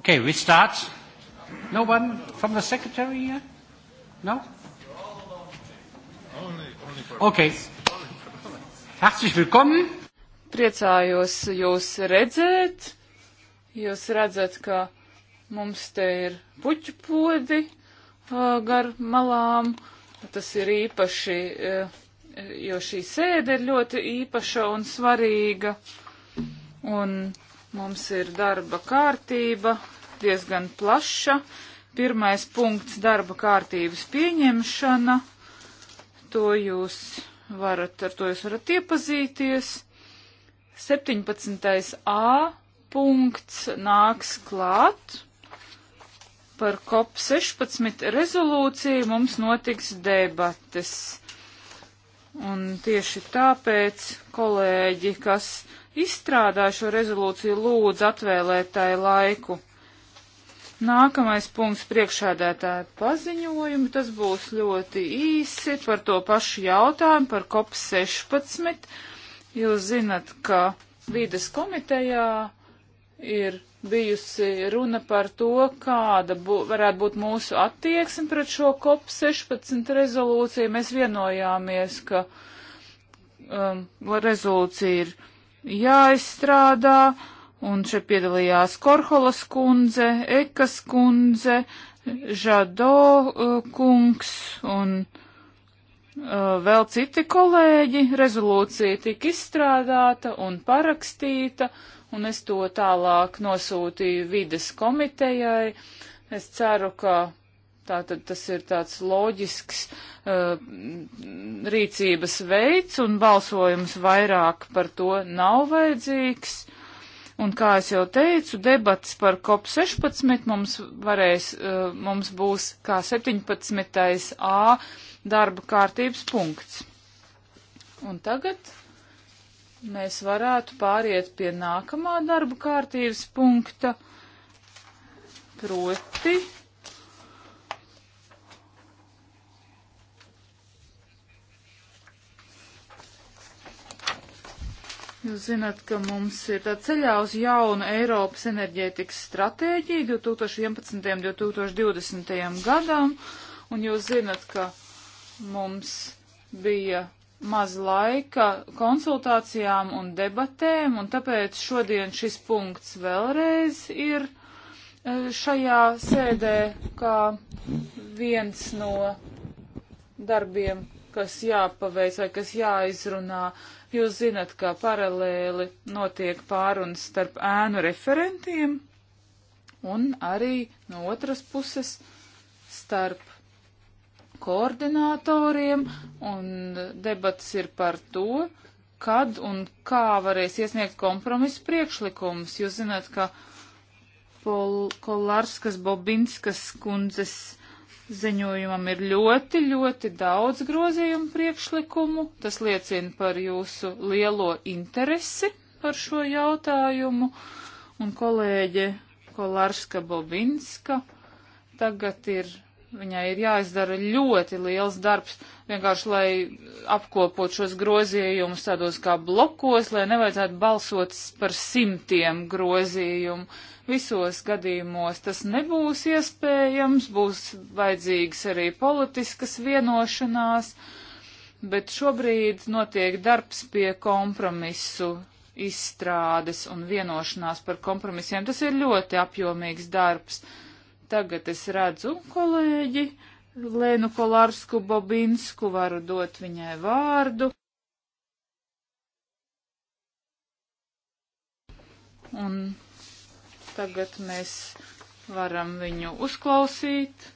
Okay, we start. No one from the secretary here? No? Okay. Herzlich willkommen. Priecājos jūs redzēt. Jūs redzat, ka mums te ir puķu podi gar malām. Tas ir īpaši, jo šī sēde ir ļoti īpaša un svarīga. Un Mums ir darba kārtība, diezgan plaša. Pirmais punkts - darba kārtības pieņemšana. To jūs varat, ar to jūs varat iepazīties. 17. A punkts nāks klāt. Par COP16 rezolūciju mums notiks debates. Un tieši tāpēc kolēģi, kas izstrādāja šo rezolūciju, lūdzu atvēlēt tai laiku. Nākamais punkts priekšādētāja paziņojumi, tas būs ļoti īsi par to pašu jautājumu, par COP16. Jūs zinat, ka vides komitejā ir bijusi runa par to, kāda bū, varētu būt mūsu attieksme pret šo COP16 rezolūciju. Mēs vienojāmies, ka um, rezolūcija ir jāizstrādā, un šeit piedalījās Korholas kundze, Ekas kundze, Žado uh, kungs un uh, vēl citi kolēģi. Rezolūcija tika izstrādāta un parakstīta, un es to tālāk nosūtīju vides komitejai. Es ceru, ka Tātad tas ir tāds loģisks uh, rīcības veids, un balsojums vairāk par to nav vajadzīgs. Un kā es jau teicu, debats par COP16 mums varēs, uh, mums būs kā 17. A darba kārtības punkts. Un tagad mēs varētu pāriet pie nākamā darba kārtības punkta, proti Jūs zināt, ka mums ir tā ceļā uz jaunu Eiropas enerģētikas stratēģiju 2011. un 2020. gadam, un jūs zināt, ka mums bija maz laika konsultācijām un debatēm, un tāpēc šodien šis punkts vēlreiz ir e, šajā sēdē kā viens no darbiem, kas jāpaveic vai kas jāizrunā Jūs zinat, ka paralēli notiek pārunas starp ēnu referentiem un arī no otras puses starp koordinatoriem, un debats ir par to, kad un kā varēs iesniegt kompromisu priekšlikumus. Jūs zināt, ka Pol Kolārskas Bobinskas kundzes Ziņojumam ir ļoti, ļoti daudz grozījumu priekšlikumu. Tas liecina par jūsu lielo interesi par šo jautājumu. Un kolēģe Kolārska Bobinska tagad ir, viņai ir jāizdara ļoti liels darbs, vienkārši lai apkopot šos grozījumus tādos kā blokos, lai nevajadzētu balsot par simtiem grozījumu Visos gadījumos tas nebūs iespējams, būs vajadzīgs arī politiskas vienošanās, bet šobrīd notiek darbs pie kompromisu izstrādes un vienošanās par kompromisiem. Tas ir ļoti apjomīgs darbs. Tagad es redzu kolēģi Lēnu Kolārsku Bobinsku, varu dot viņai vārdu. Un Tagad mēs varam viņu uzklausīt.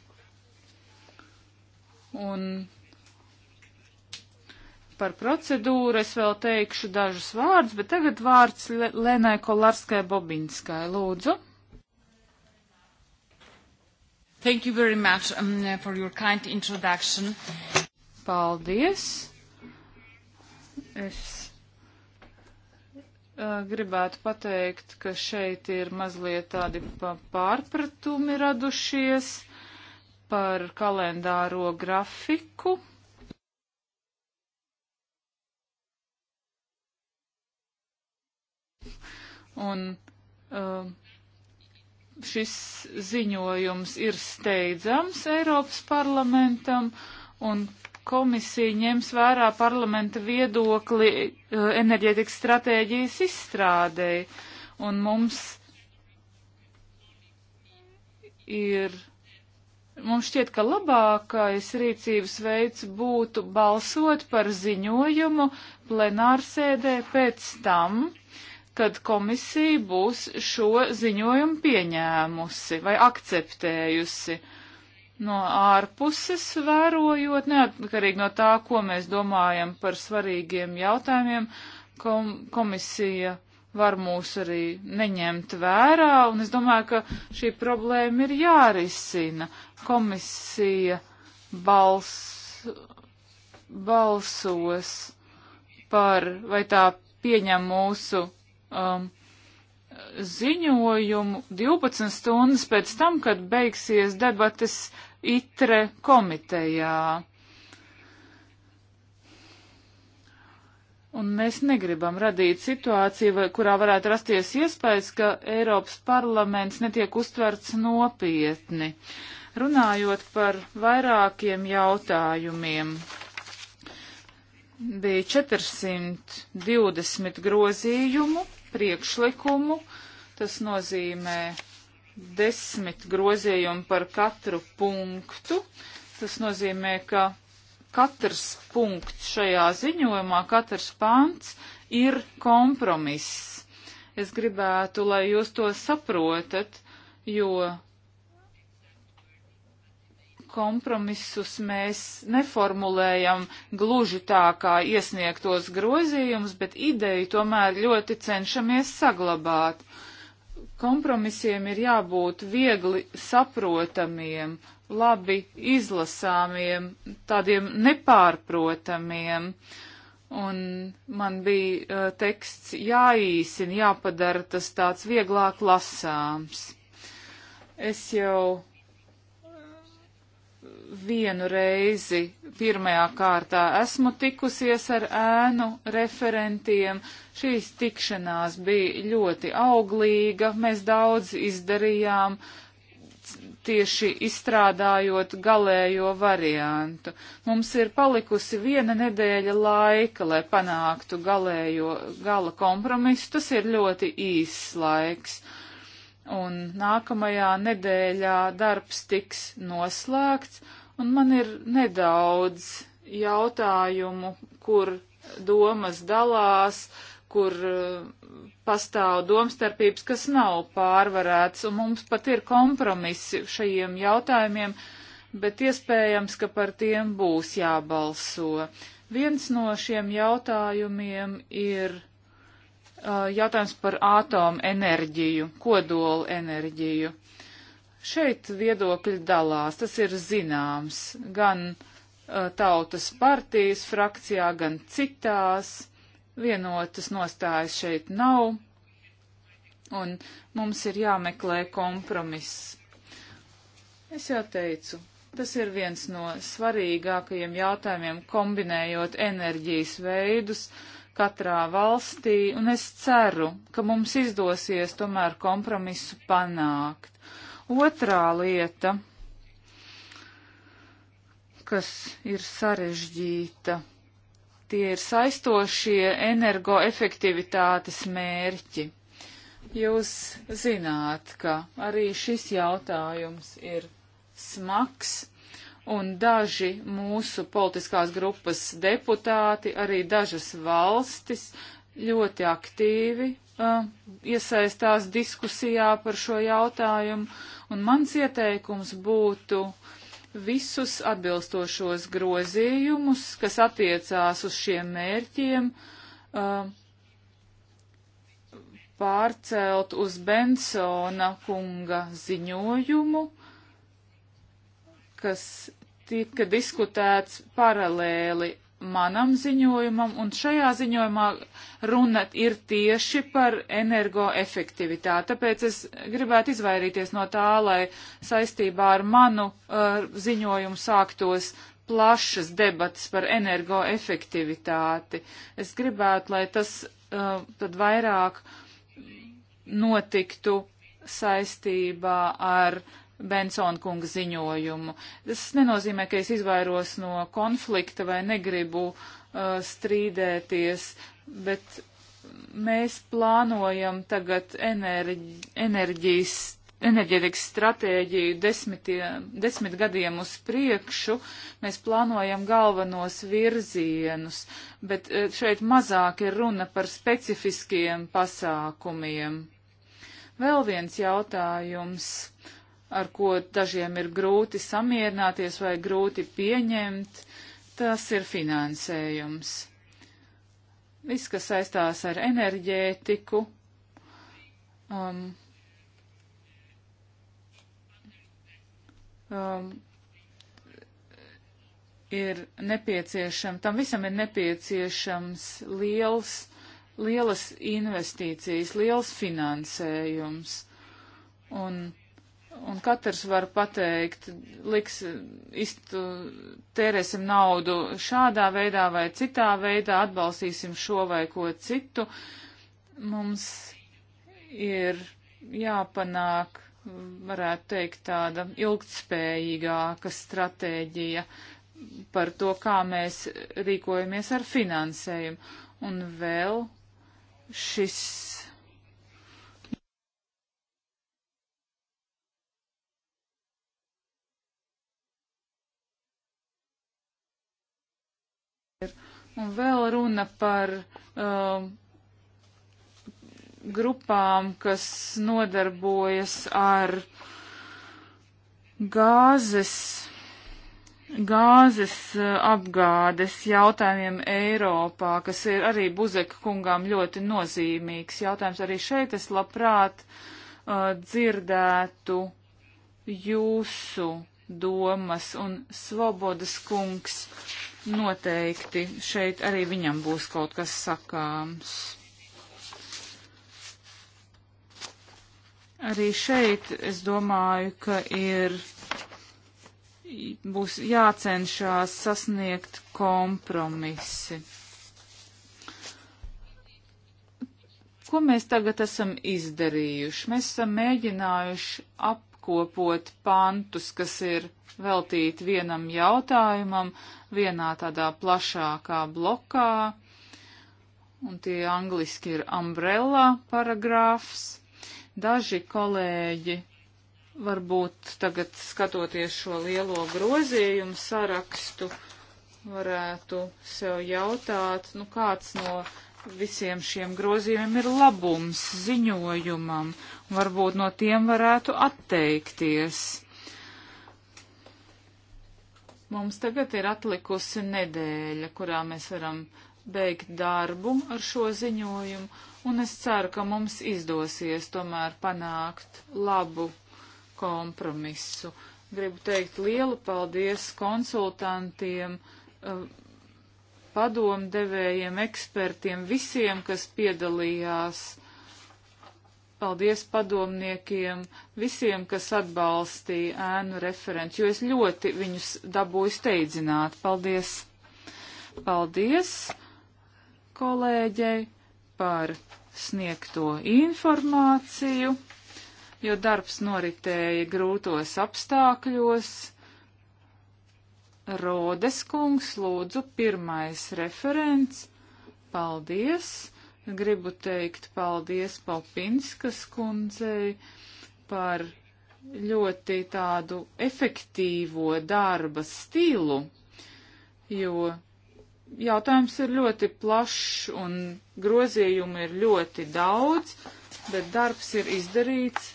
Un par procedūru es vēl teikšu dažus vārdus, bet tagad vārds Lenai Kolarskai Bobinskai. Lūdzu. Thank you very much um, for your kind introduction. Paldies. Es gribētu pateikt, ka šeit ir mazliet tādi pārpratumi radušies par kalendāro grafiku. Un šis ziņojums ir steidzams Eiropas parlamentam, un komisija ņems vērā parlamenta viedokli eh, enerģētikas stratēģijas izstrādēji. Un mums ir, mums šķiet, ka labākais rīcības veids būtu balsot par ziņojumu plenārsēdē pēc tam, kad komisija būs šo ziņojumu pieņēmusi vai akceptējusi. Uh, no ārpuses vērojot, neatkarīgi no tā, ko mēs domājam par svarīgiem jautājumiem, kom komisija var mūs arī neņemt vērā, un es domāju, ka šī problēma ir jārisina. Komisija bals, balsos par, vai tā pieņem mūsu um, ziņojumu 12 stundas pēc tam, kad beigsies debates ITRE komitejā. Un mēs negribam radīt situāciju, vai, kurā varētu rasties iespējas, ka Eiropas parlaments netiek uztverts nopietni. Runājot par vairākiem jautājumiem, bija 420 grozījumu priekšlikumu. Tas nozīmē desmit grozījumu par katru punktu. Tas nozīmē, ka katrs punkts šajā ziņojumā, katrs pants ir kompromiss. Es gribētu, lai jūs to saprotat, jo kompromisus mēs neformulējam gluži tā kā iesniegtos grozījumus, bet ideju tomēr ļoti cenšamies saglabāt. Kompromisiem ir jābūt viegli saprotamiem, labi izlasāmiem, tādiem nepārprotamiem. Un man bija uh, teksts jāīsina, jāpadara tas tāds vieglāk lasāms. Es jau vienu reizi pirmajā kārtā esmu tikusies ar ēnu referentiem. Šīs tikšanās bija ļoti auglīga, mēs daudz izdarījām tieši izstrādājot galējo variantu. Mums ir palikusi viena nedēļa laika, lai panāktu galējo gala kompromisu. Tas ir ļoti īss laiks. Un nākamajā nedēļā darbs tiks noslēgts Un man ir nedaudz jautājumu, kur domas dalās, kur eh, pastāv domstarpības, kas nav pārvarēts, un mums pat ir kompromisi šajiem jautājumiem, bet iespējams, ka par tiem būs jābalso. Viens no šiem jautājumiem ir uh, jautājums par ātomu enerģiju, kodolu enerģiju. Uh, Šeit viedokļi dalās, tas ir zināms, gan uh, tautas partijas frakcijā, gan citās. Vienotas nostājas šeit nav, un mums ir jāmeklē kompromiss. Es jau teicu, tas ir viens no svarīgākajiem jautājumiem, kombinējot enerģijas veidus katrā valstī, un es ceru, ka mums izdosies tomēr kompromisu panākt Otrā lieta, kas ir sarežģīta, tie ir saistošie energoefektivitātes mērķi. Jūs zināt, ka arī šis jautājums ir smags un daži mūsu politiskās grupas deputāti, arī dažas valstis ļoti aktīvi uh, iesaistās diskusijā par šo jautājumu, un mans ieteikums būtu visus atbilstošos grozījumus, kas attiecās uz šiem mērķiem, uh, pārcelt uz Bensona kunga ziņojumu, kas tika diskutēts paralēli manam ziņojumam, un šajā ziņojumā runa ir tieši par energoefektivitāti. Tāpēc es gribētu izvairīties no tā, lai saistībā ar manu uh, ziņojumu sāktos plašas debatas par energoefektivitāti. Es gribētu, lai tas uh, tad vairāk notiktu saistībā ar uh, Bensona kunga ziņojumu. Tas nenozīmē, ka es izvairos no konflikta vai negribu uh, strīdēties, bet mēs plānojam tagad enerģi, enerģijas, enerģētikas stratēģiju desmitiem, desmit gadiem uz priekšu. Mēs plānojam galvenos virzienus, bet uh, šeit mazāk ir runa par specifiskiem pasākumiem. Vēl viens jautājums ar ko dažiem ir grūti samierināties vai grūti pieņemt, tas ir finansējums. Viss, kas saistās ar enerģētiku. Um, um, ir nepieciešams, tam visam ir nepieciešams liels, lielas investīcijas, liels finansējums. Un un katrs var pateikt, liks, istu, tērēsim naudu šādā veidā vai citā veidā, atbalstīsim šo vai ko citu. Mums ir jāpanāk, varētu teikt, tāda ilgtspējīgāka stratēģija par to, kā mēs rīkojamies ar finansējumu. Un vēl šis Un vēl runa par um, grupām, kas nodarbojas ar gāzes, gāzes uh, apgādes jautājumiem Eiropā, kas ir arī Buzeka kungām ļoti nozīmīgs jautājums. Arī šeit es labprāt uh, dzirdētu jūsu domas un svobodas kungs Noteikti šeit arī viņam būs kaut kas sakāms. Arī šeit es domāju, ka ir būs jācenšās sasniegt kompromisi. Ko mēs tagad esam izdarījuši? Mēs esam mēģinājuši apkopot pantus, kas ir veltīt vienam jautājumam vienā tādā plašākā blokā, un tie angliski ir umbrella paragrāfs. Daži kolēģi, varbūt tagad skatoties šo lielo grozījumu sarakstu, varētu sev jautāt, nu kāds no visiem šiem grozījumiem ir labums ziņojumam, varbūt no tiem varētu atteikties Mums tagad ir atlikusi nedēļa, kurā mēs varam beigt darbu ar šo ziņojumu, un es ceru, ka mums izdosies tomēr panākt labu kompromisu. Gribu teikt lielu paldies konsultantiem, eh, padomdevējiem, ekspertiem, visiem, kas piedalījās Paldies padomniekiem, visiem, kas atbalstīja ēnu referentu, jo es ļoti viņus dabūju steidzināt. Paldies! Paldies kolēģei par sniegto informāciju, jo darbs noritēja grūtos apstākļos. Rodes kungs, lūdzu, pirmais referents. Paldies! Gribu teikt paldies Palpinskas kundzei par ļoti tādu efektīvo darba stilu, jo jautājums ir ļoti plašs un grozījumu ir ļoti daudz, bet darbs ir izdarīts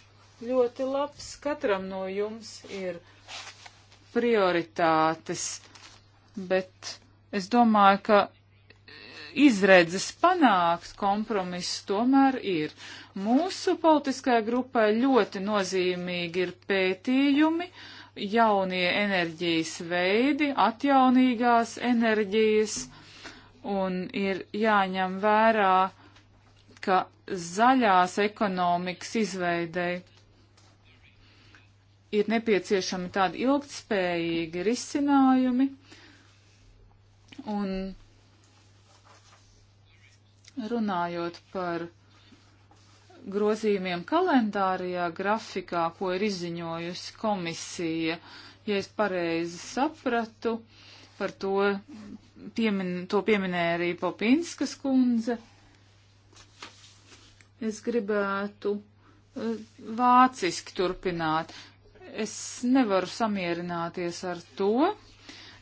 ļoti labs. Katram no jums ir prioritātes, bet es domāju, ka izredzes panākt kompromiss tomēr ir. Mūsu politiskajai grupai ļoti nozīmīgi ir pētījumi, jaunie enerģijas veidi, atjaunīgās enerģijas, un ir jāņem vērā, ka zaļās ekonomikas izveidei ir nepieciešami tādi ilgtspējīgi risinājumi, un runājot par grozījumiem kalendārijā, grafikā, ko ir izziņojusi komisija, ja es pareizi sapratu, par to, piemin, to pieminēja arī Popinskas kundze. Es gribētu e, vāciski turpināt. Es nevaru samierināties ar to,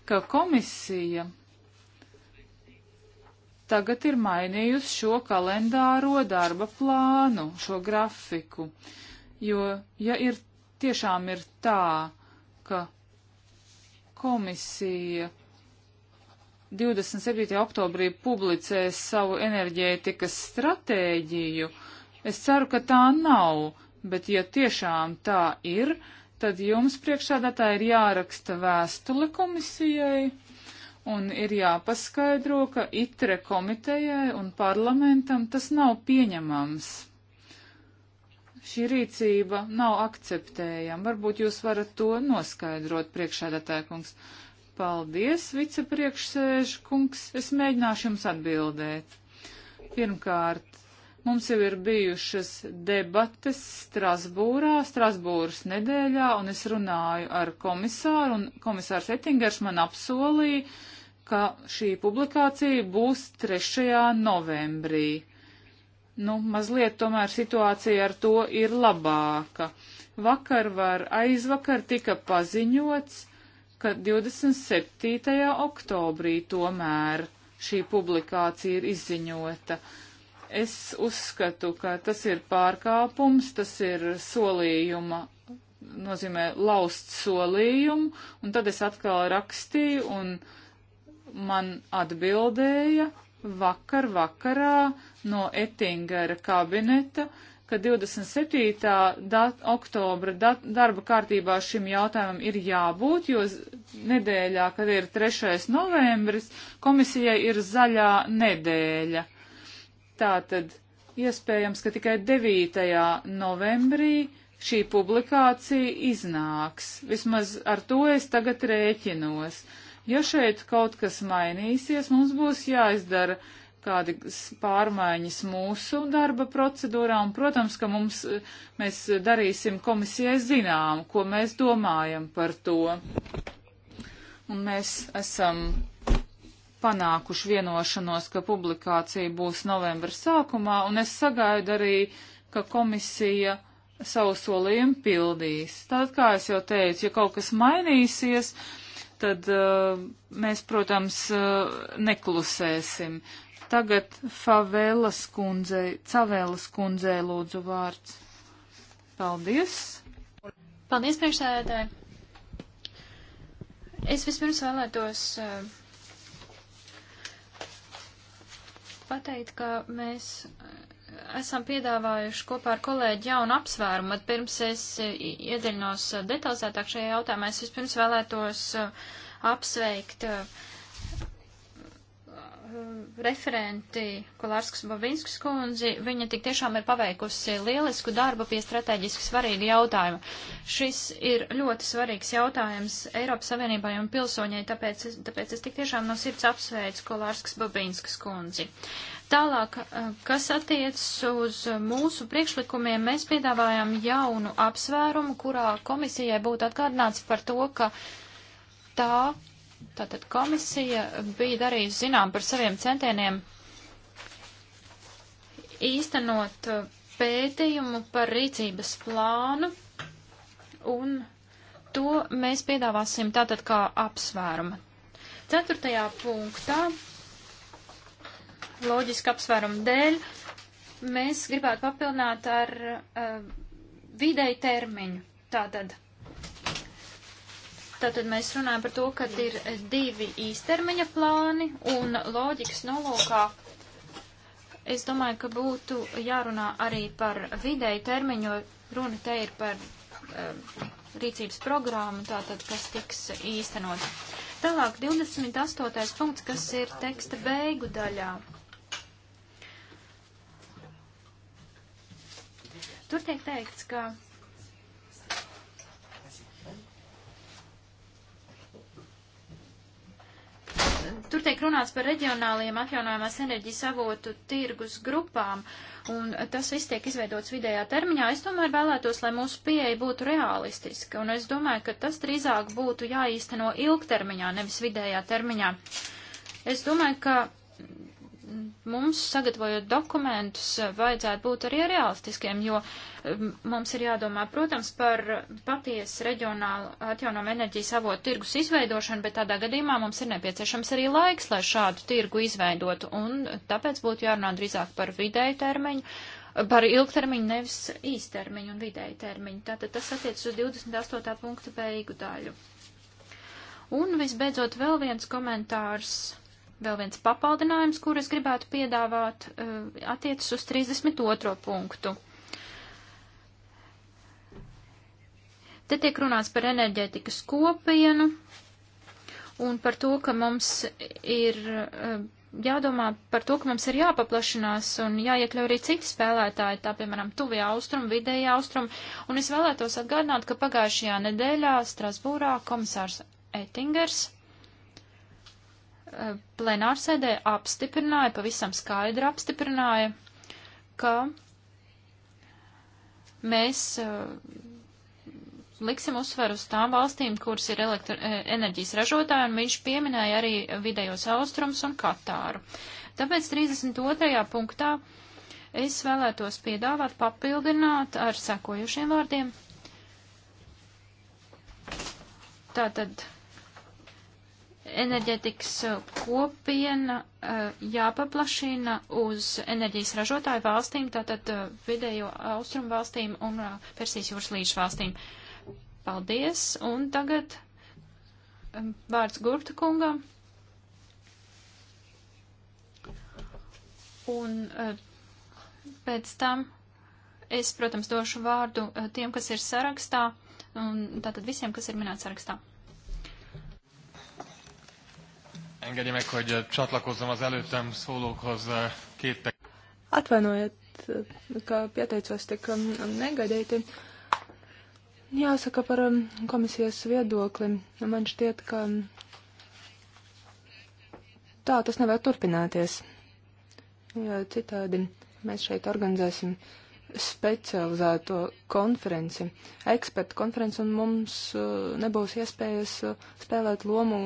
ka komisija tagad ir mainījusi šo kalendāro darba plānu, šo grafiku. Jo, ja ir tiešām ir tā, ka komisija 27. oktobrī publicēs savu enerģētikas stratēģiju, es ceru, ka tā nav, bet ja tiešām tā ir, tad jums priekšādātā ir jāraksta vēstule komisijai un ir jāpaskaidro, ka itre komitejai un parlamentam tas nav pieņemams. Šī rīcība nav akceptējama. Varbūt jūs varat to noskaidrot priekšēdētājkungs. Paldies, vicepriekšsēžkungs. Es mēģināšu jums atbildēt. Pirmkārt, mums jau ir bijušas debates Strasbūrā, Strasbūras nedēļā, un es runāju ar komisāru, un komisārs Ettingers man apsolīja, ka šī publikācija būs 3. novembrī. Nu, mazliet tomēr situācija ar to ir labāka. Vakar var aizvakar tika paziņots, ka 27. oktobrī tomēr šī publikācija ir izziņota. Es uzskatu, ka tas ir pārkāpums, tas ir solījuma nozīmē laust solījumu, un tad es atkal rakstīju un uh, man atbildēja vakar vakarā no Ettingera kabineta, ka 27. Dat, oktobra dat, darba kārtībā šim jautājumam ir jābūt, jo nedēļā, kad ir 3. novembris, komisijai ir zaļā nedēļa. Tātad iespējams, ka tikai 9. novembrī šī publikācija iznāks. Vismaz ar to es tagad rēķinos. Uh, Ja šeit kaut kas mainīsies, mums būs jāizdara kādi pārmaiņas mūsu darba procedūrā, un, protams, ka mums, e, mēs darīsim komisijai zinām, ko mēs domājam par to. Un mēs esam panākuši vienošanos, ka publikācija būs novembra sākumā, un es sagaidu arī, ka komisija savu solījumu pildīs. Tātad, kā es jau teicu, ja kaut kas mainīsies, uh, tad uh, mēs, protams, uh, neklusēsim. Tagad Favēlas kundzei, Cavēlas kundzei lūdzu vārds. Paldies! Paldies, priekšsēdētāji! Es vispirms vēlētos uh, pateikt, ka mēs esam piedāvājuši kopā ar kolēģi jaunu apsvērumu, bet pirms es iedziļinos detalizētāk šajā jautājumā, es vispirms vēlētos uh, apsveikt uh, Um, referenti Kolārskas Bavinskas kundzi, viņa tik tiešām ir paveikusi lielisku darbu pie strateģiski svarīga jautājuma. Šis ir ļoti svarīgs jautājums Eiropas Savienībai un pilsoņai, tāpēc, es, tāpēc es tik tiešām no sirds apsveicu Kolārskas Bavinskas kundzi. Tālāk, uh, kas attiecas uz mūsu priekšlikumiem, mēs piedāvājam jaunu apsvērumu, kurā komisijai būtu atgādināts par to, ka tā Tātad komisija bija darījusi zinām par saviem centieniem īstenot uh, pētījumu par rīcības plānu, un to mēs piedāvāsim tātad kā apsvērumu. Ceturtajā punktā, loģiski apsvērumu dēļ, mēs gribētu papilnāt ar uh, vidēju termiņu. Tātad Tātad mēs runājam par to, ka ir divi īstermiņa plāni un loģikas nolūkā. Es domāju, ka būtu jārunā arī par vidēju termiņu, jo runa te ir par um, rīcības programmu, tātad, kas tiks īstenot. Tālāk 28. punkts, kas ir teksta beigu daļā. Tur tiek teikts, ka tur tiek runāts par reģionāliem atjaunojumās enerģijas avotu tirgus grupām, un tas viss tiek izveidots vidējā termiņā. Es tomēr vēlētos, lai mūsu pieeja būtu realistiska, un es domāju, ka tas drīzāk būtu jāīsteno ilgtermiņā, nevis vidējā termiņā. Es domāju, ka mums, sagatavojot dokumentus, vajadzētu būt arī realistiskiem, jo um, mums ir jādomā, protams, par patiesu reģionālu atjaunumu enerģijas avotu tirgus izveidošanu, bet tādā gadījumā mums ir nepieciešams arī laiks, lai šādu tirgu izveidotu, un tāpēc būtu jārunā drīzāk par vidēju termiņu, par ilgtermiņu, nevis īstermiņu un vidēju termiņu. Tātad tas attiec uz 28. punktu beigu daļu. Un visbeidzot vēl viens komentārs Vēl viens papaldinājums, kur es gribētu piedāvāt, eh, attiecas uz 32. punktu. Te tiek runāts par enerģētikas kopienu un par to, ka mums ir eh, jādomā par to, ka mums ir jāpaplašinās un jāiekļau arī citi spēlētāji, tā piemēram, tuvie austrumi, vidēji austrumi. Un es vēlētos atgādināt, ka pagājušajā nedēļā Strasbūrā komisārs Ettingers plenārsēdē apstiprināja, pavisam skaidri apstiprināja, ka mēs eh, liksim uzsveru uz tām valstīm, kuras ir elektro, eh, enerģijas ražotāji, un viņš pieminēja arī vidējos austrums un Katāru. Tāpēc 32. punktā es vēlētos piedāvāt papildināt ar sekojušiem vārdiem. Tātad enerģetikas uh, kopiena uh, jāpaplašina uz enerģijas ražotāju valstīm, tātad uh, vidējo austrumu valstīm un Persijas jūras līča valstīm. Paldies, un tagad um, vārds Gurta kungam. Un pēc tam es, protams, došu vārdu tiem, kas ir sarakstā, un tātad visiem, kas ir minēts sarakstā. Engedje meg, hogy eh, csatlakozzam az előttem szólókhoz eh, két tek... Eh, Atvainojiet, um, um, um, ka pieteicos tik negaidīti. Jāsaka par komisijas viedokli. Man šķiet, ka tā tas nevar turpināties. Jo citādi mēs šeit organizēsim specializēto konferenci, ekspertu konferenci, un mums nebūs iespējas spēlēt lomu,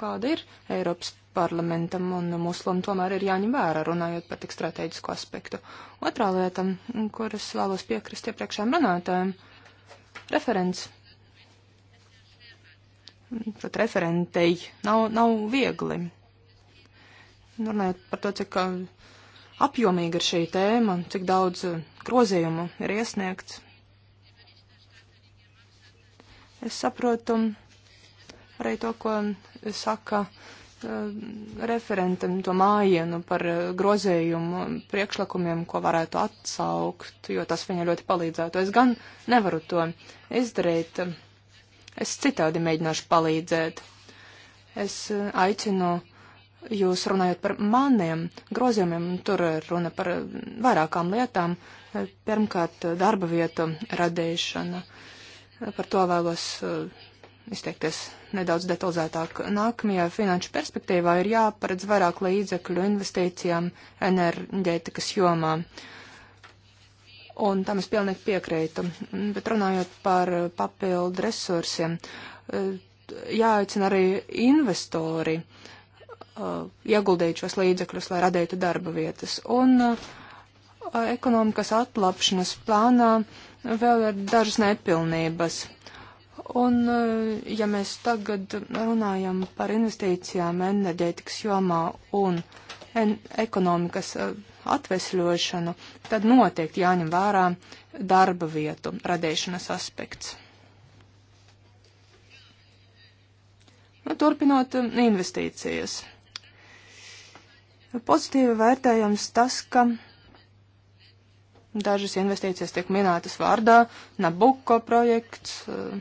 kāda ir Eiropas parlamentam un muslim tomēr ir jāņem vērā, runājot par tik strateģisku aspektu. Otrā lieta, kuras vēlos piekrist iepriekšējiem runātājiem, referents. Pat referentei nav, nav viegli. Runājot par to, cik uh, apjomīga ir šī tēma, cik daudz uh, grozījumu ir iesniegts. Es saprotu arī to, ko saka eh, referentam to mājienu par eh, grozējumu priekšlikumiem, ko varētu atsaukt, jo tas viņa ļoti palīdzētu. Es gan nevaru to izdarīt. Es citādi mēģināšu palīdzēt. Es eh, aicinu jūs runājot par maniem grozījumiem, tur runa par vairākām lietām. Pirmkārt, darba vietu radīšana. Par to vēlos izteikties nedaudz detalizētāk. Nākamajā finanšu perspektīvā ir jāparedz vairāk līdzekļu investīcijām enerģētikas jomā. Un tam es pilnīgi piekrītu. Bet runājot par papildu resursiem, jāaicina arī investori uh, ieguldīt šos līdzekļus, lai radītu darba vietas. Un uh, ekonomikas atlapšanas plānā vēl ir dažas nepilnības Un, eh, ja mēs tagad runājam par investīcijām enerģētikas jomā un en ekonomikas eh, atvesļošanu, tad noteikti jāņem vērā darba vietu radīšanas aspekts. Nu, turpinot eh, investīcijas. Pozitīvi vērtējams tas, ka dažas investīcijas tiek minētas vārdā Nabuko projekts, uh,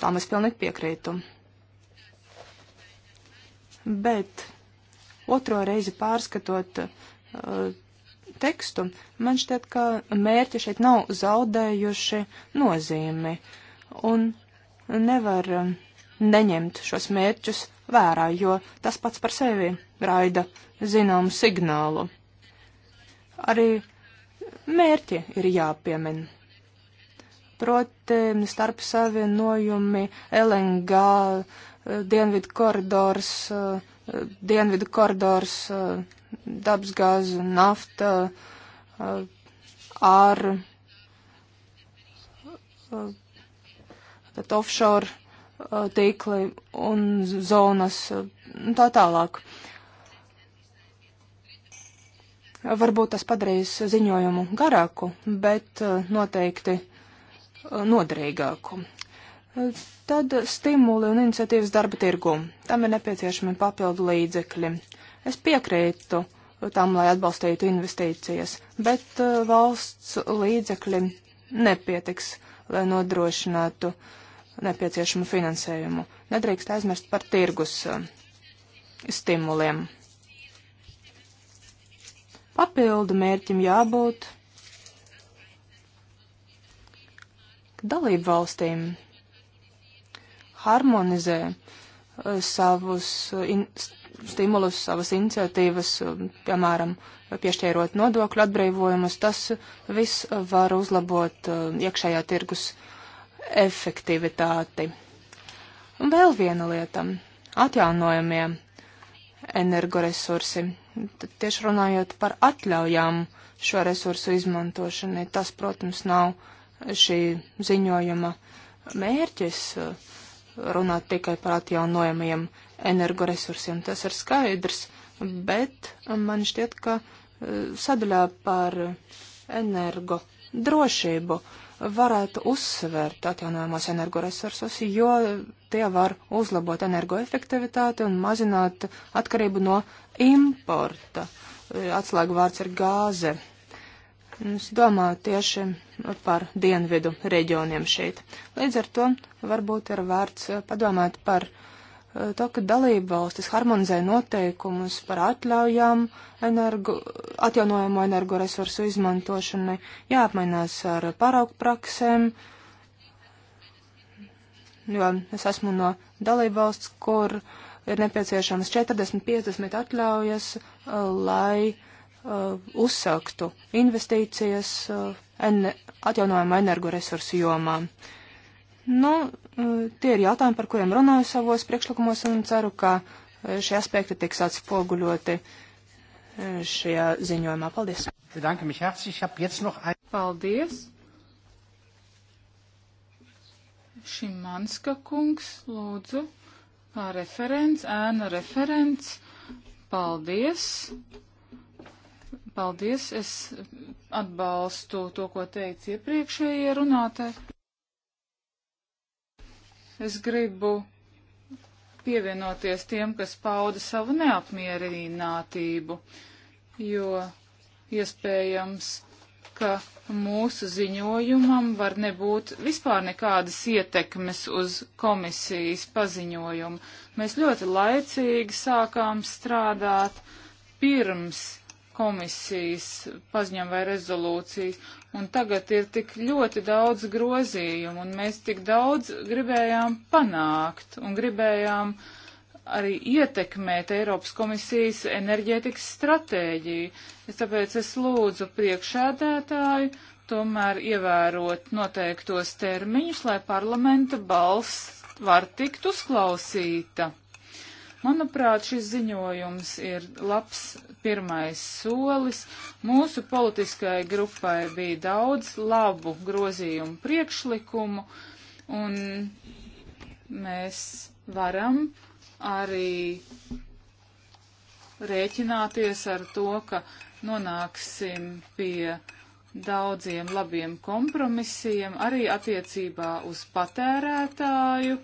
Tam es pilnīgi piekrītu. Bet otro reizi pārskatot uh, tekstu, man šķiet, ka mērķi šeit nav zaudējuši nozīmi. Un nevar um, neņemt šos mērķus vērā, jo tas pats par sevi raida zināmu signālu. Arī mērķi ir jāpiemina proti starp savienojumi LNG, dienvidu koridors, dienvidu koridors, dabasgāze, nafta, ar tad offshore tīkli un zonas un tā tālāk. Varbūt tas padarīs ziņojumu garāku, bet noteikti uh, noderīgāku. Tad stimuli un iniciatīvas darba tirgu. Tam ir nepieciešami papildu līdzekļi. Es piekrītu tam, lai atbalstītu investīcijas, bet uh, valsts līdzekļi nepietiks, lai nodrošinātu nepieciešamu finansējumu. Nedrīkst aizmirst par tirgus uh, stimuliem. Papildu mērķim jābūt dalību valstīm harmonizē eh, savus eh, in, stimulus, savas iniciatīvas, eh, piemēram, piešķērot nodokļu atbrīvojumus, tas viss var uzlabot iekšējā tirgus efektivitāti. Un vēl viena lieta - atjaunojamie energoresursi. Tad tieši runājot par atļaujām šo resursu izmantošanai, tas, protams, nav šī ziņojuma mērķis runāt tikai par atjaunojamajiem energoresursiem, tas ir skaidrs, bet man šķiet, ka e, sadaļā par energo drošību varētu uzsvērt atjaunojamos energoresursus, jo tie var uzlabot energoefektivitāti un mazināt atkarību no importa. Atslēgu vārds ir gāze Es domāju tieši par dienvidu reģioniem šeit. Līdz ar to varbūt ir vērts eh, padomāt par eh, to, ka dalība valstis harmonizē noteikumus par atļaujām energo, atjaunojamo energoresursu izmantošanai, jāapmainās ar paraugu praksēm, jo es esmu no dalība valsts, kur ir nepieciešams 40-50 atļaujas, eh, lai uh, uh, uzsāktu investīcijas uh, enne, atjaunojama energoresursu jomā. Nu, uh, tie ir jautājumi, par kuriem runāju savos priekšlikumos un ceru, ka uh, šie aspekti tiks atspoguļoti uh, šajā ziņojumā. Paldies! Paldies! Šimanska kungs, lūdzu, kā referents, ēna referents. Paldies! Paldies, es atbalstu to, ko teica iepriekšējie runātāji. Es gribu pievienoties tiem, kas pauda savu neapmierinātību, jo iespējams, ka mūsu ziņojumam var nebūt vispār nekādas ietekmes uz komisijas paziņojumu. Mēs ļoti laicīgi sākām strādāt pirms komisijas paziņam vai rezolūcijas, un tagad ir tik ļoti daudz grozījumu, un mēs tik daudz gribējām panākt, un gribējām arī ietekmēt Eiropas komisijas enerģētikas stratēģiju. Es tāpēc es lūdzu priekšēdētāju tomēr ievērot noteiktos termiņus, lai parlamenta balss var tikt uzklausīta. Manuprāt, šis ziņojums ir labs pirmais solis. Mūsu politiskajai grupai bija daudz labu grozījumu priekšlikumu, un mēs varam arī rēķināties ar to, ka nonāksim pie daudziem labiem kompromisiem arī attiecībā uz patērētāju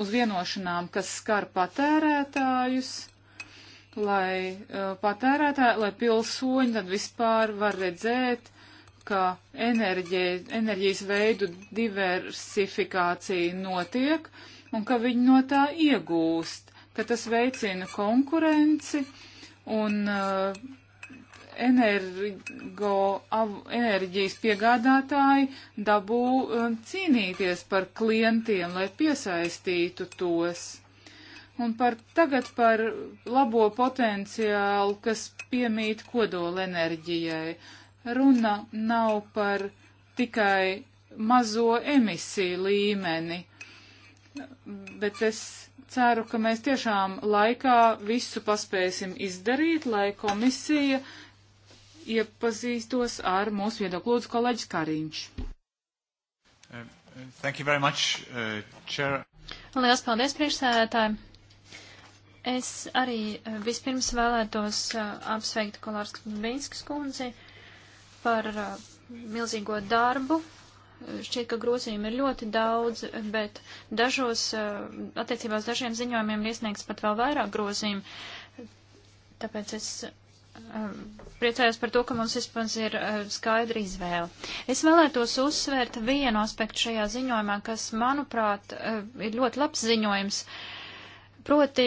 uz vienošanām, kas skar patērētājus, lai uh, patērētāji, lai pilsoņi tad vispār var redzēt, ka enerģē, enerģijas veidu diversifikācija notiek un ka viņi no tā iegūst, ka tas veicina konkurenci un uh, energo, av, enerģijas piegādātāji dabū um, cīnīties par klientiem, lai piesaistītu tos. Un par, tagad par labo potenciālu, kas piemīt kodola enerģijai. Runa nav par tikai mazo emisiju līmeni, bet es ceru, ka mēs tiešām laikā visu paspēsim izdarīt, lai komisija iepazīstos ar mūsu viedokli. Lūdzu, kolēģis Kariņš. Uh, thank you very much, uh, Chair. Lielas paldies, priekšsēdētāji. Es arī uh, vispirms vēlētos uh, apsveikt Kolārskas Binskas kundzi par uh, milzīgo darbu. Uh, šķiet, ka grozījumi ir ļoti daudz, bet dažos, uh, attiecībās dažiem ziņojumiem ir iesniegts pat vēl vairāk grozījumi. Tāpēc es Ehm, priecājos par to, ka mums vispirms ir ehm, skaidra izvēle. Es vēlētos uzsvērt vienu aspektu šajā ziņojumā, kas, manuprāt, ehm, ir ļoti labs ziņojums. Proti,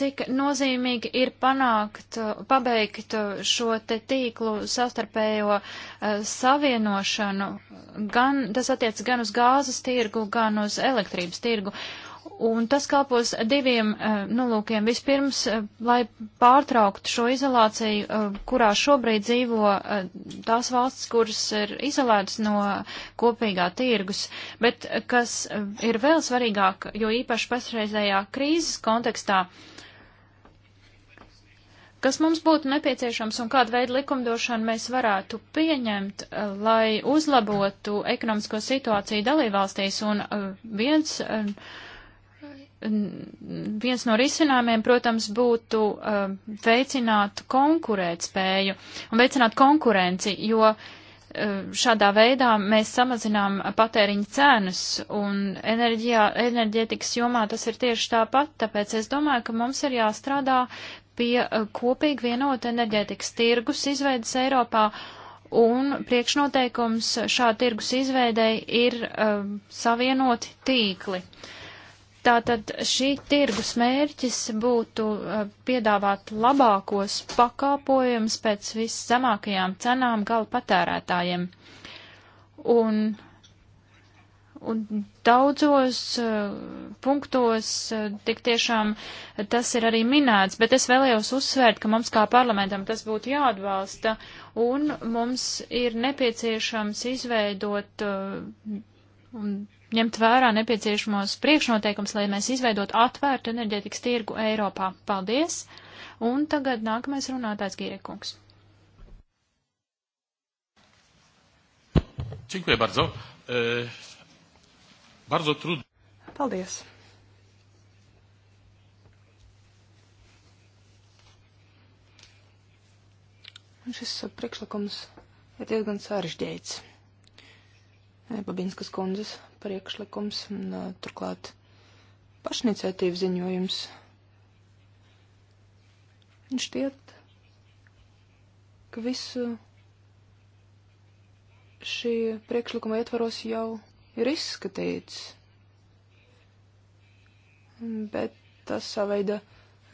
cik nozīmīgi ir panākt, eh, pabeigt šo te tīklu savstarpējo savienošanu, gan tas attiec gan uz gāzes tirgu, gan uz elektrības tirgu. Un tas kalpos diviem uh, nolūkiem. Vispirms, uh, lai pārtrauktu šo izolāciju, uh, kurā šobrīd dzīvo uh, tās valsts, kuras ir izolētas no kopīgā tirgus, bet uh, kas uh, ir vēl svarīgāk, jo īpaši pašreizējā krīzes kontekstā, kas mums būtu nepieciešams un kādu veidu likumdošanu mēs varētu pieņemt, uh, lai uzlabotu ekonomisko situāciju dalībvalstīs. Un uh, viens. Uh, viens no risinājumiem, protams, būtu uh, veicināt konkurētspēju un veicināt konkurenci, jo uh, šādā veidā mēs samazinām patēriņa cenas un enerģijā, enerģētikas jomā tas ir tieši tāpat, tāpēc es domāju, ka mums ir jāstrādā pie uh, kopīgi vienota enerģētikas tirgus izveidas Eiropā un priekšnoteikums šā tirgus izveidei ir uh, savienoti tīkli. Uh, Tātad šī tirgus mērķis būtu eh, piedāvāt labākos pakāpojumus pēc viszemākajām cenām gala patērētājiem. Un, un daudzos eh, punktos eh, tik tiešām tas ir arī minēts, bet es vēlējos uzsvērt, ka mums kā parlamentam tas būtu jāatbalsta un mums ir nepieciešams izveidot un ņemt vērā nepieciešamos priekšnoteikums, lai mēs izveidot atvērtu enerģētikas tirgu Eiropā. Paldies! Un tagad nākamais runātājs Gīrekungs. Dziękuję bardzo. E, bardzo trudno. Paldies. Un šis priekšlikums ir diezgan sarežģīts. Babinskas kundzes priekšlikums un uh, turklāt pašiniciatīva ziņojums. Un šķiet, ka visu šī priekšlikuma ietvaros jau ir izskatīts, bet tas savaida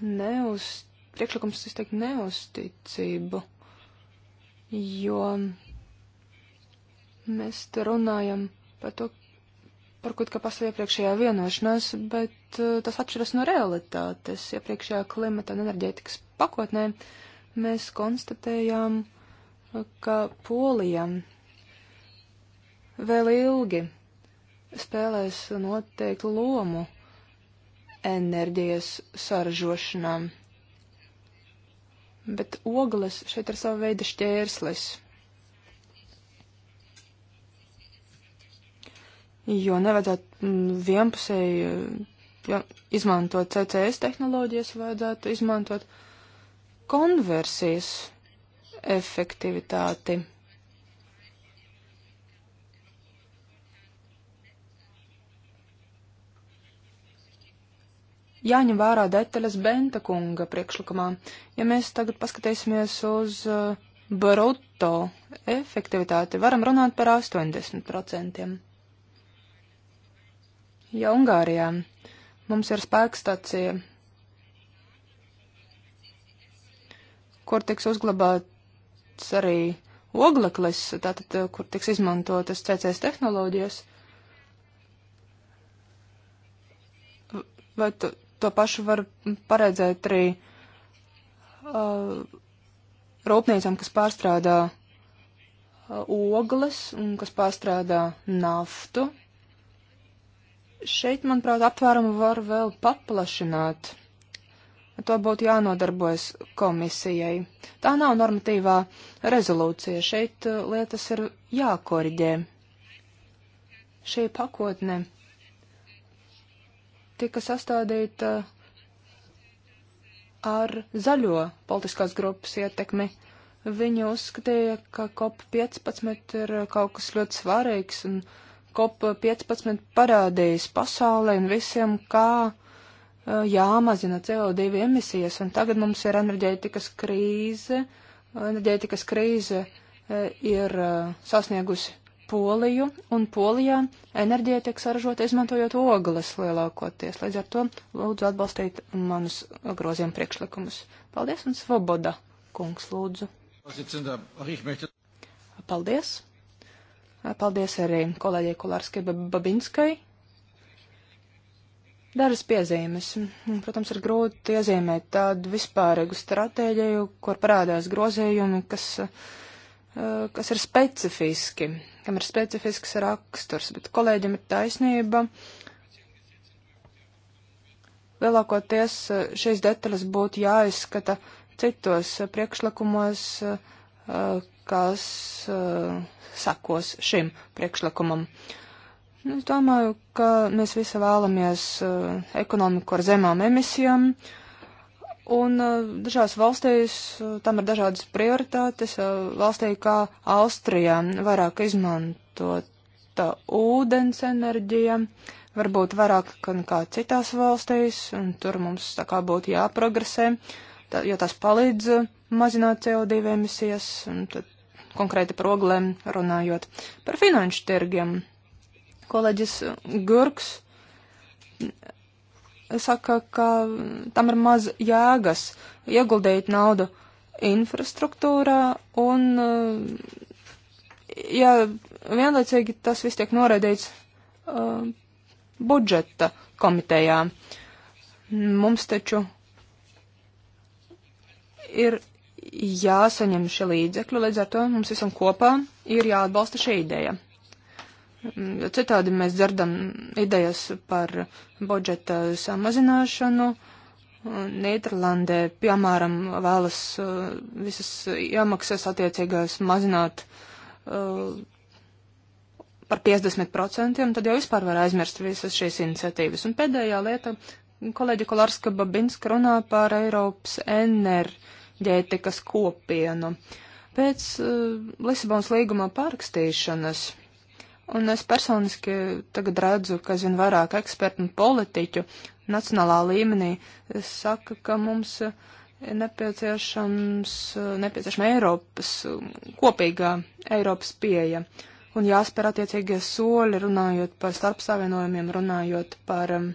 neuz, priekšlikums izteikt neusticību, jo mēs te runājam par to, parkot, ka pastāv iepriekšējā vienošanās, bet uh, tas atšķiras no realitātes. Iepriekšējā klimata un enerģētikas pakotnē mēs konstatējām, eh, ka Polijam vēl ilgi spēlēs noteikti lomu enerģijas saražošanām. Bet ogles šeit ir sava veida šķērslis. jo nevajadzētu mm, vienpusēji ja, izmantot CCS tehnoloģijas, vajadzētu izmantot konversijas efektivitāti. jāņem vērā detaļas Benta kunga priekšlikumā. Ja mēs tagad paskatīsimies uz uh, bruto efektivitāti, varam runāt par 80%. Ja Ungārijā mums ir spēkstacija, kur tiks uzglabāts arī ogleklis, tātad, eh, kur tiks izmantotas CCS tehnoloģijas, vai to, to pašu var paredzēt arī uh, rūpnīcām, kas pārstrādā uh, ogles un kas pārstrādā naftu? Šeit, manuprāt, aptvērumu var vēl paplašināt. To būtu jānodarbojas komisijai. Tā nav normatīvā rezolūcija. Šeit uh, lietas ir jākoriģē. Šī pakotne tika sastādīta uh, ar zaļo politiskās grupas ietekmi. Viņa uzskatīja, ka COP15 ir uh, kaut kas ļoti svarīgs un svarīgs COP15 parādījis pasaulē un visiem, kā jāmazina CO2 emisijas, un tagad mums ir enerģētikas krīze. Enerģētikas krīze ir sasniegusi Poliju, un Polijā enerģija tiek saražota izmantojot ogles lielākoties. Līdz ar to lūdzu atbalstīt manus groziem priekšlikumus. Paldies, un Svoboda kungs, lūdzu. Paldies. Paldies arī kolēģei Kolārskai Babinskai. Dažas piezīmes. Protams, ir grūti iezīmēt tādu vispārīgu stratēģiju, kur parādās grozījumi, kas, eh, kas ir specifiski, kam ir specifisks raksturs, bet kolēģim ir taisnība. Lielākoties eh, šīs detaļas būtu jāizskata citos eh, priekšlikumos, uh, kas eh, sakos šim priekšlikumam. Nu, es domāju, ka mēs visi vēlamies eh, ekonomiku ar zemām emisijām, un eh, dažās valstīs tam ir dažādas prioritātes. Valstī kā Austrijā vairāk izmantota ūdens enerģija, varbūt vairāk kā citās valstīs, un tur mums tā kā būtu jāprogresē. Uh, tā, jo tās palīdz uh, mazināt CO2 emisijas, un tad konkrēti par oglēm runājot. Par finanšu tirgiem kolēģis Gurks mm, saka, ka tam ir maz jēgas ieguldīt naudu infrastruktūrā un, uh, ja vienlaicīgi tas viss tiek noraidīts uh, budžeta komitejā. Mums taču ir jāsaņem šie līdzekļi, līdz ar to mums visam kopā ir jāatbalsta šī ideja. Mm, citādi mēs dzirdam idejas par budžeta samazināšanu. Nīderlandē, piemēram, vēlas uh, visas iemaksas attiecīgās mazināt uh, par 50%, tad jau vispār var aizmirst visas šīs iniciatīvas. Un pēdējā lieta, kolēģi Kolārska Babinska runā par Eiropas enerģiju enerģētikas kopienu. Pēc uh, Lisabonas līguma pārkstīšanas, un es personiski tagad redzu, ka zin vairāk ekspertu un politiķu nacionālā līmenī saka, ka mums ir eh, nepieciešams, eh, nepieciešama Eiropas, kopīgā Eiropas pieeja. Un jāspēr attiecīgie soļi, runājot par starpsavienojumiem, runājot par um,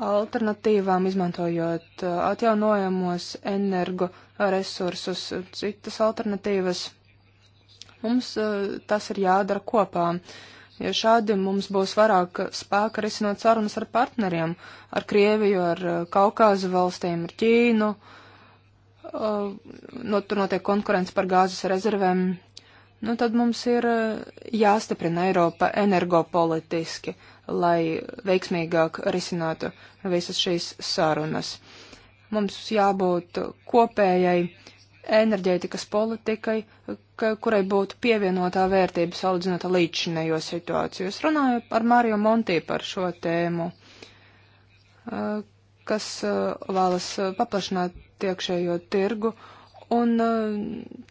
alternatīvām, izmantojot uh, atjaunojamos energoresursus, citas alternatīvas. Mums uh, tas ir jādara kopā, jo ja šādi mums būs vairāk spēka risinot sarunas ar partneriem, ar Krieviju, ar uh, Kaukāzu valstīm, ar Ķīnu. No, tur notiek konkurence par gāzes rezervēm. Nu, tad mums ir jāstiprina Eiropa energopolitiski. Uh, lai veiksmīgāk risinātu visas šīs sarunas. Mums jābūt kopējai enerģētikas politikai, kurai būtu pievienotā vērtība salīdzinot ar līdzinējo situāciju. Es runāju ar Mario Monti par šo tēmu, eh, kas eh, vēlas paplašināt iekšējo tirgu Un, eh,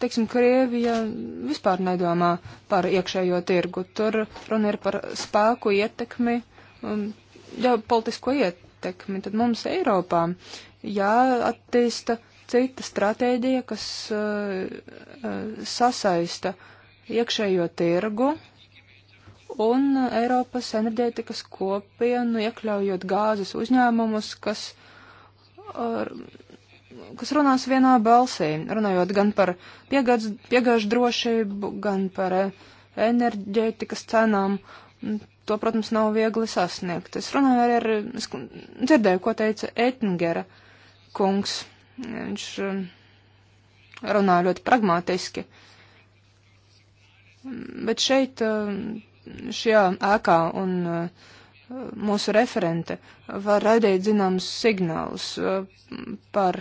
teiksim, Krievija vispār nedomā par iekšējo tirgu. Tur runa ir par spēku ietekmi, jau politisko ietekmi. Tad mums Eiropā jāattīsta cita stratēģija, kas uh, sasaista iekšējo tirgu un Eiropas enerģētikas kopienu, iekļaujot gāzes uzņēmumus, kas uh, kas runās vienā balsī, runājot gan par piegādes, piegāžu drošību, gan par eh, enerģētikas cenām. To, protams, nav viegli sasniegt. Es runāju arī ar, es dzirdēju, ko teica Ettingera kungs. Viņš eh, runā ļoti pragmatiski. Bet šeit, eh, šajā ēkā un mūsu referente var radīt zināms signāls par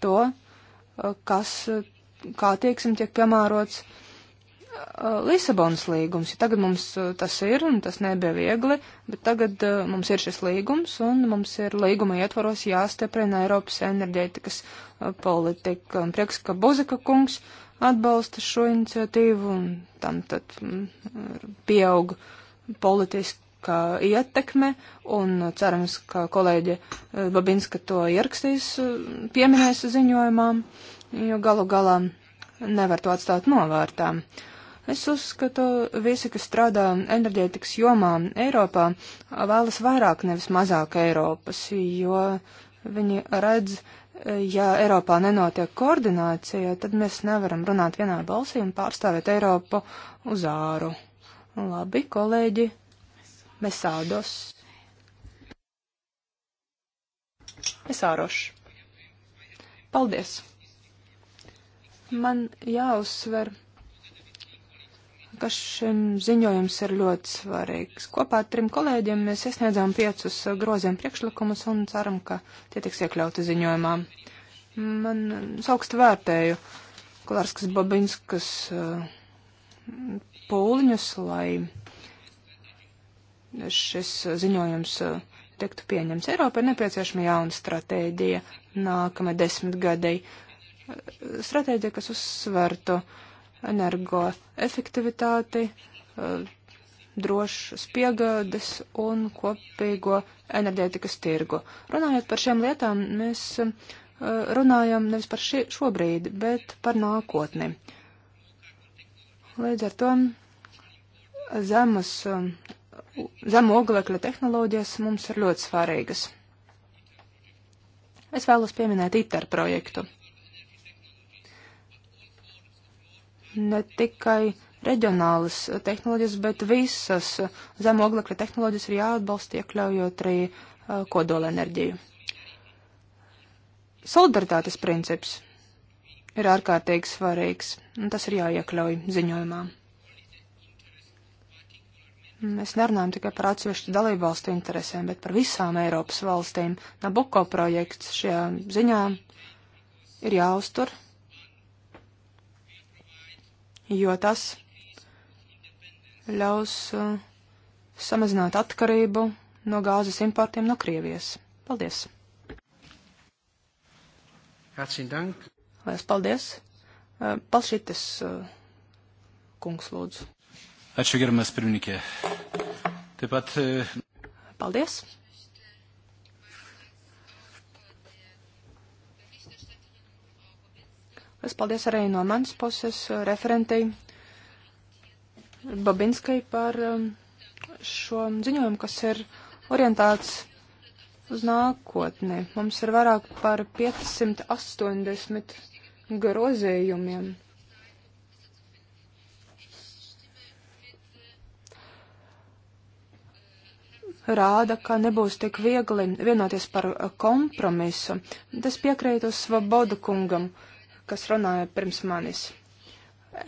to, eh, kas, eh, kā tieksim, tiek piemērots eh, Lisabonas līgums. Ja tagad mums tas ir, un tas nebija viegli, bet tagad mums ir šis līgums, un mums ir līguma ietvaros jāstiprina Eiropas enerģētikas politika. Prieks, ka Buzika kungs atbalsta šo iniciatīvu, un tam tad mm, pieauga politiski kā ietekme, un cerams, ka kolēģe eh, Babinska to ierakstīs, eh, pieminēs ziņojumā, jo galu galā nevar to atstāt novārtā. Es uzskatu, visi, kas strādā enerģētikas jomā Eiropā, vēlas vairāk, nevis mazāk Eiropas, jo viņi redz, eh, ja Eiropā nenotiek koordinācija, tad mēs nevaram runāt vienā balsī un pārstāvēt Eiropu uz āru. Labi, kolēģi, Mesádos. Mesárošs. Paldies! Man jāuzsver, ka šim ziņojums ir ļoti svarīgs. Kopā ar trim kolēģiem mēs iesniedzām piecus groziem priekšlikumus un ceram, ka tie tiks iekļauti ziņojumā. Man saukst vērtēju Kolārskas Babinskas uh, pūliņus, lai šis ziņojums uh, tiktu pieņemts. Eiropai nepieciešama jauna stratēģija nākamā desmitgadēji. Uh, stratēģija, kas uzsvertu energoefektivitāti, uh, drošas piegādes un kopīgo enerģētikas tirgu. Runājot par šiem lietām, mēs runājam nevis par šī, šobrīd, bet par nākotni. Līdz ar to zemes um, zem oglekļa tehnoloģijas mums ir ļoti svarīgas. Es vēlos pieminēt ITER projektu. Ne tikai reģionālas tehnoloģijas, bet visas zem oglekļa tehnoloģijas ir jāatbalsta, iekļaujot arī uh, kodolenerģiju. Solidaritātes princips ir ārkārtīgi svarīgs, un tas ir jāiekļauj ziņojumā. Mēs nerunājam tikai par atsevišķu dalībvalstu interesēm, bet par visām Eiropas valstīm. Nabuko projekts šajā ziņā ir jāuztur, jo tas ļaus uh, samazināt atkarību no gāzes importiem no Krievijas. Paldies! Lielas paldies! Uh, Palšītis uh, kungs lūdzu. Ačiū gerbiamas pirmininkė. Taip pat. E, paldies. Es paldies arī no manas puses referentei Babinskai par e, šo ziņojumu, kas ir orientēts uz nākotni. Mums ir vairāk par 580 grozējumiem. rāda, ka nebūs tik viegli vienoties par uh, kompromisu. Tas piekrītu Svoboda kungam, kas runāja pirms manis.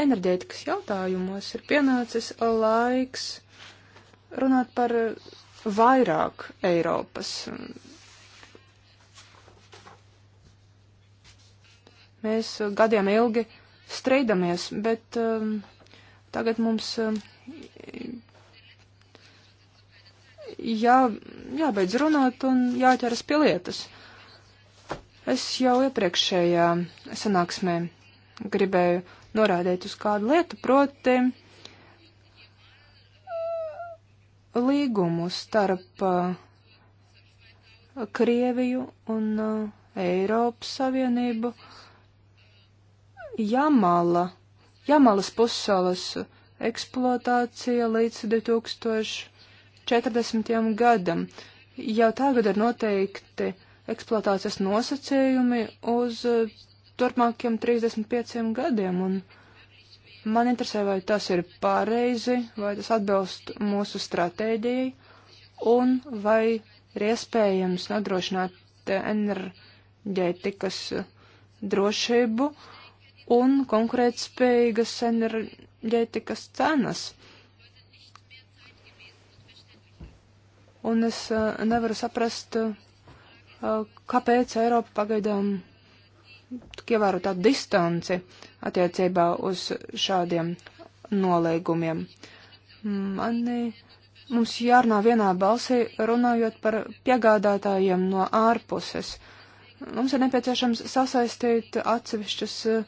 Enerģētikas jautājumos ir pienācis laiks runāt par uh, vairāk Eiropas. Mēs uh, gadiem ilgi strīdamies, bet um, tagad mums um, jā, jābeidz runāt un jāķeras pie lietas. Es jau iepriekšējā sanāksmē gribēju norādīt uz kādu lietu, proti līgumu starp uh, Krieviju un uh, Eiropas Savienību. Jamala, Jamalas pussalas eksploatācija līdz 2000. 40 gadam. Jau tagad ir noteikti eksploatācijas nosacījumi uz eh, turpmākiem 35 gadiem, un man interesē, vai tas ir pareizi, vai tas atbilst mūsu stratēģijai, un vai ir iespējams nodrošināt eh, enerģētikas eh, drošību un konkurētspējīgas enerģētikas cenas. un es uh, nevaru saprast, uh, kāpēc Eiropa pagaidām ievēro tādu distanci attiecībā uz šādiem nolīgumiem. Mani, mums jārunā vienā balsī, runājot par piegādātājiem no ārpuses. Mums ir nepieciešams sasaistīt atsevišķas uh,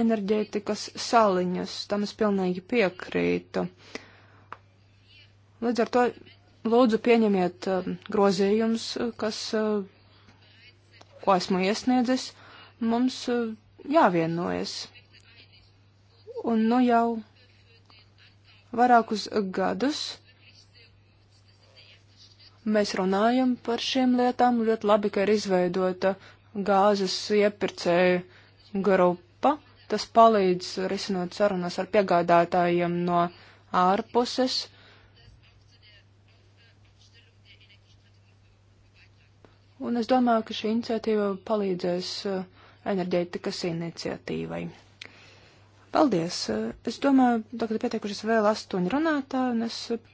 enerģētikas saliņas, tam es pilnīgi piekrītu. Līdz ar to Lūdzu, pieņemiet uh, grozījumus, uh, kas, uh, ko esmu iesniedzis. Mums jāvienojas. Un nu jau vairākus gadus mēs runājam par šīm lietām. Ļoti labi, ka ir izveidota gāzes iepirkēju grupa. Tas palīdz risinot sarunas ar piegādātājiem no ārpuses. Uh, Un es domāju, ka šī iniciatīva palīdzēs eh, enerģētikas iniciatīvai. Paldies! Eh, es domāju, tagad pieteikušies vēl astoņi runātāji, un es eh,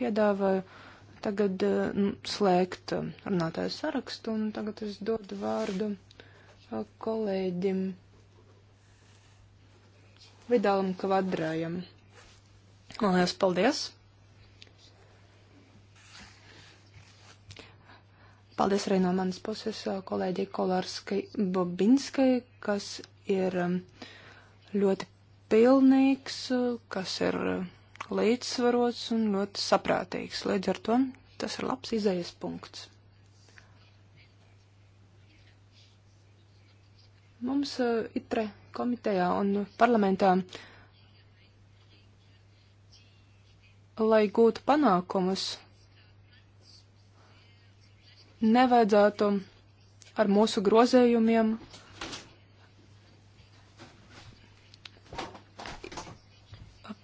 piedāvāju tagad nu, slēgt runātāju sarakstu, un tagad es dodu vārdu kolēģim Vidālam Kvadrajam. Lielas paldies! Paldies arī no manas puses uh, kolēģi Kolārskai Bobinskai, kas ir um, ļoti pilnīgs, uh, kas ir uh, līdzsvarots un ļoti saprātīgs. Līdz ar to tas ir labs izējas punkts. Mums itre komitejā un parlamentā, lai gūtu panākumus, nevajadzētu ar mūsu grozējumiem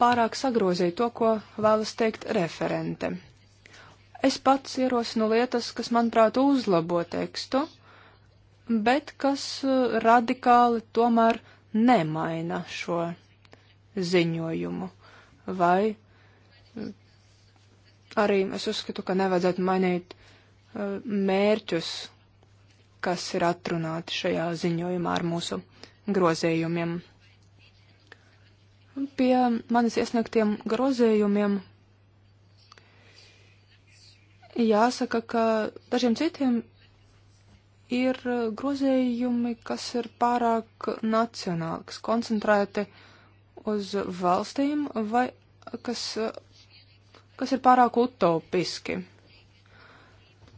pārāk sagrozīja to, ko vēlas teikt referente. Es pats ierosinu lietas, kas, manuprāt, uzlabo tekstu, bet kas uh, radikāli tomēr nemaina šo ziņojumu. Vai mm, arī es uzskatu, ka nevajadzētu mainīt Uh, mērķus, kas ir atrunāti šajā ziņojumā ar mūsu grozējumiem. Pie manis iesniegtiem grozējumiem jāsaka, ka dažiem citiem ir grozējumi, kas ir pārāk nacionāli, kas koncentrēti uz valstīm vai kas, kas ir pārāk utopiski.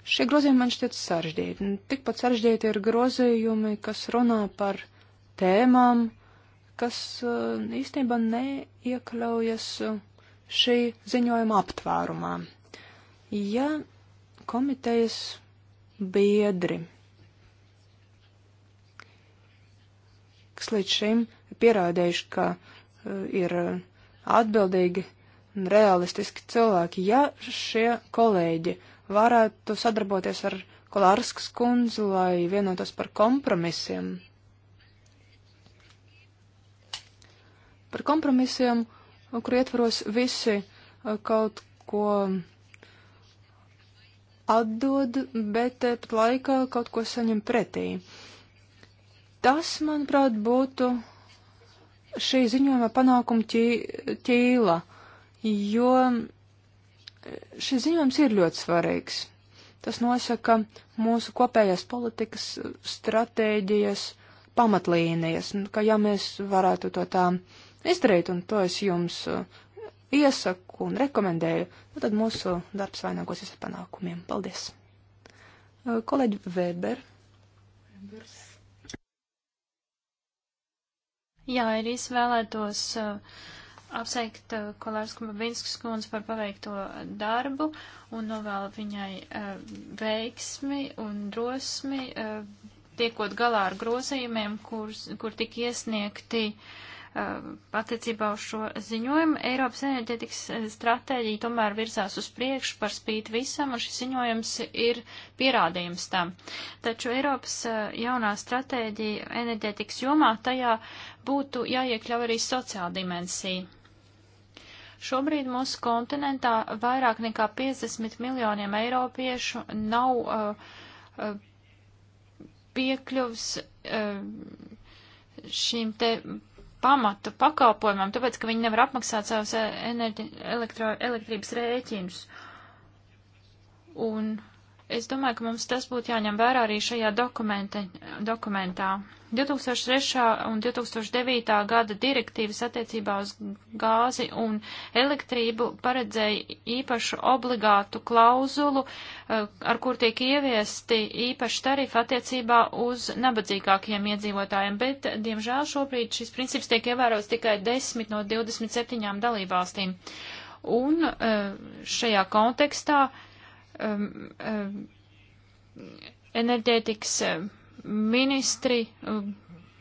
Šie grozījumi man šķiet sarežģīti. Nu, tikpat sarežģīti ir grozījumi, kas runā par tēmām, kas uh, īstenībā neiekļaujas šī ziņojuma aptvērumā. Ja komitejas biedri, kas līdz šim pierādījuši, ka uh, ir atbildīgi un realistiski cilvēki, ja šie kolēģi uh, varētu sadarboties ar Kolārskas kundzi, lai vienotos par kompromisiem. Par kompromisiem, kur ietvaros visi eh, kaut ko atdod, bet tepat laikā kaut ko saņem pretī. Tas, manuprāt, būtu šī ziņojuma panākuma ķīla, jo šis ziņojums ir ļoti svarīgs. Tas nosaka mūsu kopējās politikas stratēģijas pamatlīnijas, un, ka ja mēs varētu to tā izdarīt, un to es jums uh, iesaku un rekomendēju, nu tad mūsu darbs vainagosies ar panākumiem. Paldies! Uh, kolēģi Weber. Webers. Jā, ir izvēlētos uh, apsveikt uh, eh, Kolārsku Babinskas kundzi par paveikto darbu un novēlu viņai uh, veiksmi un drosmi, uh, tiekot galā ar grozījumiem, kur, kur tika iesniegti attiecībā uz šo ziņojumu. Eiropas enerģetikas stratēģija tomēr virzās uz priekšu par spīti visam, un šis ziņojums ir pierādījums tam. Taču Eiropas jaunā stratēģija enerģetikas jomā tajā būtu jāiekļau arī sociāla dimensija. Šobrīd mūsu kontinentā vairāk nekā 50 miljoniem eiropiešu nav uh, uh, piekļuvs uh, šīm te pamatu pakalpojumam, tāpēc, ka viņi nevar apmaksāt savus e-, enerģi, elektro, elektrības rēķinus. Un es domāju, ka mums tas būtu jāņem vērā arī šajā dokumentā. 2003. un 2009. gada direktīvas attiecībā uz gāzi un elektrību paredzēja īpašu obligātu klauzulu, eh, ar kur tiek ieviesti īpaši tarifi attiecībā uz nabadzīgākiem iedzīvotājiem, bet, diemžēl, šobrīd šis princips tiek ievērots tikai 10 no 27 dalībvalstīm. Un eh, šajā kontekstā uh, um, um, enerģētikas um, ministri, um,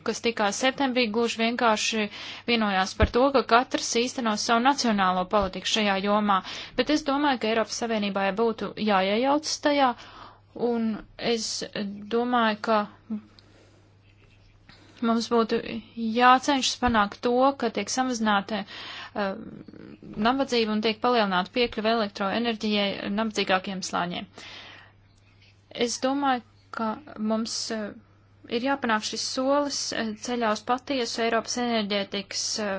kas tikās septembrī, gluži vienkārši vienojās par to, ka katrs īstenos savu nacionālo politiku šajā jomā. Bet es domāju, ka Eiropas Savienībai būtu jāiejaucas tajā, un es domāju, ka mums būtu jācenšas panākt to, ka tiek samazināta uh, Um, nabadzību un tiek palielināta piekļuva elektroenerģijai nabadzīgākiem slāņiem. Es domāju, ka mums uh, ir jāpanāk šis solis uh, ceļā uz patiesu Eiropas enerģētikas uh,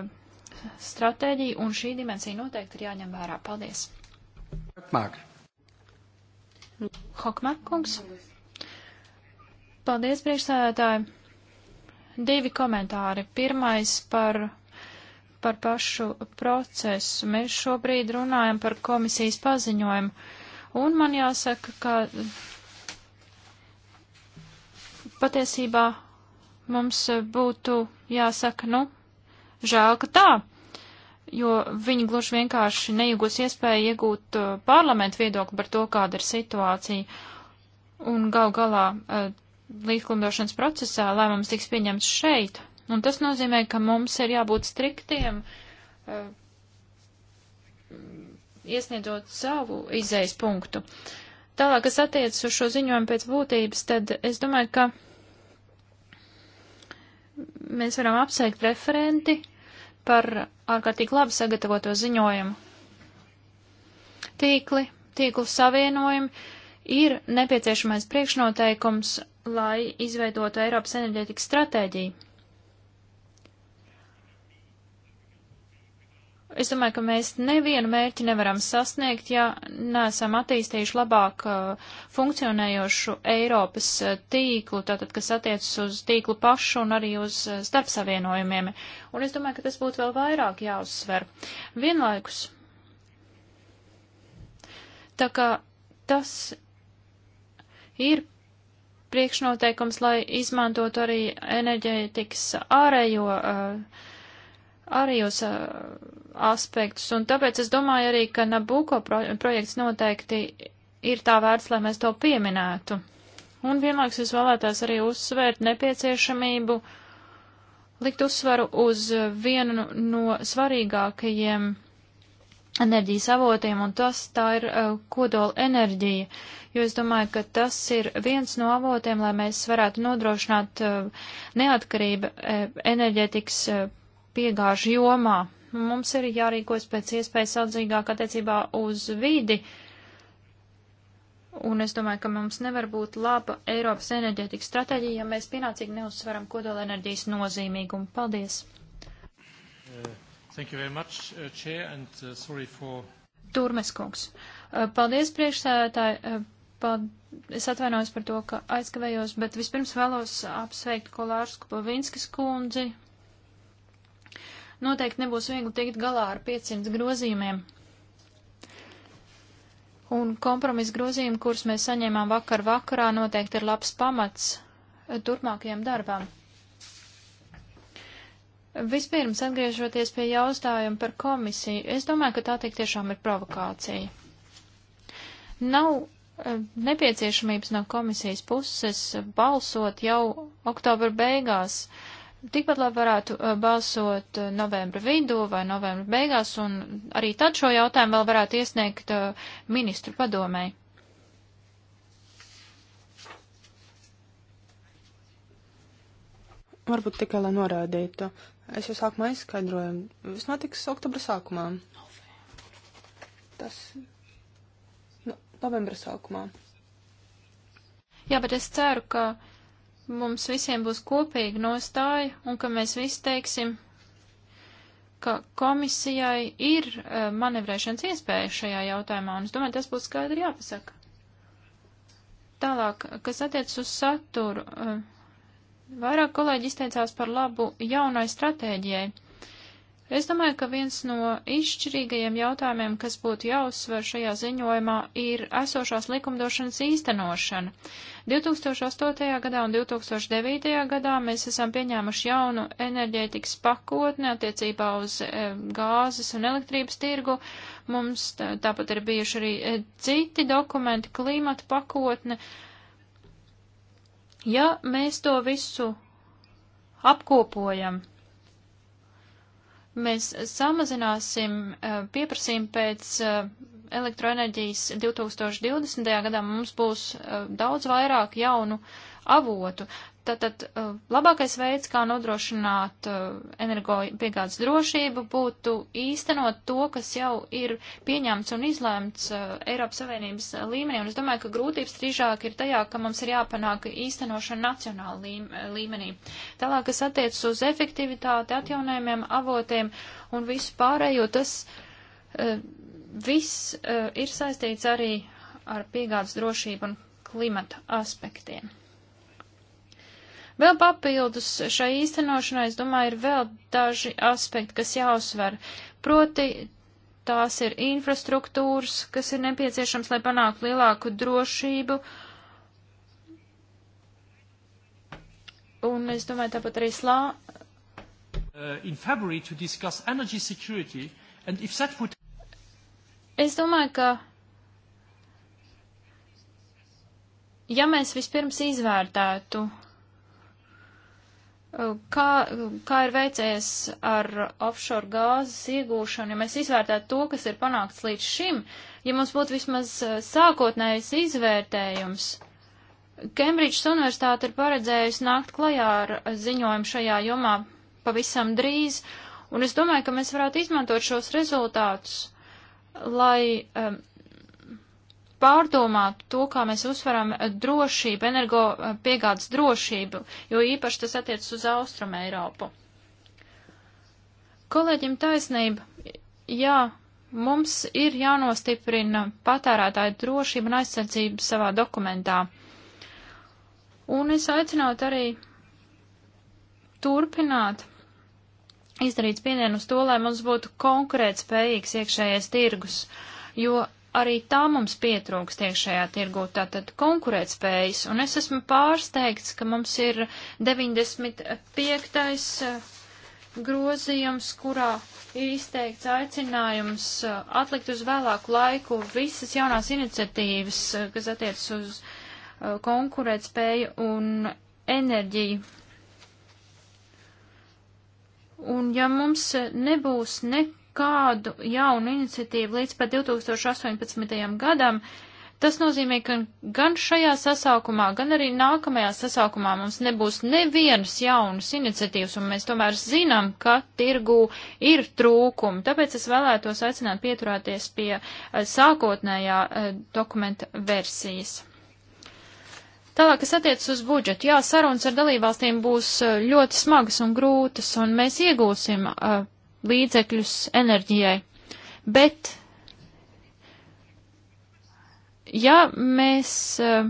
stratēģiju, un šī dimensija noteikti ir jāņem vērā. Paldies! Hokmāk. Hokmāk, kungs. Paldies, priekšsēdētāji. Divi komentāri. Pirmais par par pašu procesu. Mēs šobrīd runājam par komisijas paziņojumu. Un man jāsaka, ka patiesībā mums būtu jāsaka, nu, žēl, ka tā, jo viņi gluži vienkārši neiegūs iespēju iegūt uh, parlamentu viedokli par to, kāda ir situācija. Un gal galā uh, līdzkumdošanas procesā lēmums tiks pieņemts šeit, Un tas nozīmē, ka mums ir jābūt striktiem, uh, iesniedzot savu izējas punktu. Tālāk, kas attiecas uz šo ziņojumu pēc būtības, tad es domāju, ka mēs varam apsveikt referenti par ārkārtīgi labi sagatavoto ziņojumu. Tīkli, tīklu savienojumi ir nepieciešamais priekšnoteikums, lai izveidotu Eiropas enerģētikas stratēģiju. Es domāju, ka mēs nevienu mērķi nevaram sasniegt, ja neesam attīstījuši labāk uh, funkcionējošu Eiropas uh, tīklu, tātad, kas attiecas uz tīklu pašu un arī uz uh, starpsavienojumiem. Un es domāju, ka tas būtu vēl vairāk jāuzsver. Vienlaikus. Tā kā tas ir priekšnoteikums, lai izmantotu arī enerģētikas ārējo uh, arī uz uh, aspektus, un tāpēc es domāju arī, ka Nabuko pro projekts noteikti ir tā vērts, lai mēs to pieminētu. Un vienlaiks es vēlētās arī uzsvērt nepieciešamību likt uzsvaru uz vienu no svarīgākajiem enerģijas avotiem, un tas tā ir uh, kodola enerģija, jo es domāju, ka tas ir viens no avotiem, lai mēs varētu nodrošināt uh, neatkarību uh, enerģētikas piegāžu jomā. Mums ir jārīkojas pēc iespējas atzīgāk attiecībā uz vidi. Un es domāju, ka mums nevar būt laba Eiropas enerģētikas stratēģija, ja mēs pienācīgi neuzsveram kodola enerģijas nozīmīgumu. Paldies! Uh, much, uh, chair, and, uh, for... Turmes kungs. Uh, paldies priekšsēdētāji. Uh, es atvainojos par to, ka aizkavējos, bet vispirms vēlos apsveikt Kolārsku Pavinskas kundzi noteikti nebūs viegli tikt galā ar 500 grozījumiem. Un kompromisa grozījumi, kurus mēs saņēmām vakar vakarā, noteikti ir labs pamats eh, turpmākajam darbam. Vispirms, atgriežoties pie jautājuma par komisiju, es domāju, ka tā tik tiešām ir provokācija. Nav eh, nepieciešamības no komisijas puses balsot jau oktobra beigās. Uh, tikpat labi varētu uh, balsot uh, novembra vidū vai novembra beigās, un arī tad šo jautājumu vēl varētu iesniegt uh, ministru padomēji. Varbūt tikai, lai norādītu. Es jau sākumā izskaidroju. Viss notiks oktobra sākumā. Tas. No, novembra sākumā. Jā, bet es ceru, ka mums visiem būs kopīga nostāja un ka mēs visi teiksim, ka komisijai ir e, manevrēšanas iespēja šajā jautājumā, un es domāju, tas būs skaidri jāpasaka. Tālāk, kas attiecas uz saturu, e, vairāk kolēģi izteicās par labu jaunai stratēģijai. Es domāju, ka viens no izšķirīgajiem jautājumiem, kas būtu jāuzsver šajā ziņojumā, ir esošās likumdošanas īstenošana. 2008. gadā un 2009. gadā mēs esam pieņēmuši jaunu enerģētikas pakotni attiecībā uz e, gāzes un elektrības tirgu. Mums tāpat ir bijuši arī e, citi dokumenti, klimata pakotne. Ja mēs to visu apkopojam, Mēs samazināsim eh, pieprasījumu pēc eh, elektroenerģijas 2020. gadā. Mums būs eh, daudz vairāk jaunu avotu. Tātad uh, labākais veids, kā nodrošināt uh, energo piegādes drošību, būtu īstenot to, kas jau ir pieņemts un izlēmts uh, Eiropas Savienības līmenī. Un es domāju, ka grūtības trīžāk ir tajā, ka mums ir jāpanāk īstenošana nacionāla līmenī. Tālāk, kas attiecas uz efektivitāti, atjaunējumiem, avotiem un visu pārējo, tas viss ir saistīts arī ar piegādes drošību un klimata aspektiem. Vēl papildus šai īstenošanai, es domāju, ir vēl daži aspekti, kas jāuzsver. Proti, tās ir infrastruktūras, kas ir nepieciešams, lai panāktu lielāku drošību. Un es domāju, tāpat arī slā. Uh, would... Es domāju, ka ja mēs vispirms izvērtētu kā, kā ir veicies ar offshore gāzes iegūšanu, ja mēs izvērtētu to, kas ir panākts līdz šim, ja mums būtu vismaz eh, sākotnējs izvērtējums. Kembridžas universitāte ir paredzējusi nākt klajā ar ziņojumu šajā jomā pavisam drīz, un es domāju, ka mēs varētu izmantot šos rezultātus, lai um, pārdomāt to, kā mēs uzsveram drošību, energo eh, piegādes drošību, jo īpaši tas attiec uz Austrum Eiropu. Kolēģim taisnība, jā, mums ir jānostiprina patērētāju drošība un aizsardzība savā dokumentā. Un es aicinātu arī turpināt izdarīt spiedienu uz to, lai mums būtu konkurēt spējīgs iekšējais tirgus, jo arī tā mums pietrūkst iekšējā tirgū, tātad konkurētspējas, un es esmu pārsteigts, ka mums ir 95. Eh, grozījums, kurā ir izteikts aicinājums eh, atlikt uz vēlāku laiku visas jaunās iniciatīvas, eh, kas attiecas uz konkurētspēju un enerģiju. Un ja mums nebūs ne kādu jaunu iniciatīvu līdz pat 2018. gadam. Tas nozīmē, ka gan šajā sasaukumā, gan arī nākamajā sasaukumā mums nebūs nevienas jaunas iniciatīvas, un mēs tomēr zinām, ka tirgū ir trūkumi. Tāpēc es vēlētos aicināt pieturēties pie eh, sākotnējā eh, dokumenta versijas. Tālāk, kas attiecas uz budžetu, jā, sarunas ar dalībvalstīm būs eh, ļoti smagas un grūtas, un mēs iegūsim uh, līdzekļus enerģijai. Bet, ja mēs eh,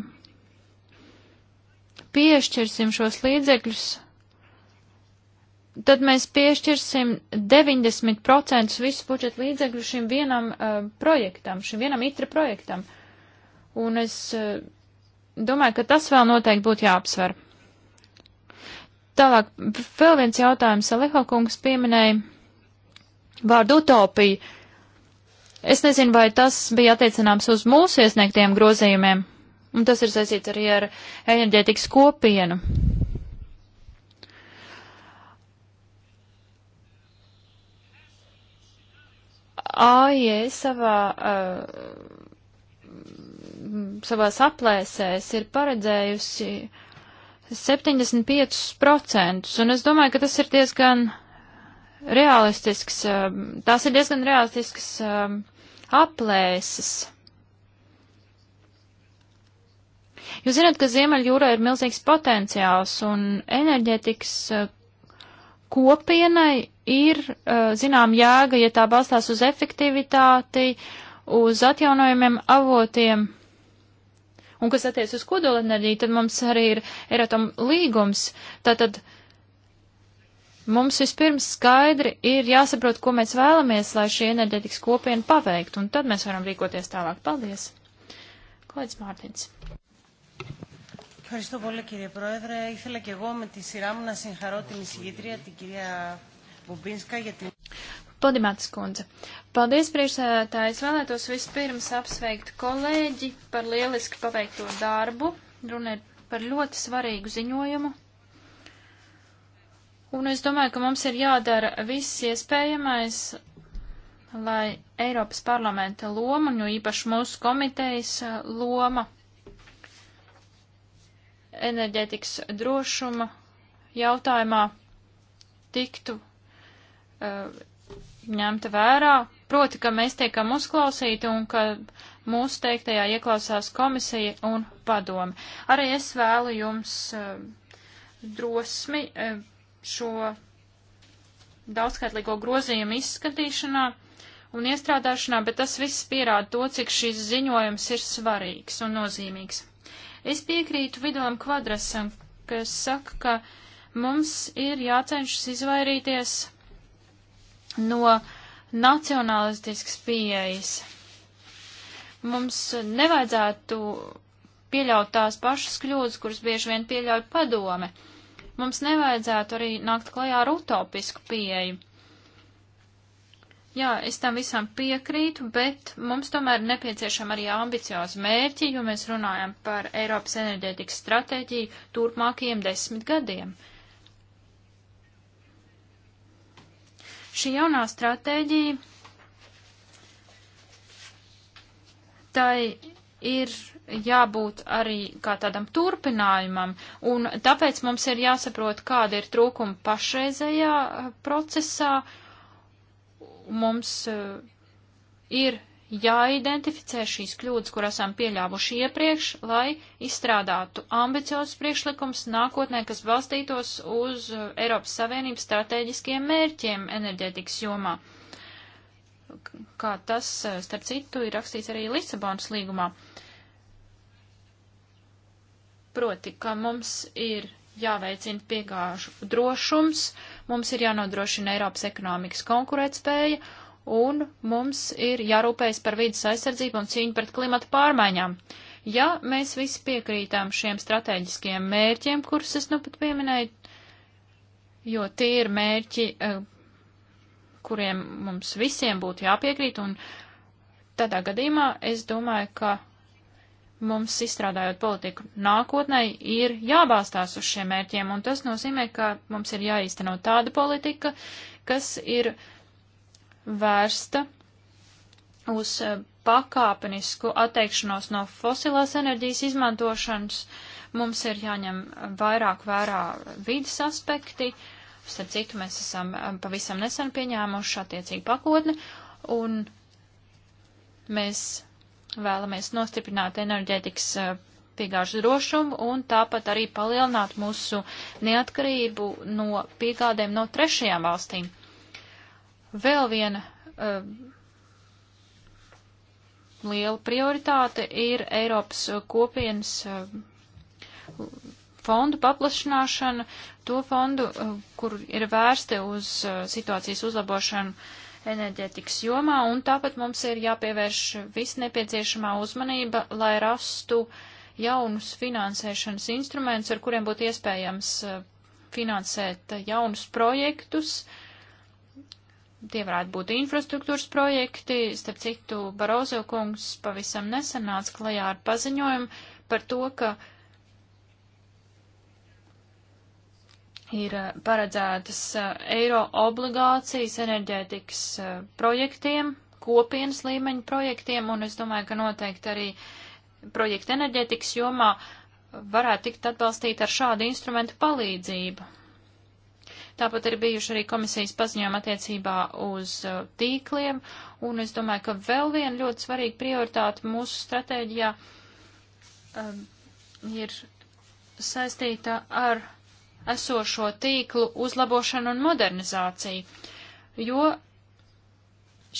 piešķirsim šos līdzekļus, tad mēs piešķirsim 90% visu budžetu līdzekļu šim vienam uh, projektam, šim vienam itra projektam. Un es uh, domāju, ka tas vēl noteikti būtu jāapsver. Tālāk, vēl viens jautājums, Aleha kungs pieminēja vārdu utopija. Es nezinu, vai tas bija attiecināms uz mūsu iesniegtiem grozījumiem, un tas ir saistīts arī ar enerģētikas kopienu. AIE savā, uh, savā saplēsēs ir paredzējusi 75%, un es domāju, ka tas ir diezgan realistisks, um, tās ir diezgan realistisks um, aplēses. Jūs zināt, ka Ziemeļjūrā ir milzīgs potenciāls un enerģetikas uh, kopienai ir, uh, zinām, jēga, ja tā balstās uz efektivitāti, uz atjaunojumiem avotiem. Un kas attiec uz kodolenerģiju, tad mums arī ir Eratom līgums. Tātad uh, Mums vispirms skaidri ir jāsaprot, ko mēs vēlamies, lai šī enerģetikas kopiena paveikt, un tad mēs varam rīkoties tālāk. Paldies! Kolēģis Mārtiņš. Ευχαριστώ πολύ κύριε Πρόεδρε. Ήθελα και εγώ με τη σειρά μου να συγχαρώ την εισηγήτρια, την κυρία Μπομπίνσκα, για την... Podimātas kundze. Paldies, priekšsēdētājs. Vēlētos vispirms apsveikt kolēģi par lieliski paveikto darbu. Runa ir par ļoti svarīgu ziņojumu, Un es domāju, ka mums ir jādara viss iespējamais, lai Eiropas parlamenta loma, un jo īpaši mūsu komitejas loma, enerģētikas drošuma jautājumā tiktu uh, ņemta vērā. Proti, ka mēs tiekam uzklausīti un ka mūsu teiktajā ieklausās komisija un padomi. Arī es vēlu jums uh, drosmi uh, šo daudzskaitlīgo grozījumu izskatīšanā un iestrādāšanā, bet tas viss pierāda to, cik šis ziņojums ir svarīgs un nozīmīgs. Es piekrītu Vidalam Kvadrasam, kas saka, ka mums ir jācenšas izvairīties no nacionalistiskas pieejas. Mums nevajadzētu pieļaut tās pašas kļūdas, kuras bieži vien pieļauj padome. Uh, Mums nevajadzētu arī nākt klajā ar utopisku pieeju. Jā, es tam visam piekrītu, bet mums tomēr nepieciešama arī ambiciozi mērķi, jo mēs runājam par Eiropas enerģētikas stratēģiju turpmākajiem desmit gadiem. Šī jaunā stratēģija, tai ir jābūt arī kā tādam turpinājumam, un tāpēc mums ir jāsaprot, kāda ir trūkuma pašreizējā eh, procesā. Mums eh, ir jāidentificē šīs kļūdas, kur esam pieļāvuši iepriekš, lai izstrādātu ambiciozus priekšlikums nākotnē, kas balstītos uz eh, Eiropas Savienības strateģiskiem mērķiem enerģētikas jomā. Kā tas, starp citu, ir rakstīts arī Lisabonas līgumā. Uh, proti, ka mums ir jāveicina piegāžu drošums, mums ir jānodrošina Eiropas ekonomikas konkurētspēja un mums ir jārūpējas par vidas aizsardzību un cīņu pret klimatu pārmaiņām. Ja mēs visi piekrītām šiem strateģiskiem mērķiem, kurus es nu pat pieminēju, jo tie ir mērķi, eh, kuriem mums visiem būtu jāpiekrīt, un tādā gadījumā es domāju, ka mums izstrādājot politiku nākotnē ir jābāstās uz šiem mērķiem, un tas nozīmē, ka mums ir jāīsteno tāda politika, kas ir vērsta uz eh, pakāpenisku atteikšanos no fosilās enerģijas izmantošanas. Mums ir jāņem vairāk vērā vidas aspekti. Starp citu, mēs esam eh, pavisam nesen pieņēmuši attiecīgu pakotni, un mēs Vēlamies nostiprināt enerģētikas eh, piegāžu drošumu un tāpat arī palielināt mūsu neatkarību no piegādēm no trešajām valstīm. Vēl viena uh, liela prioritāte ir Eiropas kopienas uh, fondu paplašināšana, to fondu, uh, kur ir vērsti uz situācijas uzlabošanu enerģētikas jomā, un tāpat mums ir jāpievērš viss nepieciešamā uzmanība, lai rastu jaunus finansēšanas instrumentus, ar kuriem būtu iespējams eh, finansēt jaunus projektus, tie varētu būt infrastruktūras projekti. Starp citu, Barozo kungs pavisam nesen nāca klajā ar paziņojumu par to, ka ir eh, paredzētas eh, eiro obligācijas enerģētikas eh, projektiem, kopienas līmeņa projektiem, un es domāju, ka noteikti arī projekta enerģētikas jomā varētu tikt atbalstīt ar šādu instrumentu palīdzību. Tāpat ir bijuši arī komisijas paziņojumi attiecībā uz tīkliem, un es domāju, ka vēl viena ļoti svarīga prioritāte mūsu stratēģijā um, ir saistīta ar esošo tīklu uzlabošanu un modernizāciju, jo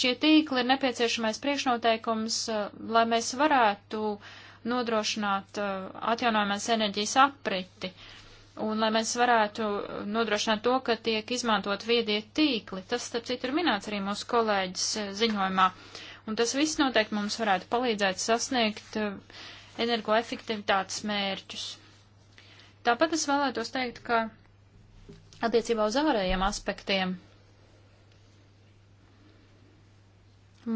šie tīkli ir nepieciešamais priekšnoteikums, eh, lai mēs varētu nodrošināt eh, atjaunojamās enerģijas apriti un lai mēs varētu eh, nodrošināt to, ka tiek izmantot viedie tīkli. Tas, starp citu, ir minēts arī mūsu kolēģis ziņojumā. Un tas viss noteikti mums varētu palīdzēt sasniegt energoefektivitātes mērķus. Tāpat es vēlētos teikt, ka attiecībā uz ārējiem aspektiem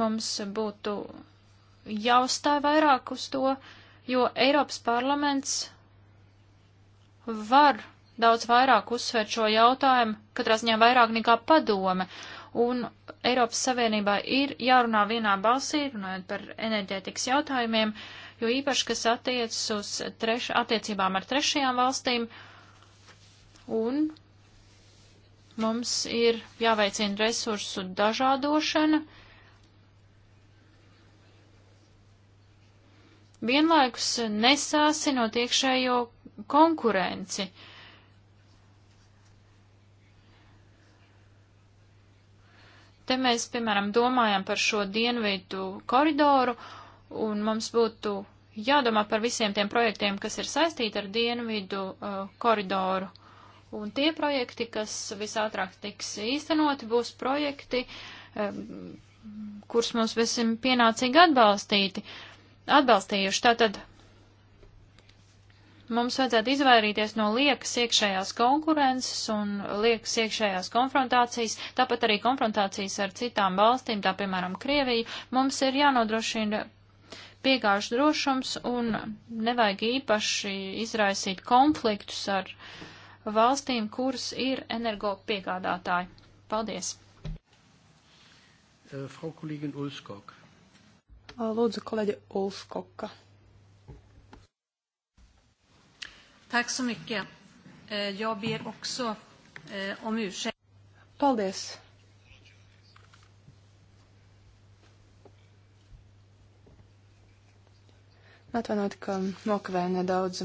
mums būtu jāuzstāj vairāk uz to, jo Eiropas parlaments var daudz vairāk uzsvērt šo jautājumu, katrā ziņā vairāk nekā padome. Un Eiropas Savienībā ir jārunā vienā balsī, runājot par enerģētikas jautājumiem, uh, jo īpaši, kas attiecas uz treš, attiecībām ar trešajām valstīm, un mums ir jāveicina resursu dažādošana. Vienlaikus nesāsinot iekšējo konkurenci. Te mēs, piemēram, domājam par šo dienvidu koridoru, un mums būtu jādomā par visiem tiem projektiem, kas ir saistīti ar dienvidu uh, koridoru. Un tie projekti, kas visātrāk tiks īstenoti, būs projekti, um, kurus mums visiem pienācīgi atbalstīti, atbalstījuši. Tātad mums vajadzētu izvairīties no liekas iekšējās konkurences un liekas iekšējās konfrontācijas, tāpat arī konfrontācijas ar citām valstīm, tā piemēram Krieviju. Mums ir jānodrošina piegāžu drošums un nevajag īpaši izraisīt konfliktus ar valstīm, kuras ir energo piegādātāji. Paldies! Äh, Frau Kollegin Ulskog. Äh, Lūdzu, kolēģi Ulskoka. Tack så mycket. Äh, jag ber också om ursäkt. Paldies. Atvainojiet, ka nokavēju nedaudz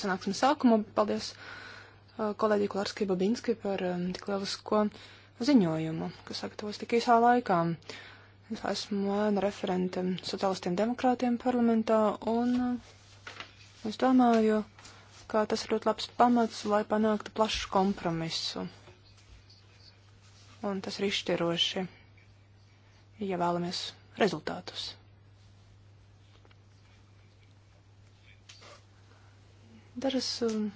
sanāksmes sākumu. Paldies uh, kolēģi Klārskai Babinski par um, tik lielisko ziņojumu, kas sagatavos tik īsā laikā. Es esmu ēna referente sociālistiem demokrātiem parlamentā un uh, es domāju, ka tas ir ļoti labs pamats, lai panāktu plašu kompromisu. Un tas ir izšķiroši, ja vēlamies rezultātus. daras um,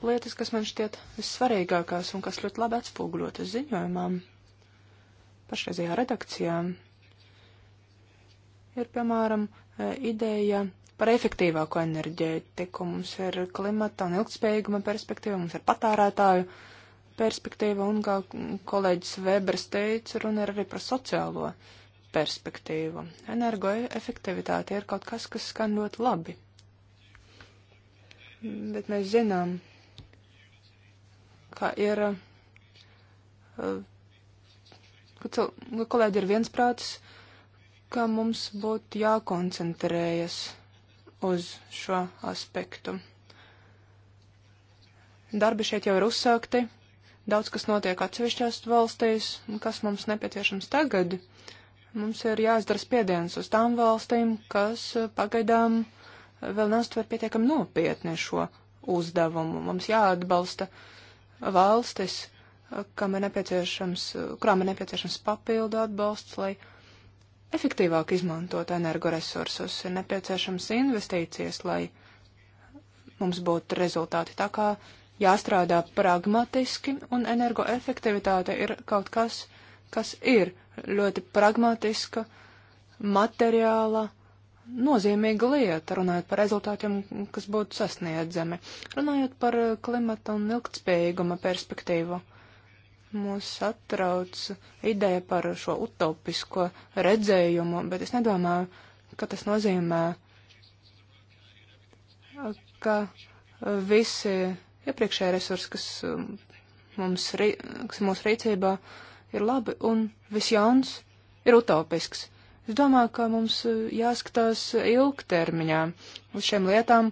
lietas, kas man šķiet vissvarīgākās un kas ļoti labi atspoguļotas ziņojumā, pašreizajā redakcijā, ir, piemēram, e, ideja par efektīvāko enerģētiku. Mums ir klimata un ilgspējīguma perspektīva, mums ir patērētāju perspektīva, un, kā kolēģis Vēbers teica, runa ir arī par sociālo perspektīvu. Energoefektivitāte ir kaut kas, kas skan ļoti labi bet mēs zinām, ka ir, eh, ka, cil, ka kolēģi ir viensprātis, ka mums būtu jākoncentrējas uz šo aspektu. Darbi šeit jau ir uzsākti, daudz kas notiek atsevišķās valstīs, un kas mums nepieciešams tagad, mums ir jāizdara spiediens uz tām valstīm, kas eh, pagaidām vēl neuztver pietiekami nopietni šo uzdevumu. Mums jāatbalsta valstis, kam ir nepieciešams, kurām ir nepieciešams papildu atbalsts, lai efektīvāk izmantot energoresursus. Ir nepieciešams investīcijas, lai mums būtu rezultāti. Tā kā jāstrādā pragmatiski, un energoefektivitāte ir kaut kas, kas ir ļoti pragmatiska, materiāla, uh, nozīmīga lieta, runājot par rezultātiem, kas būtu sasniedzami. Runājot par klimata un ilgtspējīguma perspektīvu, mūs atrauc ideja par šo utopisko redzējumu, bet es nedomāju, ka tas nozīmē, ka visi iepriekšējie resursi, kas mums, kas mūsu rīcībā ir labi un viss jauns ir utopisks Es domāju, ka mums e, jāskatās ilgtermiņā uz šiem lietām.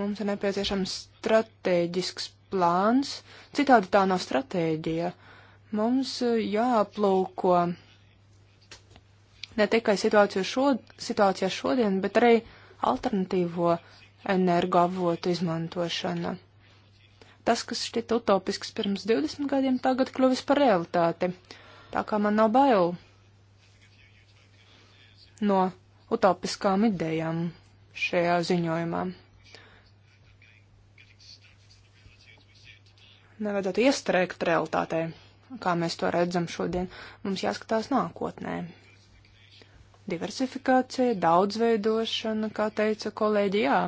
Mums ir nepieciešams strateģisks plāns, citādi tā nav stratēģija. Mums e, jāaplūko ne tikai situācija, šod, situācija šodien, bet arī alternatīvo energoavotu izmantošana. Tas, kas šķita utopisks pirms 20 gadiem, tagad kļuvis par realitāti. Tā kā man nav bail no utopiskām idejām šajā ziņojumā. Nevajadzētu iestrēgt realitātē, kā mēs to redzam šodien. Mums jāskatās nākotnē. Diversifikācija, daudzveidošana, kā teica kolēģi, jā,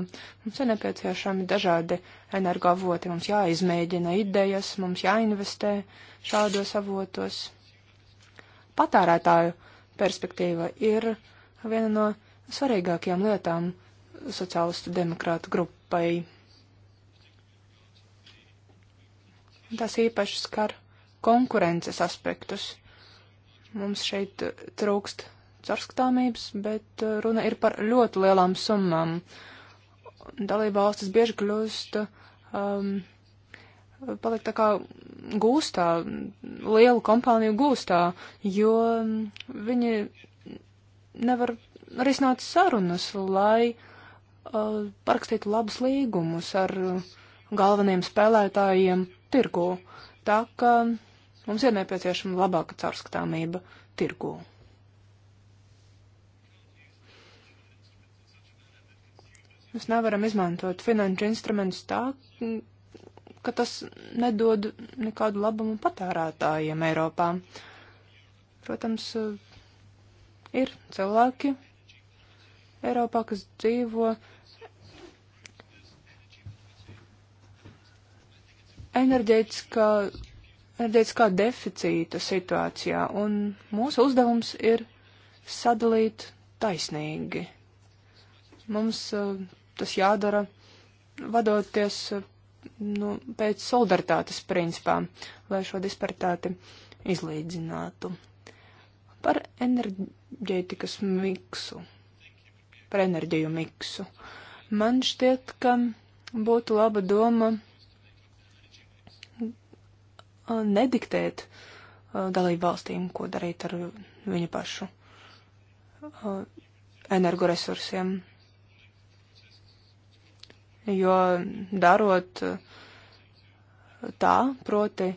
mums ir nepieciešami dažādi energoavoti, mums jāizmēģina idejas, mums jāinvestē šādos avotos. Patērētāju perspektīva ir viena no svarīgākajām lietām sociālistu demokrātu grupai. Tas īpaši skar konkurences aspektus. Mums šeit trūkst caurskatāmības, bet uh, runa ir par ļoti lielām summām. Dalība valstis bieži kļūst, um, paliek tā kā gūstā, lielu kompāniju gūstā, jo um, viņi nevar risināt sarunas, lai uh, parakstītu labus līgumus ar uh, galveniem spēlētājiem tirgu. Tā ka mums ir nepieciešama labāka caurskatāmība tirgu. Mēs nevaram izmantot finanšu instrumentus tā, ka tas nedod nekādu labumu patērētājiem Eiropā. Protams, uh, Ir cilvēki Eiropā, kas dzīvo enerģētiskā, enerģētiskā deficīta situācijā, un mūsu uzdevums ir sadalīt taisnīgi. Mums eh, tas jādara vadoties eh, nu, pēc solidaritātes principām, lai šo disparitāti izlīdzinātu par enerģētikas miksu, par enerģiju miksu. Man šķiet, ka būtu laba doma uh, nediktēt uh, dalību valstīm, ko darīt ar viņu pašu uh, energoresursiem. Jo darot tā, proti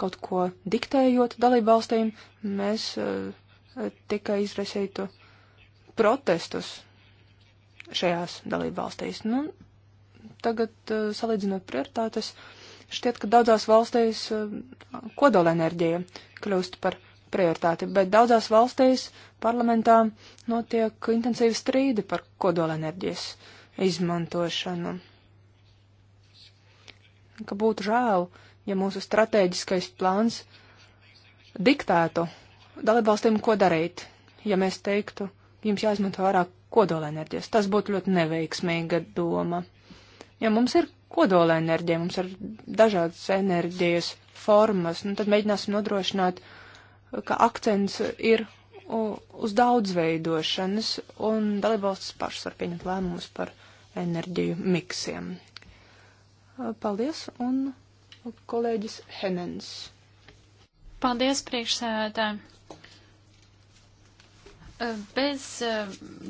kaut ko diktējot dalību valstīm, mēs uh, tika izraisītu protestus šajās dalībvalstīs. Nu, tagad, uh, salīdzinot prioritātes, šķiet, ka daudzās valstīs uh, kodolenerģija kļūst par prioritāti, bet daudzās valstīs parlamentā notiek intensīvi strīdi par kodolenerģijas izmantošanu. Ka būtu žēl, ja mūsu strateģiskais plāns diktētu dalībvalstīm, ko darīt, ja mēs teiktu, jums jāizmanto vairāk kodolenerģijas. Tas būtu ļoti neveiksmīga doma. Ja mums ir kodolenerģija, mums ir dažādas enerģijas formas, nu tad mēģināsim nodrošināt, ka akcents ir uz daudzveidošanas un dalībvalstis pašas var pieņemt lēmumus par enerģiju miksiem. Paldies un kolēģis Henens. Paldies priekšsēdētāji bez eh,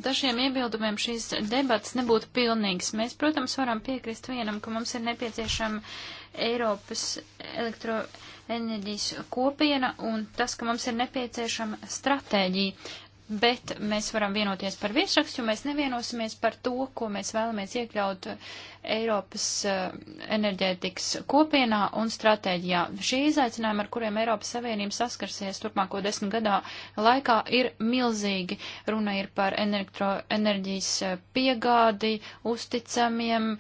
dažiem iebildumiem šīs debats nebūtu pilnīgs. Mēs, protams, varam piekrist vienam, ka mums ir nepieciešama Eiropas elektroenerģijas kopiena un tas, ka mums ir nepieciešama stratēģija bet mēs varam vienoties par virsrakstu, jo mēs nevienosimies par to, ko mēs vēlamies iekļaut Eiropas eh, enerģētikas kopienā un stratēģijā. Šie izaicinājumi, ar kuriem Eiropas Savienība saskarsies turpmāko desmit gadā laikā, ir milzīgi. Runa ir par enerģijas eh, piegādi, uzticamiem,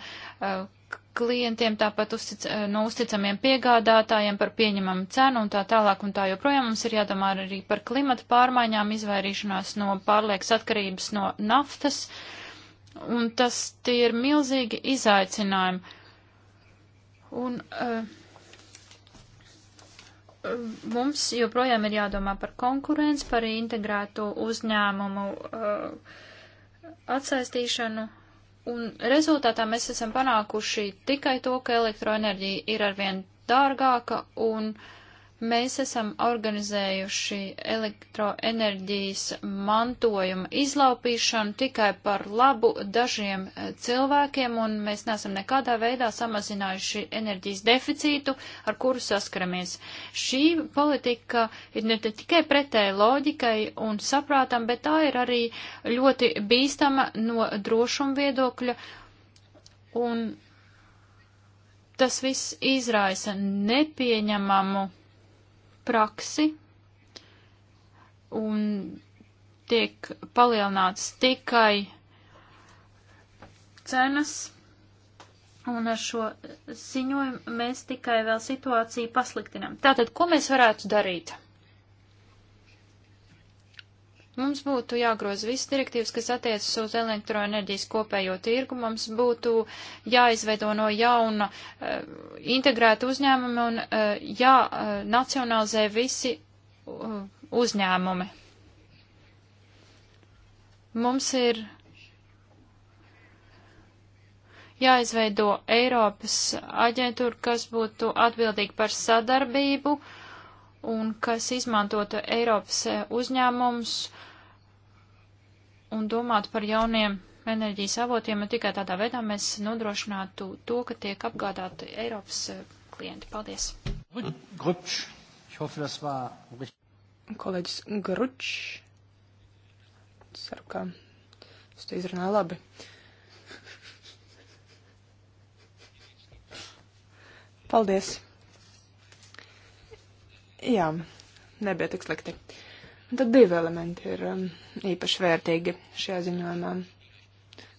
uh, klientiem, tāpat uztic, eh, no uzticamiem piegādātājiem par pieņemamu cenu un tā tālāk un tā joprojām. Mums ir jādomā arī par klimata pārmaiņām, izvairīšanās no pārliekas atkarības no naftas, un tas tie ir milzīgi izaicinājumi. Un uh, mums joprojām ir jādomā par konkurenci, par integrētu uzņēmumu uh, atsaistīšanu Un rezultātā mēs esam panākuši tikai to, ka elektroenerģija ir arvien dārgāka un uh, Mēs esam organizējuši elektroenerģijas mantojuma izlaupīšanu tikai par labu dažiem eh, cilvēkiem, un mēs neesam nekādā veidā samazinājuši enerģijas deficītu, ar kuru saskaramies. Šī politika ir ne tikai pretēji loģikai un saprātam, bet tā ir arī ļoti bīstama no drošuma viedokļa. Un tas viss izraisa nepieņemamu praksi un tiek palielināts tikai cenas. Un ar šo ziņojumu mēs tikai vēl situāciju pasliktinām. Tātad, ko mēs varētu darīt? Mums būtu jāgroza visas direktīvas, kas attiecas uz elektroenerģijas kopējo tirgu. Mums būtu jāizveido no jauna uh, eh, integrēta uzņēmuma un uh, eh, jānacionalizē eh, uh, visi uzņēmumi. Mums ir jāizveido Eiropas aģentūra, kas būtu atbildīga par sadarbību. Uh, un kas izmantotu Eiropas eh, uzņēmumus un domātu par jauniem enerģijas avotiem, un tikai tādā veidā mēs nodrošinātu to, ka tiek apgādāti Eiropas eh, klienti. Paldies! Grutsch. Ich hoffe, das war richtig. Kolēģis Grutsch. Ceru, ka es to izrunāju labi. Paldies! Jā, nebija tik slikti. Un tad divi elementi ir um, īpaši vērtīgi šajā ziņojumā.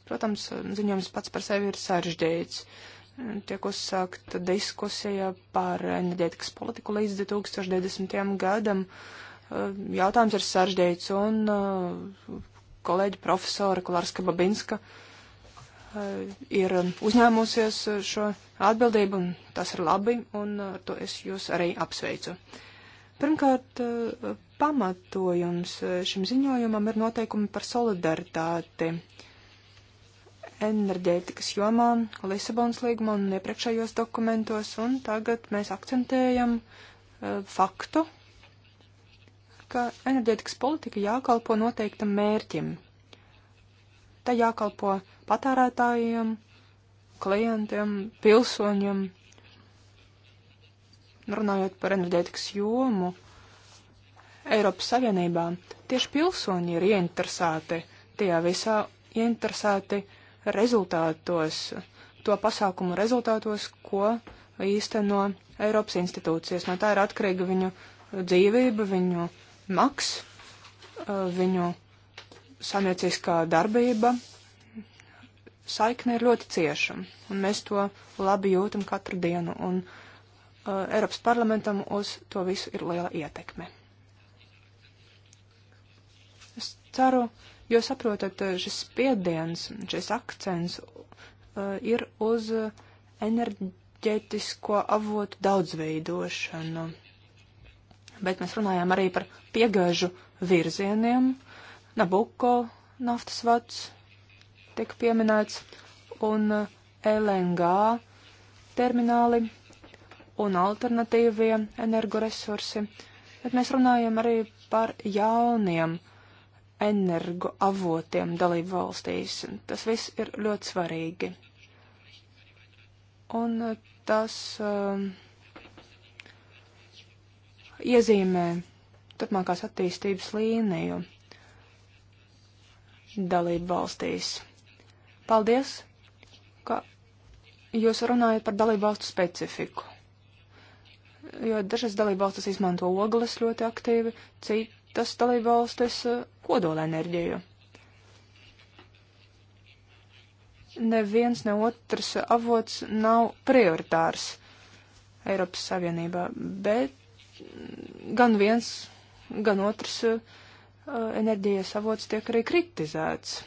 Protams, um, ziņojums pats par sevi ir sarežģīts. Tiek uzsākta diskusija par enerģētikas politiku līdz 2020. gadam. Um, jautājums ir sarežģīts un uh, kolēģi profesora Kolārska Babinska uh, ir um, uzņēmusies uh, šo atbildību, un tas ir labi, un ar to es jūs arī apsveicu. Uh, Pirmkārt, pamatojums šim ziņojumam ir noteikumi par solidaritāti enerģētikas jomā, Lisabonas līgumā un iepriekšējos dokumentos, un tagad mēs akcentējam e, faktu, ka enerģētikas politika jākalpo noteiktam mērķim. Tā jākalpo patērētājiem, klientiem, pilsoņiem, runājot par enerģētikas jomu, Eiropas Savienībā tieši pilsoņi ir ieinteresēti tajā visā, ieinteresēti rezultātos, to pasākumu rezultātos, ko īsteno Eiropas institūcijas. No tā ir atkarīga viņu dzīvība, viņu maks, viņu samieciskā darbība. Saikne ir ļoti cieša, un mēs to labi jūtam katru dienu. Un, uh, Eh, Eiropas parlamentam uz to visu ir liela ietekme. Es ceru, jūs saprotat, eh, šis spiediens, šis akcents eh, ir uz enerģētisko avotu daudzveidošanu. Bet mēs runājām arī par piegāžu virzieniem. Nabuko naftas vats tiek pieminēts un LNG termināli un alternatīvie energoresursi, bet mēs runājam arī par jauniem energoavotiem dalību valstīs. Tas viss ir ļoti svarīgi. Un uh, tas uh, iezīmē turpmākās attīstības līniju dalību valstīs. Paldies, ka jūs runājat par dalību valstu specifiku jo dažas dalībvalstis izmanto ogles ļoti aktīvi, citas dalībvalstis eh, kodolenerģiju. Neviens ne otrs avots nav prioritārs Eiropas Savienībā, bet gan viens, gan otrs eh, enerģijas avots tiek arī kritizēts.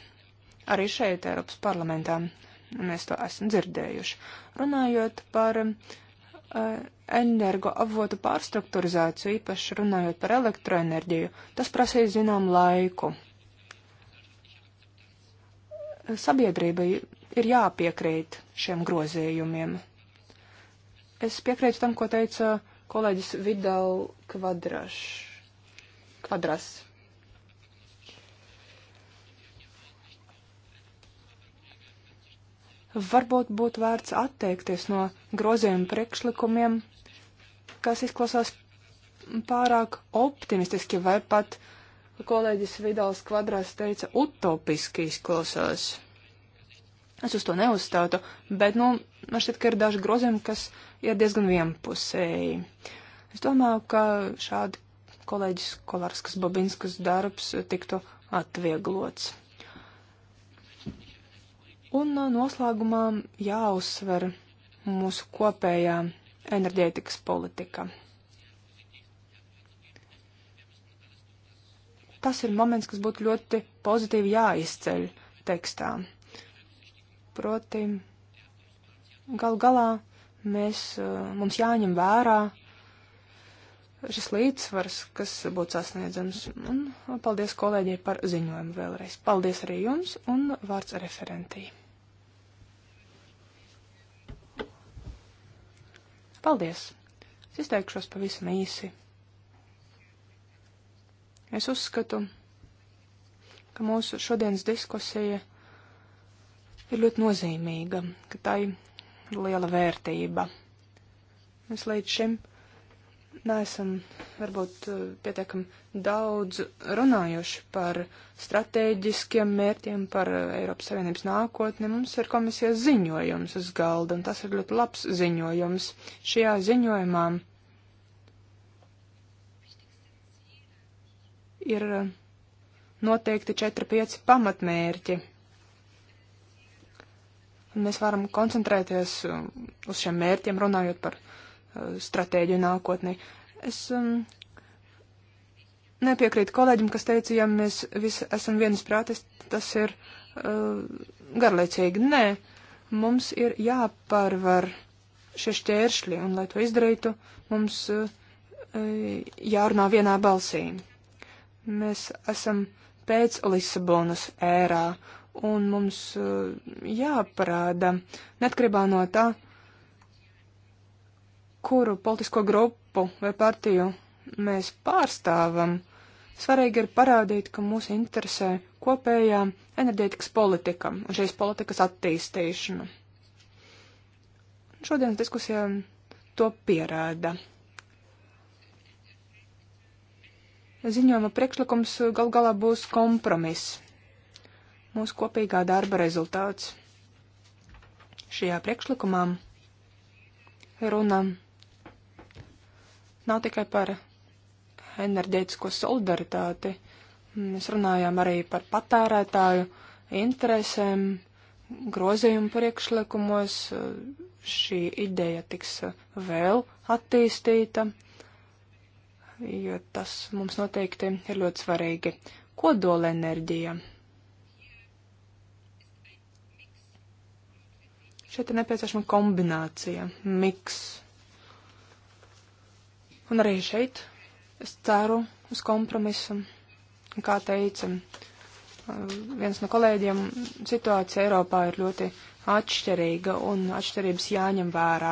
Arī šeit Eiropas parlamentā mēs to esam dzirdējuši. Runājot par uh, Eh, energoavotu pārstrukturizāciju, īpaši runājot par elektroenerģiju, tas prasīja zinām laiku. Sabiedrība ir jāpiekrīt šiem grozījumiem. Es piekrītu tam, ko teica kolēģis Vidal Kvadraš. Kvadras. Varbūt būtu vērts atteikties no grozījuma priekšlikumiem, kas izklausās pārāk optimistiski vai pat, kolēģis Vidāls kvadrās teica, utopiski izklausās. Es uz to neuzstātu, bet, nu, man šķiet, ka ir daži grozījumi, kas ir diezgan vienpusēji. Es domāju, ka šādi kolēģis Kolārskas Babinskas darbs tiktu atvieglots. Un uh, noslēgumā jāuzsver mūsu kopējā enerģētikas politika. Tas ir moments, kas būtu ļoti pozitīvi jāizceļ tekstā. Proti, gal galā mēs, uh, mums jāņem vērā uh, šis līdzsvars, kas būtu sasniedzams. Un paldies kolēģiem par ziņojumu vēlreiz. Paldies arī jums un vārds referentī. Paldies! Es izteikšos pavisam īsi. Es uzskatu, ka mūsu šodienas diskusija ir ļoti nozīmīga, ka tai ir liela vērtība. Es līdz šim. Uh, neesam varbūt eh, pietiekami daudz runājuši par strateģiskiem mērķiem, par eh, Eiropas Savienības nākotni. Mums ir komisijas ziņojums uz galda, un tas ir ļoti labs ziņojums. Šajā ziņojumā ir eh, noteikti 4-5 pamatmērķi. Un mēs varam koncentrēties uz šiem mērķiem, runājot par stratēģiju nākotnē. Es um, nepiekrītu kolēģim, kas teica, ja mēs visi esam vienas prātes, tas ir uh, garlaicīgi. Nē, mums ir jāpārvar šie šķēršļi, un lai to izdarītu, mums uh, jārunā vienā balsī. Mēs esam pēc Lisabonas ērā, un mums uh, jāparāda, netkarībā no tā, kuru politisko grupu vai partiju mēs pārstāvam, svarīgi ir parādīt, ka mūs interesē kopējā enerģētikas politika un šīs politikas attīstīšana. Šodienas diskusija to pierāda. Ziņojuma priekšlikums gal galā būs kompromiss, mūsu kopīgā darba rezultāts. Šajā priekšlikumā runa nav tikai par enerģētisko solidaritāti. Mēs runājām arī par patērētāju interesēm, grozījumu priekšlikumos. Šī ideja tiks vēl attīstīta, jo tas mums noteikti ir ļoti svarīgi. Kodolenerģija. Šeit ir nepieciešama kombinācija, miks Un arī šeit es ceru uz kompromisu. Kā teica eh, viens no kolēģiem, situācija Eiropā ir ļoti atšķirīga un atšķirības jāņem vērā.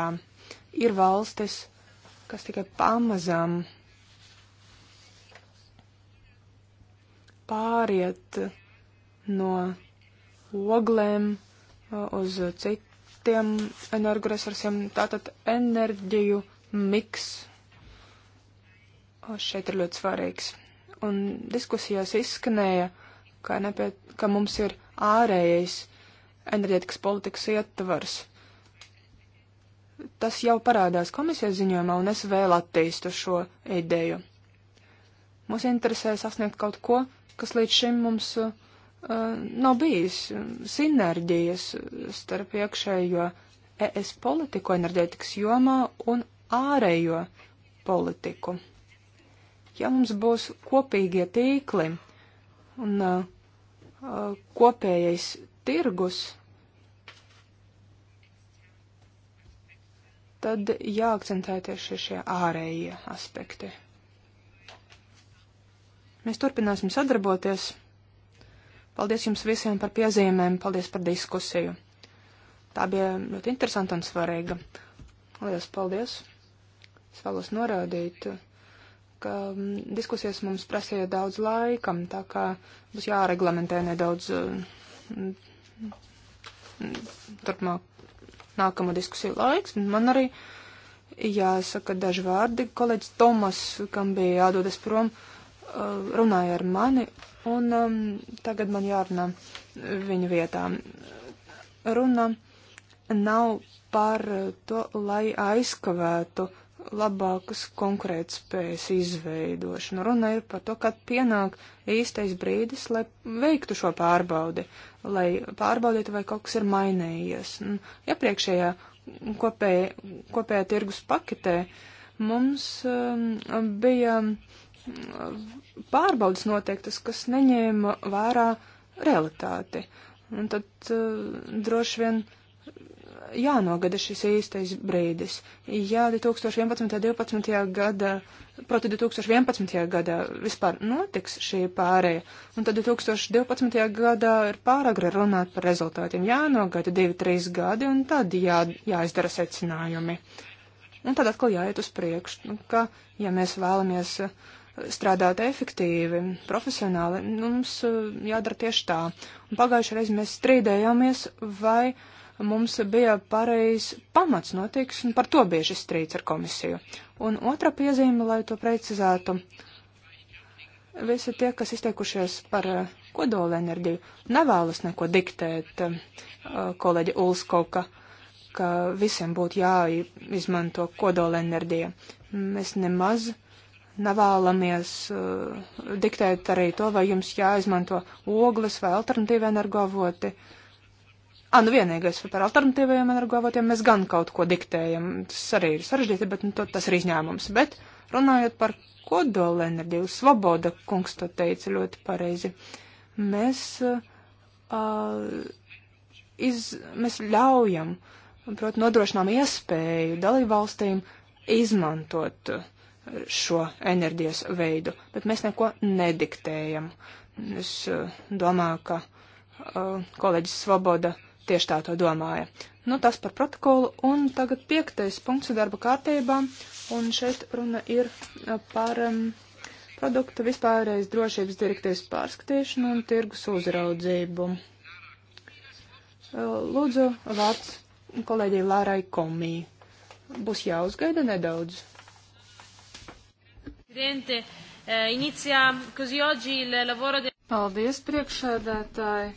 Ir valstis, kas tikai pamazām pāriet no oglēm eh, uz citiem energoresursiem, tātad enerģiju miks šeit ir ļoti svarīgs. Un diskusijās izskanēja, ka, nepie, ka mums ir ārējais enerģētikas politikas ietvars. Tas jau parādās komisijas ziņojumā, un es vēl attīstu šo ideju. Mums interesē sasniegt kaut ko, kas līdz šim mums uh, nav bijis sinerģijas starp iekšējo ES politiku enerģētikas jomā un ārējo politiku ja mums būs kopīgie tīkli un uh, uh kopējais tirgus, tad jāakcentē tieši šie ārējie aspekti. Mēs turpināsim sadarboties. Paldies jums visiem par piezīmēm, paldies par diskusiju. Tā bija ļoti interesanta un svarīga. Lielas paldies! Es vēlos norādīt ka mm, diskusijas mums prasīja daudz laika, tā kā būs jāreglamentē nedaudz mm, turpmāk nākamo diskusiju laiks. Man arī jāsaka daži vārdi. Kolēģis Tomas, kam bija jādodas prom, eh, runāja ar mani, un um, tagad man jārunā viņa vietā. Runa nav par to, lai aizkavētu uh, labākas konkurētspējas izveidošanu. Runa ir par to, kad pienāk īstais brīdis, lai veiktu šo pārbaudi, lai pārbaudītu, vai kaut kas ir mainījies. Un iepriekšējā kopēj, kopējā tirgus paketē mums um, bija um, pārbaudas noteiktas, kas neņēma vērā realitāti. Un tad uh, droši vien uh, jānogada šis īstais brīdis. Ja 2011. un 2012. gada, proti 2011. gadā vispār notiks šī pārēja, un tad 2012. gadā ir pāragri runāt par rezultātiem. Jānogada 2-3 gadi, un tad jā, jāizdara secinājumi. Un tad atkal jāiet uz priekšu, nu, ka, ja mēs vēlamies strādāt efektīvi, profesionāli, nu, mums eh, jādara tieši tā. Un pagājušajā reizē mēs strīdējāmies, vai mums bija pareizs pamats notiks, un par to bieži strīds ar komisiju. Un otra piezīme, lai to precizētu, visi tie, kas izteikušies par eh, kodola enerģiju, nevēlas neko diktēt, eh, kolēģi Ulskoka, ka visiem būtu jāizmanto kodola enerģija. Mēs nemaz nevēlamies uh, diktēt arī to, vai jums jāizmanto ogles vai alternatīvi energovoti. Uh, Ā, ah, nu vienīgais par alternatīvajiem energoavotiem mēs gan kaut ko diktējam. Tas arī ir sarežģīti, bet nu, to, tas ir izņēmums. Bet runājot par kodola enerģiju, Svoboda kungs to teica ļoti pareizi. Mēs, uh, iz, mēs ļaujam, protams, nodrošinām iespēju dalībvalstīm izmantot šo enerģijas veidu, bet mēs neko nediktējam. Es uh, domāju, ka uh, kolēģis Svoboda tieši tā to domāja. Nu, tas par protokolu, un tagad piektais punkts darba kārtībā, un šeit runa ir par um, produktu vispārreiz drošības direktīvas pārskatīšanu un tirgus uzraudzību. Lūdzu, vārds kolēģei Lārai Komī. Būs jāuzgaida nedaudz. Eh, Paldies, priekšsēdētāji!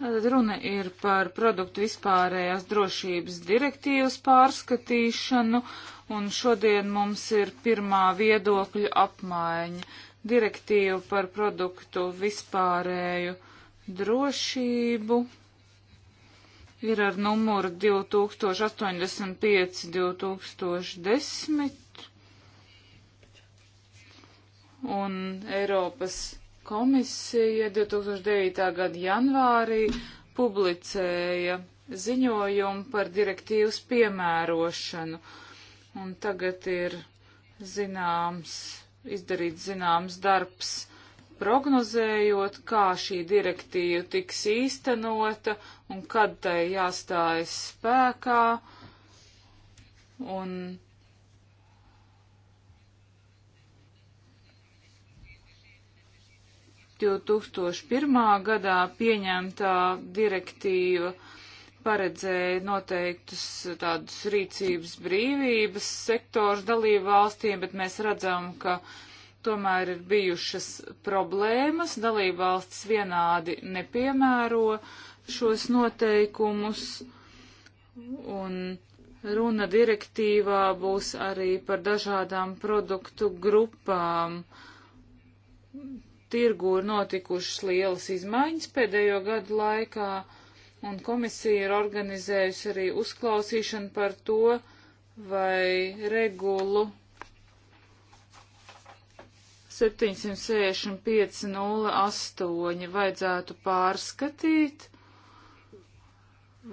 Runa ir par produktu vispārējās drošības direktīvas pārskatīšanu, un šodien mums ir pirmā viedokļu apmaiņa direktīva par produktu vispārēju drošību ir ar numuru 2085-2010 un Eiropas Komisija 2009. gada janvārī publicēja ziņojumu par direktīvas piemērošanu, un tagad ir zināms, izdarīts zināms darbs prognozējot, kā šī direktīva tiks īstenota un kad tai jāstājas spēkā. Un 2001. gadā pieņemtā direktīva paredzēja noteiktus tādus rīcības brīvības sektors dalību valstīm, bet mēs redzam, ka tomēr ir bijušas problēmas. Dalību valstis vienādi nepiemēro šos noteikumus. Un runa direktīvā būs arī par dažādām produktu grupām tirgu ir notikušas lielas izmaiņas pēdējo gadu laikā, un komisija ir organizējusi arī uzklausīšanu par to, vai regulu 765.08 vajadzētu pārskatīt,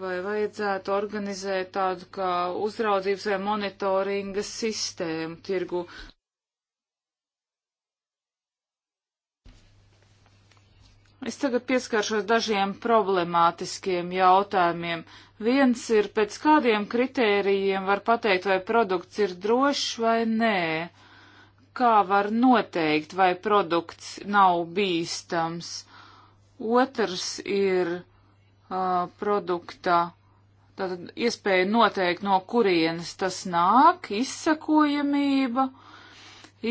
vai vajadzētu organizēt tādu kā uzraudzības vai monitoringa sistēmu tirgu. Es tagad pieskaršos dažiem problemātiskiem jautājumiem. Viens ir, pēc kādiem kritērijiem var pateikt, vai produkts ir drošs vai nē. Kā var noteikt, vai produkts nav bīstams? Otrs ir uh, produkta, tātad iespēja noteikt, no kurienes tas nāk, izsakojamība,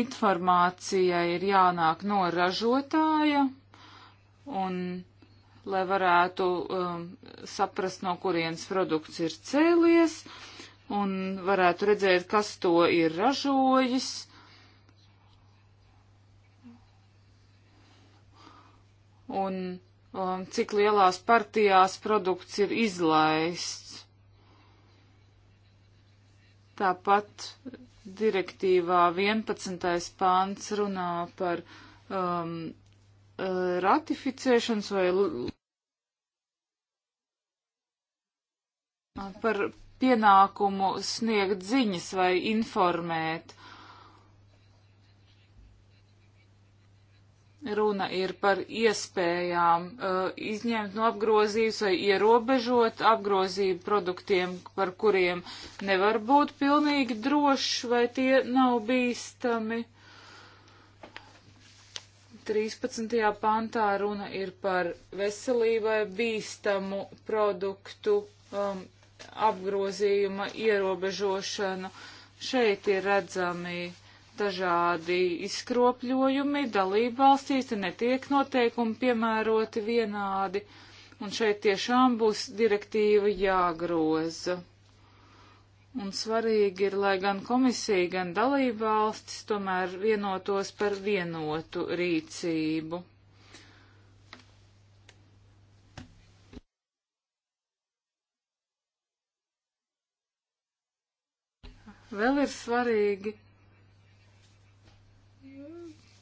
informācija ir jānāk no ražotāja, un lai varētu um, saprast, no kurienes produkts ir cēlies, un varētu redzēt, kas to ir ražojis. Un um, cik lielās partijās produkts ir izlaists. Tāpat direktīvā 11. pāns runā par um, Uh, ratificēšanas vai par pienākumu sniegt ziņas vai informēt. Runa ir par iespējām uh, izņemt no apgrozījus vai ierobežot apgrozību produktiem, par kuriem nevar būt pilnīgi drošs vai tie nav bīstami. 13. pantā runa ir par veselībai bīstamu produktu um, apgrozījuma ierobežošanu. Šeit ir redzami dažādi izkropļojumi dalībvalstīs, te netiek noteikumi piemēroti vienādi, un šeit tiešām būs direktīva jāgroza. Un svarīgi ir, lai gan komisija, gan dalībvalstis tomēr vienotos par vienotu rīcību. Vēl ir svarīgi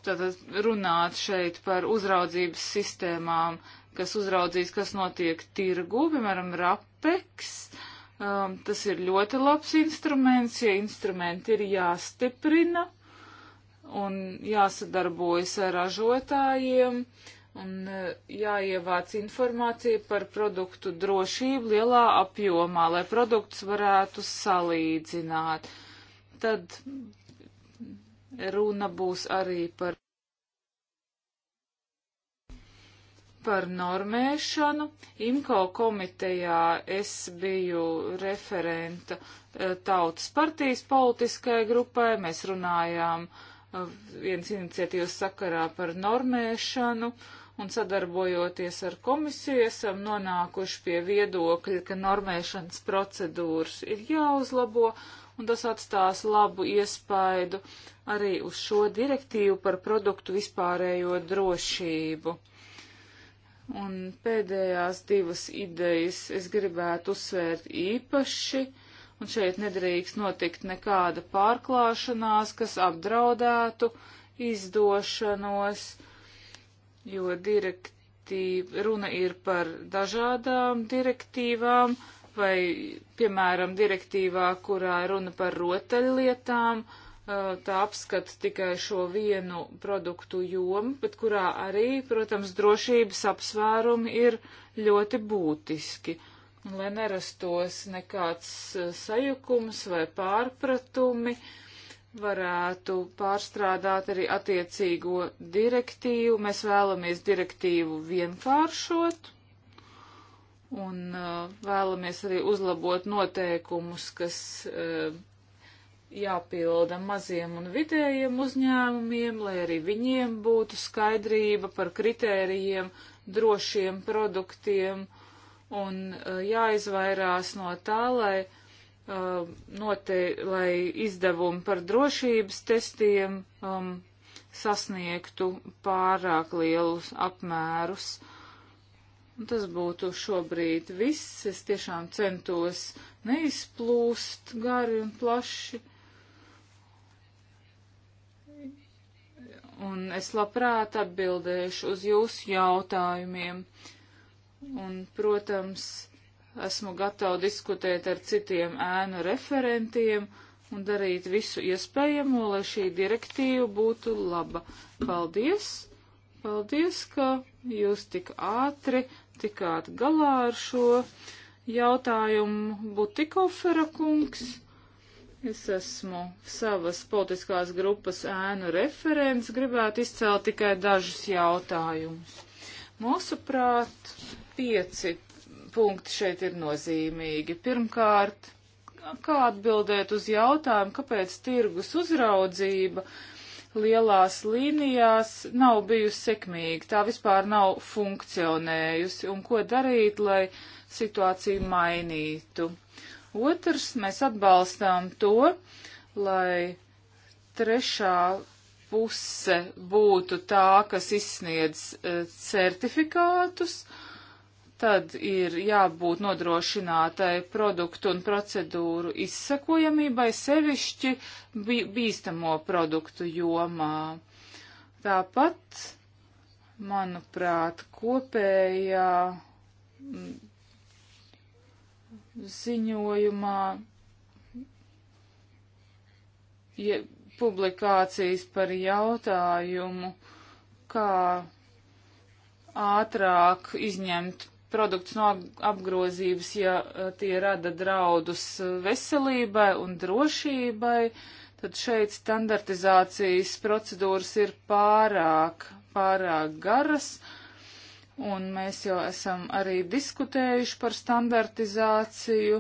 tātad runāt šeit par uzraudzības sistēmām, kas uzraudzīs, kas notiek tirgu, piemēram, rapeks. Uh, Um, tas ir ļoti labs instruments, ja instrumenti ir jāstiprina un jāsadarbojas ar ražotājiem un uh, jāievāc informācija par produktu drošību lielā apjomā, lai produktus varētu salīdzināt. Tad runa būs arī par par normēšanu. IMCO komitejā es biju referenta eh, tautas partijas politiskajai grupai. Mēs runājām eh, vienas iniciatīvas sakarā par normēšanu un sadarbojoties ar komisiju esam nonākuši pie viedokļa, ka normēšanas procedūras ir jāuzlabo un tas atstās labu iespaidu arī uz šo direktīvu par produktu vispārējo drošību. Un pēdējās divas idejas es gribētu uzsvērt īpaši, un šeit nedrīkst notikt nekāda pārklāšanās, kas apdraudētu izdošanos, jo direktīva, runa ir par dažādām direktīvām, vai, piemēram, direktīvā, kurā runa par rotaļlietām, uh, tā apskata tikai šo vienu produktu jomu, bet kurā arī, protams, drošības apsvērumi ir ļoti būtiski, lai nerastos nekāds eh, sajukums vai pārpratumi, varētu pārstrādāt arī attiecīgo direktīvu. Mēs vēlamies direktīvu vienkāršot un eh, vēlamies arī uzlabot noteikumus, kas eh, jāpilda maziem un vidējiem uzņēmumiem, lai arī viņiem būtu skaidrība par kritērijiem, drošiem produktiem un uh, jāizvairās no tā, lai, uh, note, lai izdevumi par drošības testiem um, sasniegtu pārāk lielus apmērus. Un tas būtu šobrīd viss. Es tiešām centos neizplūst gari un plaši. un es labprāt atbildēšu uz jūsu jautājumiem. Un, protams, esmu gatava diskutēt ar citiem ēnu referentiem un darīt visu iespējamo, lai šī direktīva būtu laba. Paldies! Paldies, ka jūs tik ātri tikāt galā ar šo jautājumu Butikofera kungs. Es esmu savas politiskās grupas ēnu referents, gribētu izcelt tikai dažus jautājumus. Mūsuprāt, pieci punkti šeit ir nozīmīgi. Pirmkārt, kā atbildēt uz jautājumu, kāpēc tirgus uzraudzība lielās līnijās nav bijusi sekmīga, tā vispār nav funkcionējusi, un ko darīt, lai situāciju mainītu. Otrs, mēs atbalstām to, lai trešā puse būtu tā, kas izsniedz e, certifikātus, tad ir jābūt nodrošinātai produktu un procedūru izsakojamībai sevišķi bīstamo produktu jomā. Tāpat, manuprāt, kopējā ziņojumā ja, publikācijas par jautājumu, kā ātrāk izņemt produktus no apgrozības, ja eh, tie rada draudus eh, veselībai un drošībai, tad šeit standartizācijas procedūras ir pārāk, pārāk garas. Uh, un mēs jau esam arī diskutējuši par standartizāciju.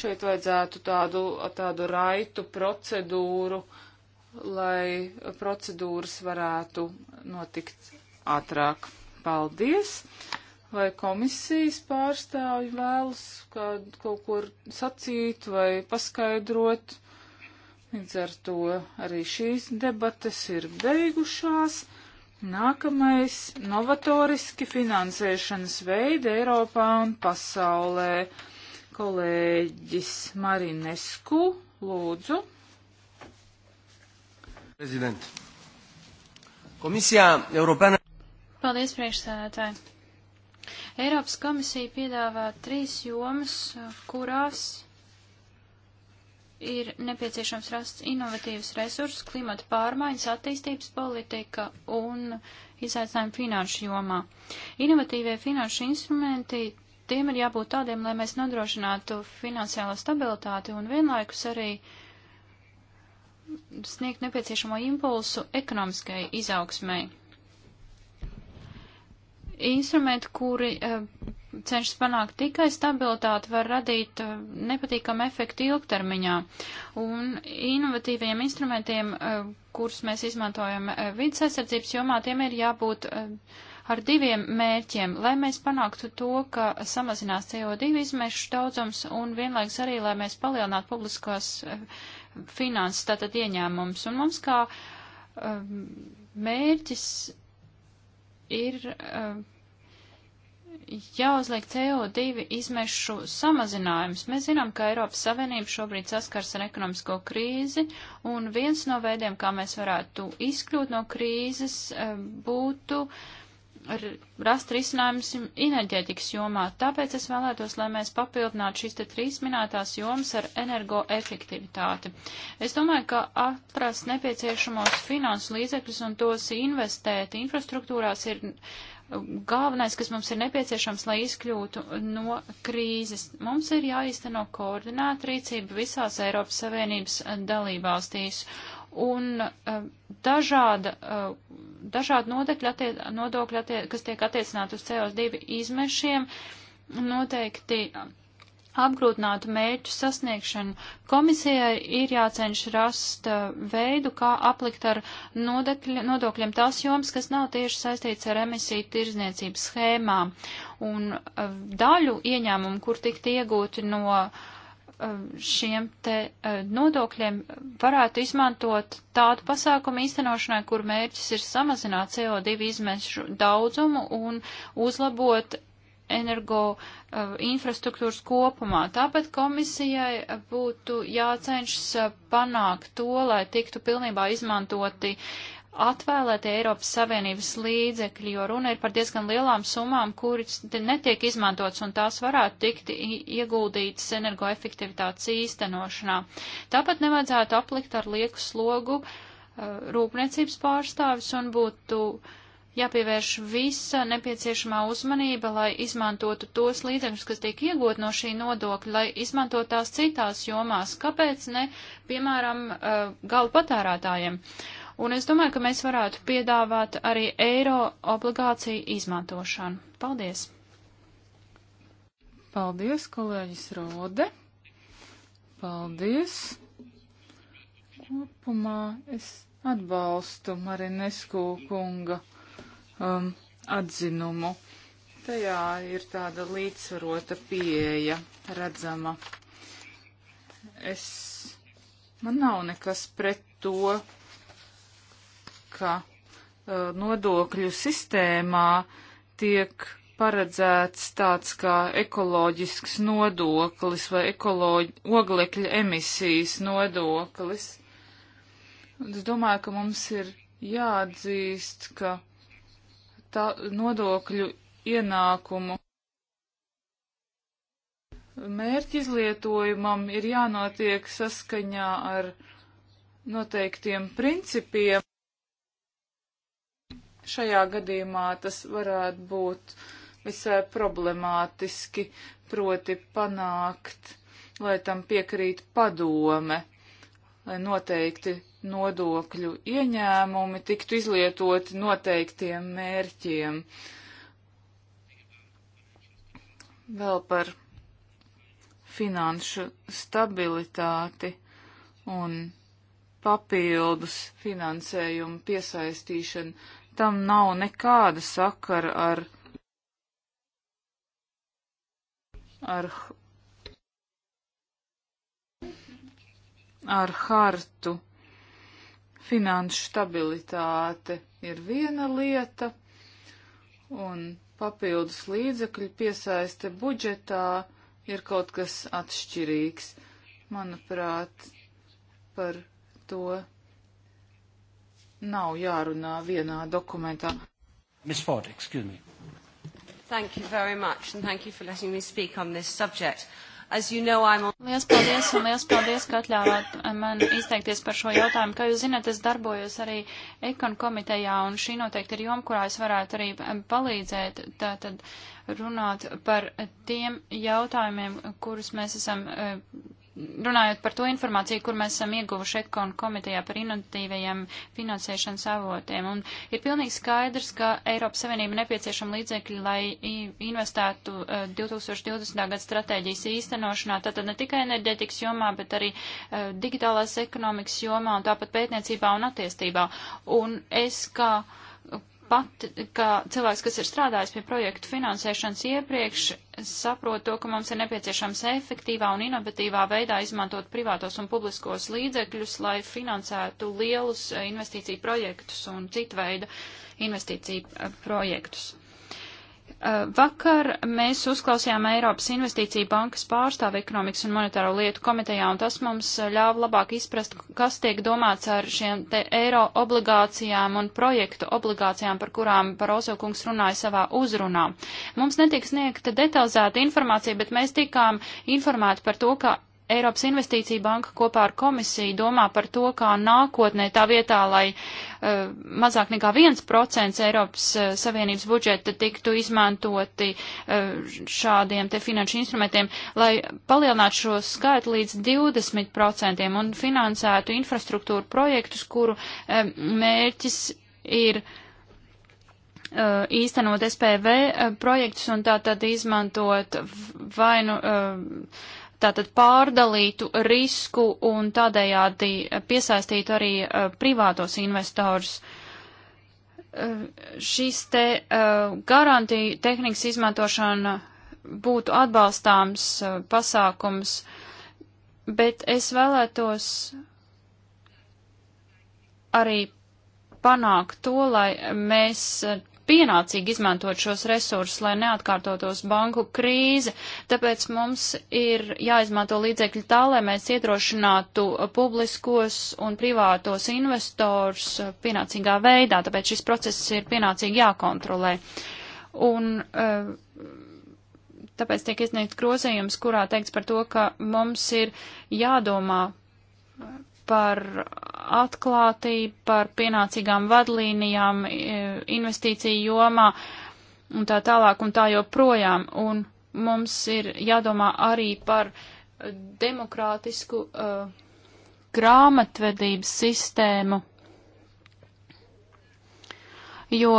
Šeit vajadzētu tādu, tādu raitu procedūru, lai procedūras varētu notikt ātrāk. Paldies! Vai komisijas pārstāvji vēlas kādu, kaut ko sacīt vai paskaidrot? Līdz ar to arī šīs debates ir beigušās. Nākamais - novatoriski finansēšanas veidi Eiropā un pasaulē. Kolēģis Marinesku, lūdzu. Prezident. Komisijā Eiropēna. Paldies, priekšsēdētāji. Eiropas komisija piedāvā trīs jomas, kurās ir nepieciešams rast inovatīvas resursus klimata pārmaiņas, attīstības politika un izaicinājumu finanšu jomā. Inovatīvie finanšu instrumenti, tiem ir jābūt tādiem, lai mēs nodrošinātu finansiālo stabilitāti un vienlaikus arī sniegt nepieciešamo impulsu ekonomiskai izaugsmai. Instrumenti, kuri eh, cenšas panākt tikai stabilitāti, var radīt uh, nepatīkamu efektu ilgtermiņā. Un inovatīviem instrumentiem, uh, kurus mēs izmantojam uh, vidas aizsardzības jomā, tiem ir jābūt ar diviem mērķiem, lai mēs panāktu to, ka samazinās CO2 izmešu daudzums un vienlaiks arī, lai mēs palielinātu publiskās finanses, tātad ieņēmums. Un mums kā um, mērķis ir jāuzliek CO2 izmešu samazinājums. Mēs zinām, ka Eiropas Savienība šobrīd saskars ar ekonomisko krīzi, un viens no veidiem, kā mēs varētu izkļūt no krīzes, eh, būtu uh, rast risinājums enerģētikas jomā. Tāpēc es vēlētos, lai mēs papildinātu šīs te trīs minētās jomas ar energoefektivitāti. Es domāju, ka atrast nepieciešamos finansu līdzekļus un tos investēt infrastruktūrās ir galvenais, kas mums ir nepieciešams, lai izkļūtu no krīzes. Mums ir jāizteno koordinēta rīcība visās Eiropas Savienības dalībvalstīs, un uh, dažāda, uh, eh, dažāda nodokļa, attie, nodokļa attie, kas tiek attiecināta uz CO2 izmešiem, noteikti apgrūtinātu mērķu sasniegšanu. Komisijai ir jācenš rast uh, veidu, kā aplikt ar nodekļa, nodokļiem tās joms, kas nav tieši saistīts ar emisiju tirzniecības schēmām. Un daļu ieņēmumu, kur tikt iegūti no uh, Eh, šiem te eh, nodokļiem varētu izmantot tādu pasākumu īstenošanai, kur mērķis ir samazināt CO2 izmešu daudzumu un uzlabot energo uh, infrastruktūras kopumā. Tāpat komisijai būtu jācenšas panākt to, lai tiktu pilnībā izmantoti atvēlētie Eiropas Savienības līdzekļi, jo runa ir par diezgan lielām summām, kuras netiek izmantots un tās varētu tikt ieguldītas energoefektivitātes īstenošanā. Tāpat nevajadzētu aplikt ar lieku slogu uh, rūpniecības pārstāvis un būtu jāpievērš visa nepieciešamā uzmanība, lai izmantotu tos līdzekļus, kas tiek iegūt no šī nodokļa, lai izmantot tās citās jomās. Kāpēc ne, piemēram, galu patērētājiem? Uh, Un es domāju, ka mēs varētu piedāvāt arī eiro obligāciju izmantošanu. Paldies! Paldies, kolēģis Rode! Paldies! Kopumā es atbalstu Marinesku kunga um, atzinumu. Tajā ir tāda līdzsvarota pieeja redzama. Es, man nav nekas pret to, ka uh, nodokļu sistēmā tiek paredzēts tāds kā ekoloģisks nodoklis vai ekoloģi, oglekļa emisijas nodoklis. Es domāju, ka mums ir jāatzīst, ka tā nodokļu ienākumu mērķi izlietojumam ir jānotiek saskaņā ar noteiktiem principiem. Šajā gadījumā tas varētu būt visai problemātiski, proti panākt, lai tam piekrīt padome, lai noteikti nodokļu ieņēmumi tiktu izlietoti noteiktiem mērķiem. Vēl par finanšu stabilitāti un papildus finansējumu piesaistīšanu tam nav nekāda sakara ar, ar, ar hartu. Finanšu stabilitāte ir viena lieta, un papildus līdzekļu piesaiste budžetā ir kaut kas atšķirīgs. Manuprāt, par to nav jārunā vienā dokumentā. Miss Ford, excuse me. Thank you very much and thank you for letting me speak on this subject. As you know, I'm on... Liels paldies un liels paldies, ka atļāvāt man izteikties par šo jautājumu. Kā jūs zināt, es darbojos arī ekon komitejā un šī noteikti ir joma, kurā es varētu arī palīdzēt tātad runāt par tiem jautājumiem, kurus mēs esam eh, Runājot par to informāciju, kur mēs esam ieguvuši ekonu komitejā par inovatīvajiem finansēšanas avotiem, un ir pilnīgi skaidrs, ka Eiropas Savienība nepieciešama līdzekļi, lai investētu 2020. E, gada stratēģijas īstenošanā, tātad ne tikai enerģetikas jomā, bet arī e, digitālās ekonomikas jomā un tāpat pētniecībā un attīstībā. Un es kā uh, pat, kā cilvēks, kas ir strādājis pie projektu finansēšanas iepriekš, saprot to, ka mums ir nepieciešams efektīvā un inovatīvā veidā izmantot privātos un publiskos līdzekļus, lai finansētu lielus eh, investīciju projektus un citu veidu investīciju eh, projektus. Eh, vakar mēs uzklausījām Eiropas Investīcija bankas pārstāvi ekonomikas un monetāro lietu komitejā, un tas mums eh, ļāva labāk izprast, kas tiek domāts ar šiem te eiro obligācijām un projektu obligācijām, par kurām Parozo kungs runāja savā uzrunā. Mums netiek sniegta detalizēta informācija, bet mēs tikām informēti par to, ka Eiropas Investīcija Banka kopā ar komisiju domā par to, kā nākotnē tā vietā, lai uh, mazāk nekā 1% Eiropas uh, Savienības budžeta tiktu izmantoti uh, šādiem te finanšu instrumentiem, lai palielinātu šo skaitu līdz 20% un finansētu infrastruktūru projektus, kuru um, mērķis ir īstenot SPV projektus un tātad izmantot vai nu tātad pārdalītu risku un tādējādi piesaistītu arī uh, privātos investors. Uh, e, šīs te uh, e, garantija tehnikas izmantošana būtu atbalstāms pasākums, bet es vēlētos arī panākt to, lai mēs pienācīgi izmantot šos resursus, lai neatkārtotos banku krīze. Tāpēc mums ir jāizmanto līdzekļi tā, lai mēs iedrošinātu publiskos un privātos investors pienācīgā veidā. Tāpēc šis process ir pienācīgi jākontrolē. Un, eh, Tāpēc tiek izniegts grozījums, kurā teikts par to, ka mums ir jādomā par atklātību, par pienācīgām vadlīnijām investīciju jomā un tā tālāk un tā joprojām. Un mums ir jādomā arī par demokrātisku uh, grāmatvedības sistēmu, jo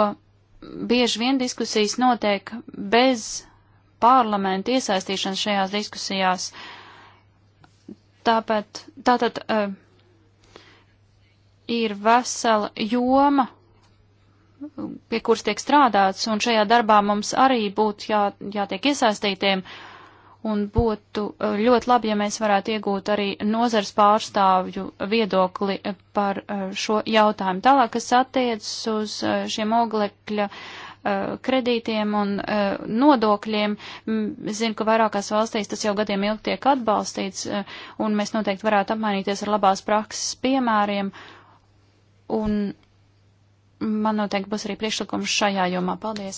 bieži vien diskusijas notiek bez parlamenta iesaistīšanas šajās diskusijās. Tāpēc, tātad uh, ir vesela joma, pie kuras tiek strādāts, un šajā darbā mums arī būtu jā, jātiek iesaistītiem, un būtu eh, ļoti labi, ja mēs varētu iegūt arī nozars pārstāvju viedokli par eh, šo jautājumu. Tālāk, kas attiecas uz eh, šiem oglekļa kredītiem un nodokļiem. Es zinu, ka vairākās valstīs tas jau gadiem ilgi tiek atbalstīts, un mēs noteikti varētu apmainīties ar labās prakses piemēriem. Uh, Un man noteikti būs arī priekšlikums šajā jomā. Paldies!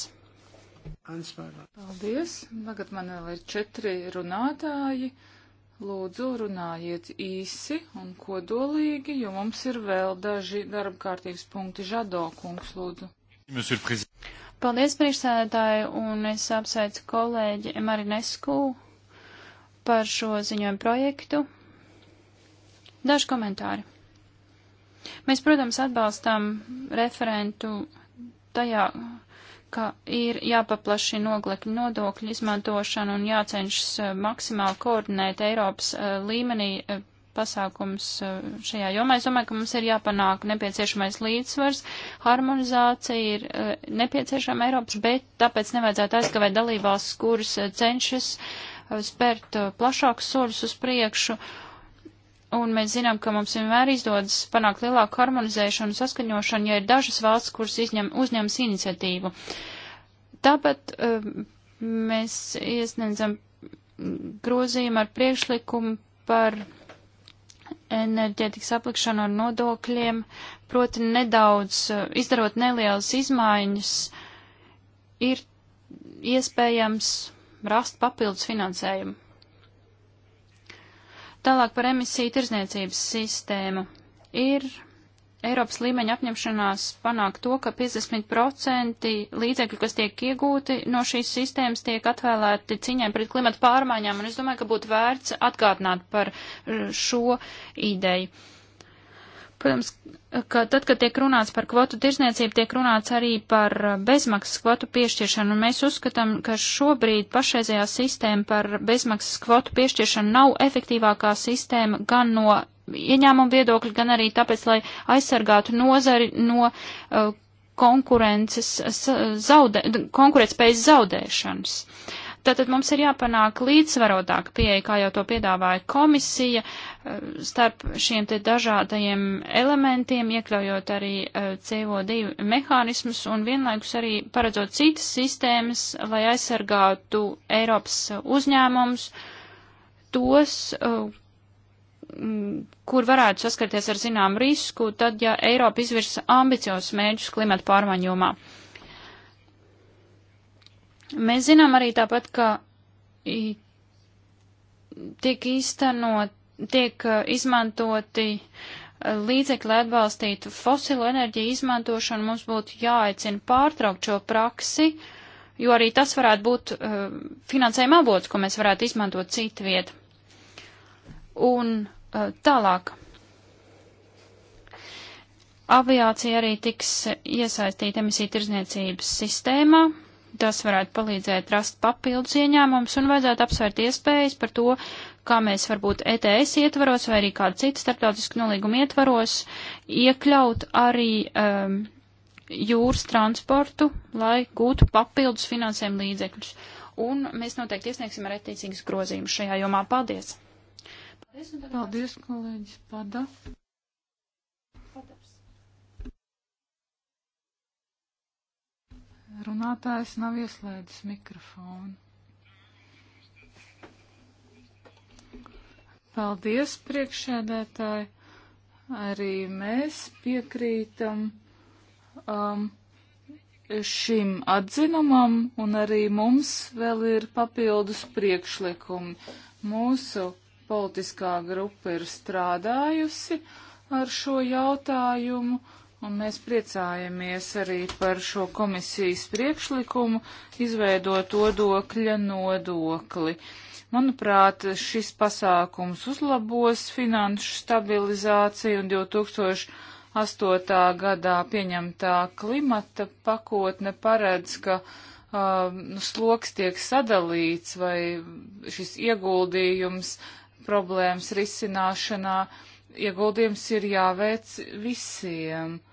Paldies! Tagad man vēl ir četri runātāji. Lūdzu, runājiet īsi un kodolīgi, jo mums ir vēl daži darba kārtības punkti. Žado kungs, lūdzu. Paldies, priekšsēdētāji, un es apsveicu kolēģi Marinesku par šo ziņojumu projektu. Daži komentāri. Mēs, protams, atbalstam referentu tajā, ka ir jāpaplašina oglekļa nodokļu izmantošana un jācenšas eh, maksimāli koordinēt Eiropas eh, līmenī eh, pasākums šajā jomā. Es domāju, ka mums ir jāpanāk nepieciešamais līdzsvars, harmonizācija ir nepieciešama Eiropas, bet tāpēc nevajadzētu aizkavēt dalībās, kuras cenšas spērt plašākus soļus uz priekšu un mēs zinām, ka mums vienmēr izdodas panākt lielāku harmonizēšanu, saskaņošanu, ja ir dažas valsts, kuras izņem, uzņemas iniciatīvu. Tāpat eh, mēs iesniedzam grozījumu ar priekšlikumu par enerģētikas aplikšanu ar nodokļiem, proti nedaudz, eh, izdarot nelielas izmaiņas, ir iespējams rast papildus finansējumu. Tālāk par emisiju tirzniecības sistēmu. Ir Eiropas līmeņa apņemšanās panākt to, ka 50% līdzekļu, kas tiek iegūti no šīs sistēmas, tiek atvēlēti ciņai pret klimatu pārmaiņām, un es domāju, ka būtu vērts atgādināt par eh, šo ideju. Protams, ka tad, kad tiek runāts par kvotu tirzniecību, tiek runāts arī par bezmaksas kvotu piešķiršanu. Mēs uzskatām, ka šobrīd pašreizējā sistēma par bezmaksas kvotu piešķiršanu nav efektīvākā sistēma gan no ieņēmuma viedokļa, gan arī tāpēc, lai aizsargātu nozari no uh, konkurences zaudē, konkurētspējas zaudēšanas. Tātad mums ir jāpanāk līdzsvarotāk pieeja, kā jau to piedāvāja komisija, eh, starp šiem te dažādajiem elementiem, iekļaujot arī eh, CO2 mehānismus un vienlaikus arī paredzot citas sistēmas, lai aizsargātu Eiropas uzņēmumus, tos, eh, kur varētu saskarties ar zinām risku, tad, ja Eiropa izvirsa ambiciozus mērķus klimata pārmaiņu jomā. Mēs zinām arī tāpat, ka tiek īstenot, tiek uh, izmantoti uh, līdzekļi, lai atbalstītu fosilo enerģiju izmantošanu. Mums būtu jāaicina pārtraukt šo praksi, jo arī tas varētu būt uh, finansējuma avots, ko mēs varētu izmantot citu vietu. Un uh, tālāk. Aviācija arī tiks iesaistīta emisiju tirzniecības sistēmā, Tas varētu palīdzēt rast papildus ieņēmumus un vajadzētu apsvērt iespējas par to, kā mēs varbūt ETS ietvaros vai arī kādu citu starptautisku nolīgumu ietvaros iekļaut arī um, jūras transportu, lai gūtu papildus finansējumu līdzekļus. Un mēs noteikti iesniegsim ar attiecīgas grozījumus šajā jomā. Paldies! Paldies, paldies kolēģis Pada! Runātājs nav ieslēdzis mikrofonu. Paldies, priekšēdētāji. Arī mēs piekrītam um, šim atzinumam, un arī mums vēl ir papildus priekšlikumi. Mūsu politiskā grupa ir strādājusi ar šo jautājumu Un mēs priecājamies arī par šo komisijas priekšlikumu izveidot odokļa nodokli. Manuprāt, šis pasākums uzlabos finanšu stabilizāciju un 2000. 8. gadā pieņemtā klimata pakotne paredz, ka um, sloks tiek sadalīts vai šis ieguldījums problēmas risināšanā, ieguldījums ir jāveic visiem. Uh,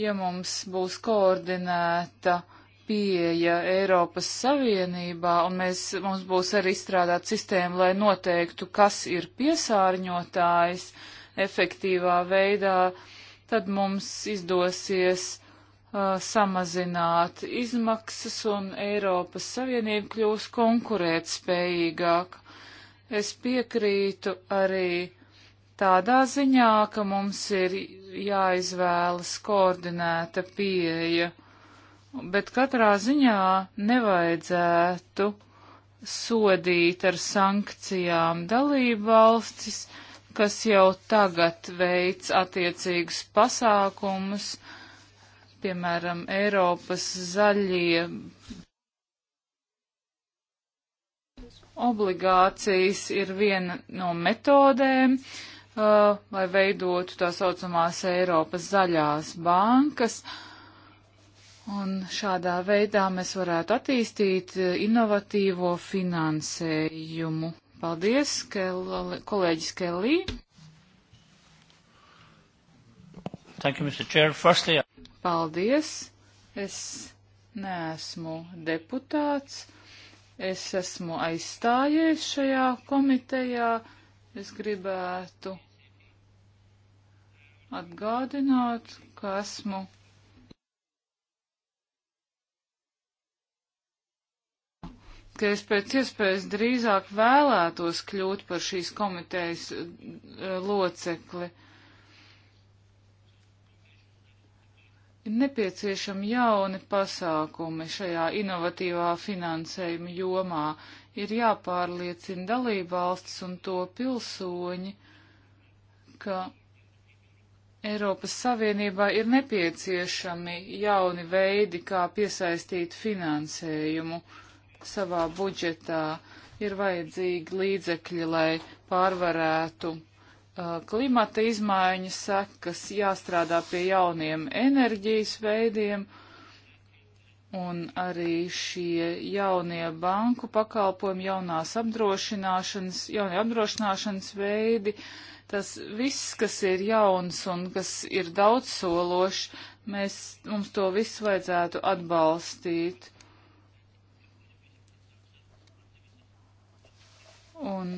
ja mums būs koordinēta pieeja Eiropas Savienībā, un mēs, mums būs arī izstrādāt sistēmu, lai noteiktu, kas ir piesārņotājs efektīvā veidā, tad mums izdosies uh, samazināt izmaksas, un Eiropas Savienība kļūs konkurētspējīgāk. Es piekrītu arī tādā ziņā, ka mums ir jāizvēlas koordinēta pieeja, bet katrā ziņā nevajadzētu sodīt ar sankcijām dalību valstis, kas jau tagad veic attiecīgus pasākumus, piemēram, Eiropas zaļie obligācijas ir viena no metodēm, uh, uh, lai veidotu tā saucamās Eiropas zaļās bankas. Un šādā veidā mēs varētu attīstīt uh, inovatīvo finansējumu. Paldies, Kel kolēģis Kelly. Thank you, Mr. Chair. Firstly, Paldies. Es neesmu deputāts. Es esmu aizstājies šajā komitejā es gribētu atgādināt, ka esmu ka es pēc iespējas drīzāk vēlētos kļūt par šīs komitejas eh, locekli. Uh, Ir nepieciešami jauni pasākumi šajā inovatīvā finansējuma jomā. Ir jāpārliecina dalībvalstis un to pilsoņi, ka Eiropas Savienībā ir nepieciešami jauni veidi, kā piesaistīt finansējumu savā budžetā. Ir vajadzīgi līdzekļi, lai pārvarētu Uh, klimata izmaiņu sekas, jāstrādā pie jauniem enerģijas veidiem, un arī šie jaunie banku pakalpojumi, jaunās apdrošināšanas, jaunie apdrošināšanas veidi, tas viss, kas ir jauns un kas ir daudzsološs, mēs, mums to visu vajadzētu atbalstīt. Un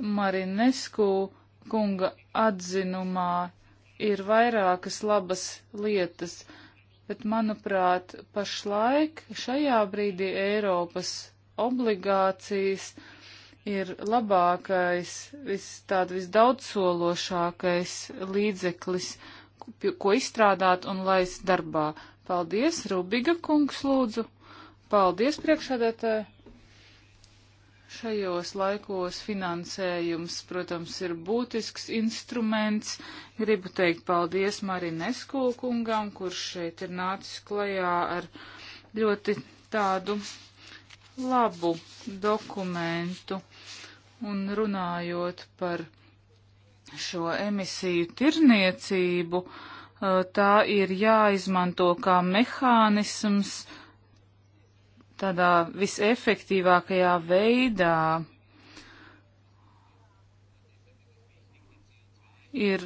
Marinesku kunga atzinumā ir vairākas labas lietas, bet, manuprāt, pašlaik šajā brīdī Eiropas obligācijas ir labākais, vis, tād visdaudzsološākais līdzeklis, ko izstrādāt un laist darbā. Paldies, Rubiga kungs, lūdzu. Paldies, priekšādātāji. Šajos laikos finansējums, protams, ir būtisks instruments. Gribu teikt paldies Marinesku kungam, kurš šeit ir nācis klajā ar ļoti tādu labu dokumentu. Un runājot par šo emisiju tirniecību, tā ir jāizmanto kā mehānisms, tādā visefektīvākajā veidā ir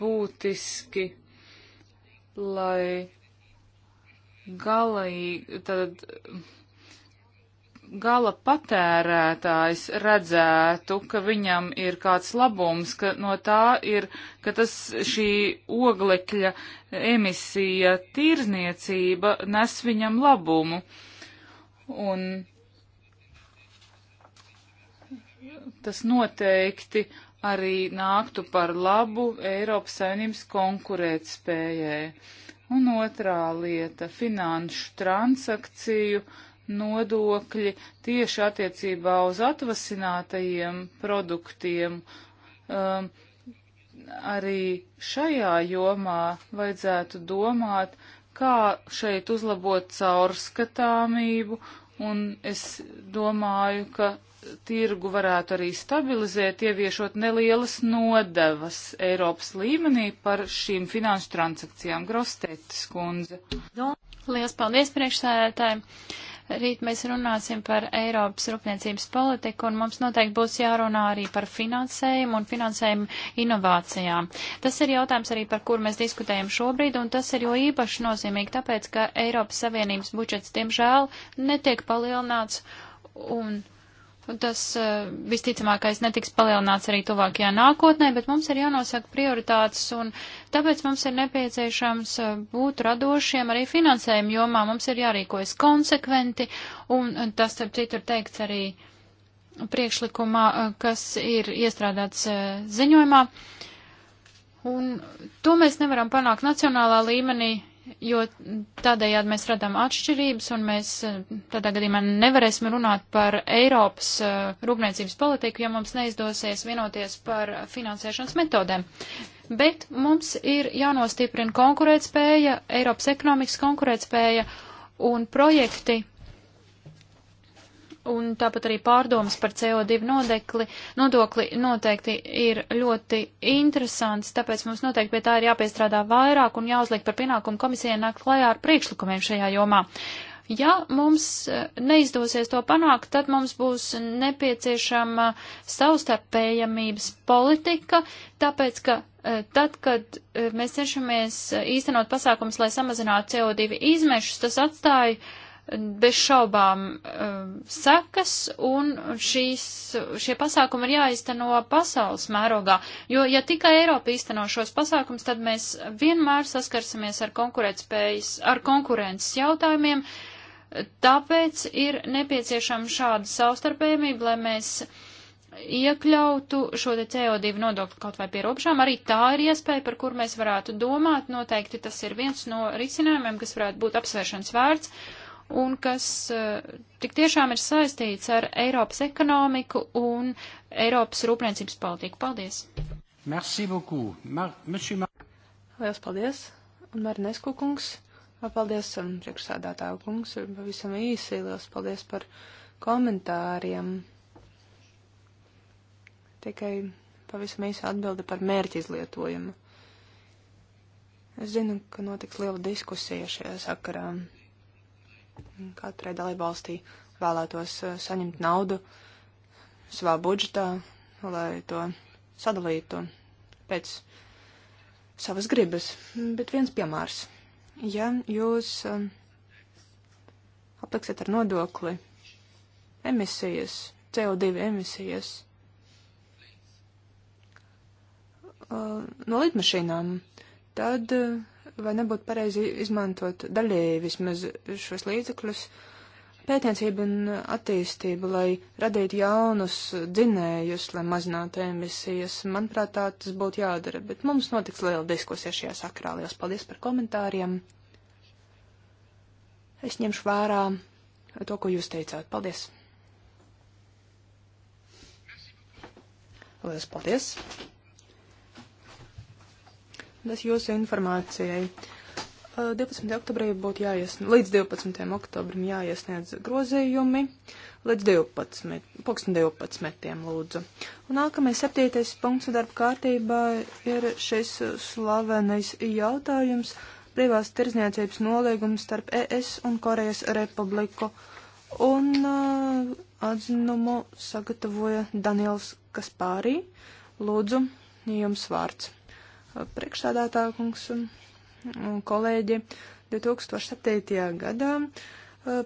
būtiski, lai galai, tad, gala patērētājs redzētu, ka viņam ir kāds labums, ka no tā ir, ka tas šī oglekļa emisija tirzniecība nes viņam labumu. Uh, un tas noteikti arī nāktu par labu Eiropas Savienības konkurētspējai. Un otrā lieta - finanšu transakciju nodokļi tieši attiecībā uz atvasinātajiem produktiem. Um, arī šajā jomā vajadzētu domāt, uh, kā šeit uzlabot caurskatāmību, un es domāju, ka tirgu varētu arī stabilizēt, ieviešot nelielas nodevas Eiropas līmenī par šīm finanšu transakcijām. Grostētas kundze. Lielas paldies priekšsēdētājiem. Rīt mēs runāsim par Eiropas rūpniecības politiku, un mums noteikti būs jārunā arī par finansējumu un finansējumu inovācijām. Tas ir jautājums arī, par kur mēs diskutējam šobrīd, un tas ir jo īpaši nozīmīgi, tāpēc, ka Eiropas Savienības budžets, diemžēl, netiek palielināts, un Tas eh, visticamākais netiks palielināts arī tuvākajā nākotnē, bet mums ir jānosaka prioritātes un tāpēc mums ir nepieciešams eh, būt radošiem arī finansējuma jomā. Mums ir jārīkojas konsekventi un tas, starp citu, ir teikts arī priekšlikumā, eh, kas ir iestrādāts ziņojumā. Un to mēs nevaram panākt nacionālā līmenī, jo tādējādi mēs radām atšķirības un mēs eh, tādā gadījumā nevarēsim runāt par Eiropas uh, rūpniecības politiku, ja mums neizdosies vienoties par finansēšanas metodēm. Bet mums ir jānostiprina konkurētspēja, Eiropas ekonomikas konkurētspēja un projekti, un tāpat arī pārdomas par CO2 nodekli, nodokli noteikti ir ļoti interesants, tāpēc mums noteikti pie tā ir jāpiestrādā vairāk un jāuzliek par pienākumu komisijai nākt klajā ar priekšlikumiem šajā jomā. Ja mums eh, neizdosies to panākt, tad mums būs nepieciešama savstarpējamības politika, tāpēc ka eh, tad, kad eh, mēs cenšamies īstenot pasākums, lai samazinātu CO2 izmešus, tas atstāja bez šaubām um, sekas, un šīs, šie pasākumi ir jāizteno pasaules mērogā, jo ja tikai Eiropa izteno šos pasākums, tad mēs vienmēr saskarsimies ar konkurētspējas, ar konkurences jautājumiem, tāpēc ir nepieciešama šāda savstarpējumība, lai mēs iekļautu šo te CO2 nodokli kaut vai pie robežām. Arī tā ir iespēja, par kur mēs varētu domāt. Noteikti tas ir viens no risinājumiem, kas varētu būt apsvēršanas vērts. Uh, un kas eh, tik tiešām ir saistīts ar Eiropas ekonomiku un Eiropas rūpniecības politiku. Paldies! Merci beaucoup. Mar Monsieur Mar Lielas paldies! Un Marinesku kungs, paldies, um, priekšsādātāju kungs, pavisam īsi, liels paldies par komentāriem. Tikai pavisam īsa atbilde par mērķi izlietojumu. Es zinu, ka notiks liela diskusija šajā sakarā. Katrai dalībvalstī vēlētos eh, saņemt naudu savā budžetā, lai to sadalītu pēc savas gribas. Bet viens piemērs. Ja jūs eh, apliksiet ar nodokli emisijas, CO2 emisijas eh, no lidmašīnām, tad vai nebūtu pareizi izmantot daļēji vismaz šos līdzekļus pētniecību un attīstību, lai radītu jaunus dzinējus, lai mazinātu emisijas. Manuprāt, tā tas būtu jādara, bet mums notiks liela diskusija šajā sakrā. Lielas paldies par komentāriem. Es ņemšu vērā to, ko jūs teicāt. Paldies! Lielas paldies! Tas jūsu informācijai. 12. oktobrī būtu jāiesniedz, līdz 12. oktobrim jāiesniedz grozījumi, līdz 12. pulksten 12. lūdzu. Un nākamais septītais punkts darba kārtībā ir šis slavenais jautājums - privās tirzniecības nolīgums starp ES un Korejas republiku. Un uh, atzinumu sagatavoja Daniels Kaspārī. Lūdzu, jums vārds priekšstādātā kungs un kolēģi. 2007. gadā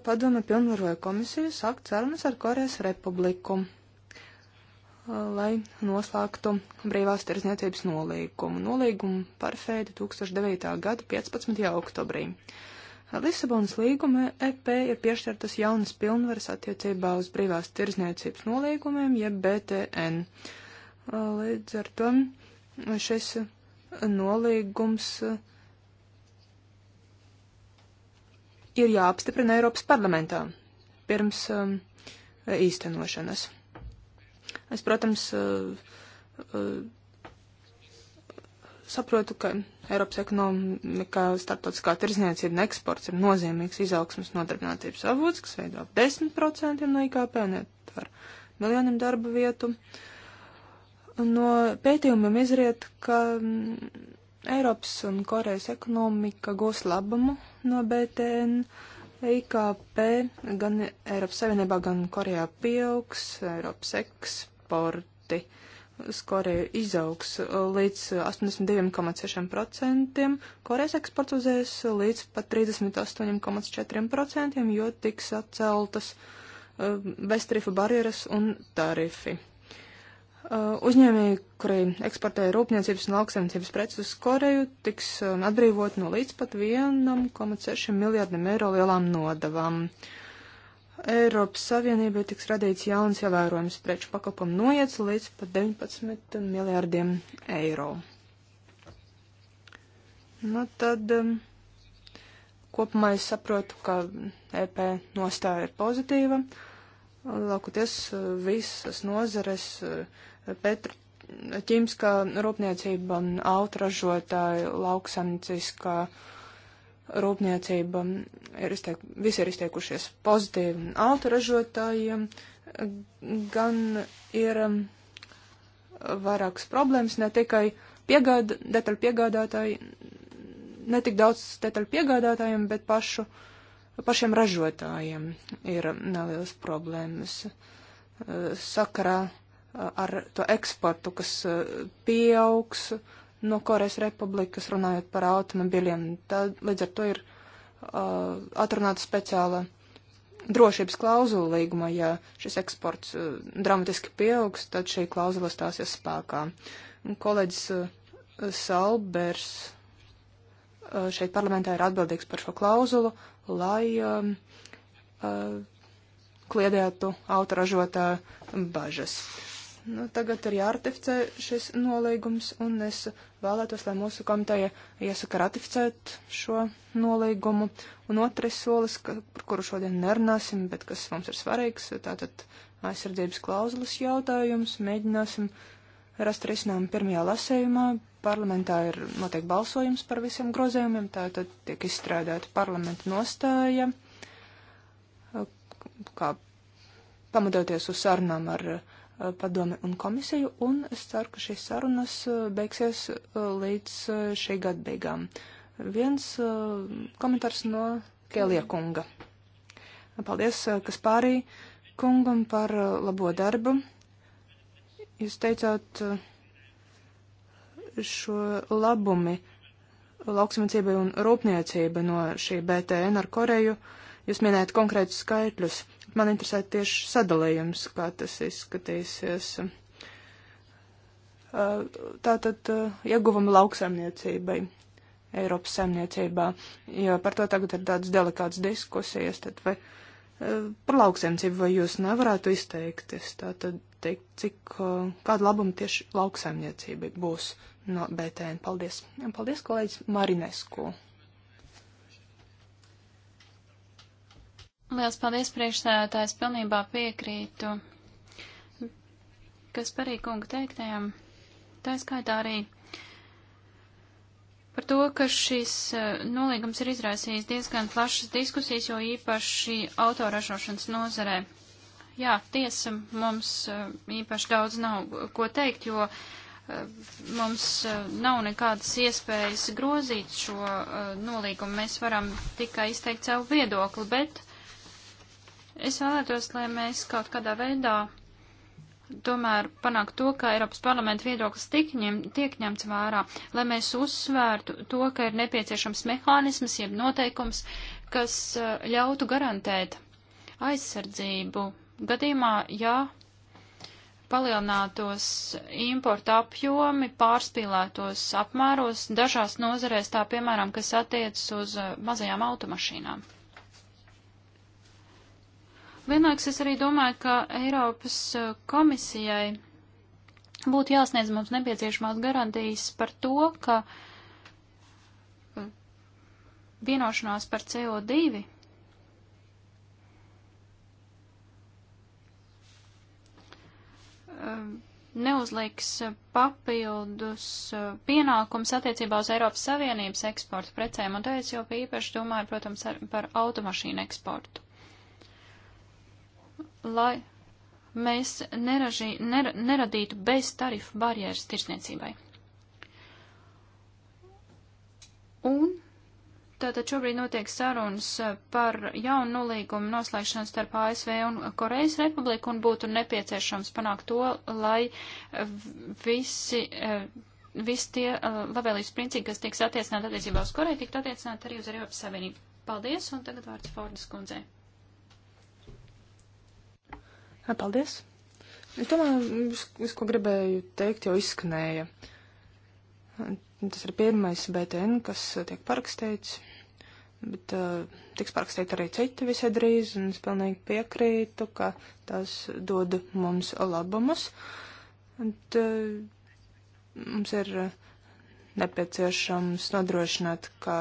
padome pilnvaroja komisiju sākt sarunas ar Korejas republiku, lai noslēgtu brīvās tirzniecības nolīgumu. Nolīgumu parfēdi 2009. gada 15. oktobrī. Ar Lisabonas līgumu EP ir piešķirtas jaunas pilnvaras attiecībā uz brīvās tirzniecības nolīgumiem, jeb BTN. Līdz ar to šis nolīgums eh, ir jāapstiprina Eiropas parlamentā pirms um, īstenošanas. Es, protams, uh, uh, saprotu, ka Eiropas ekonomikā starptautiskā tirzniecība un eksports ir nozīmīgs izaugsmas nodarbinātības avots, kas veido 10% no IKP un ietver miljoniem darba vietu. Uh, No pētījumiem izriet, ka mm, Eiropas un Korejas ekonomika gūs labumu no BTN. IKP gan Eiropas Savienībā, gan Korejā pieaugs, Eiropas eksporti uz Koreju izaugs līdz 82,6%, Korejas eksports uz ES līdz pat 38,4%, jo tiks atceltas uh, beztarifu barjeras un tarifi. Uh, uzņēmēji, kuri eksportē rūpniecības un lauksaimniecības preces uz Koreju, tiks um, atbrīvot no līdz pat 1,6 miljārdiem eiro lielām nodavām. Eiropas Savienībai tiks radīts jauns ievērojams preču pakalpojumu noiets līdz pat 19 miljārdiem eiro. Nu tad um, kopumā es saprotu, ka EP nostāja ir pozitīva. Laukoties uh, visas nozares. Uh, Petru ķīmiskā rūpniecība un autražotāji, lauksamnieciskā rūpniecība ir izteik, visi ir izteikušies pozitīvi autražotājiem, gan ir um, vairākas problēmas, ne tikai piegāda, detaļu piegādātāji, ne tik daudz detaļu piegādātājiem, bet pašu, pašiem ražotājiem ir nelielas problēmas uh, sakarā ar to eksportu, kas uh, pieaugs no Korejas Republikas, runājot par automobiļiem. Tad līdz ar to ir uh, atrunāta speciāla drošības klauzula līguma. Ja šis eksports uh, dramatiski pieaugs, tad šī klauzula stāsies spēkā. Un kolēģis uh, Salbers uh, šeit parlamentā ir atbildīgs par šo klauzulu, lai. Uh, uh, kliedētu autoražotāju bažas. Nu, tagad ir jāratificē šis nolīgums, un es vēlētos, lai mūsu komiteja iesaka ratificēt šo nolīgumu. Un otrais solis, ka, par kuru šodien nerunāsim, bet kas mums ir svarīgs, tātad aizsardzības klauzulas jautājums. Mēģināsim rast risinājumu pirmajā lasējumā. Parlamentā ir notiek balsojums par visiem grozējumiem, tātad tiek izstrādāta parlamenta nostāja, kā pamatoties uz sarunām ar uh, padomi un komisiju, un es ceru, ka šīs sarunas uh, beigsies uh, līdz uh, šī gada beigām. Viens komentārs no Kēlija kunga. Paldies, kas pārī kungam par labo darbu. Jūs teicāt, šo labumi lauksimniecībai un rūpniecībai no šī BTN ar Koreju. Jūs minējat konkrētus skaitļus. Man interesē tieši sadalījums, kā tas izskatīsies. Tātad ieguvumi lauksaimniecībai, Eiropas saimniecībā, jo par to tagad ir tādas delikātas diskusijas, tad vai par lauksaimniecību vai jūs nevarētu izteikties, tātad teikt, cik, kāda labuma tieši lauksaimniecībai būs no BTN. Paldies. Paldies, kolēģis Marinesku. Liels paldies, priekšsēdētājs, pilnībā piekrītu, kas parī kunga teiktajam. Tā skaitā arī par to, ka šis eh, nolīgums ir izraisījis diezgan plašas diskusijas, jo īpaši autoražošanas nozarē. Jā, tiesa, mums eh, īpaši daudz nav ko teikt, jo eh, mums nav nekādas iespējas grozīt šo nolīgumu. Mēs varam tikai izteikt savu viedokli, bet Es vēlētos, lai mēs kaut kādā veidā tomēr panākt to, ka Eiropas parlamenta viedoklis tiek, ņem, tiek ņemts vērā, lai mēs uzsvērtu to, ka ir nepieciešams mehānisms, jeb noteikums, kas eh, ļautu garantēt aizsardzību gadījumā, ja palielinātos importa apjomi, pārspīlētos apmēros dažās nozarēs, tā piemēram, kas attiecas uz eh, mazajām automašīnām. Vienlaiks es arī domāju, ka Eiropas eh, komisijai būtu jāsniedz mums nepieciešamās garantijas par to, ka eh, vienošanās par CO2 eh, neuzliks papildus pienākums attiecībā uz Eiropas Savienības eksporta precēm, un te es jau īpaši domāju, protams, ar, par automašīnu eksportu lai mēs neraži, ner, neradītu bez tarifu barjeras tirsniecībai. Un tātad šobrīd notiek sarunas par jaunu nolīgumu noslēgšanu starp ASV un Korejas republiku un būtu nepieciešams panākt to, lai visi, eh, visi tie eh, labvēlības principi, kas tiks attiecināti attiecībā uz Koreju, tiktu attiecināti arī uz Eiropas Savienību. Paldies, un tagad vārds Fordas kundzei. Jā, paldies. Es domāju, viss, ko gribēju teikt, jau izskanēja. Tas ir pirmais BTN, kas tiek parakstīts, bet uh, tiks parakstīt arī citi visai drīz, un es pilnīgi piekrītu, ka tas dod mums labumus. Un, uh, mums ir nepieciešams nodrošināt, ka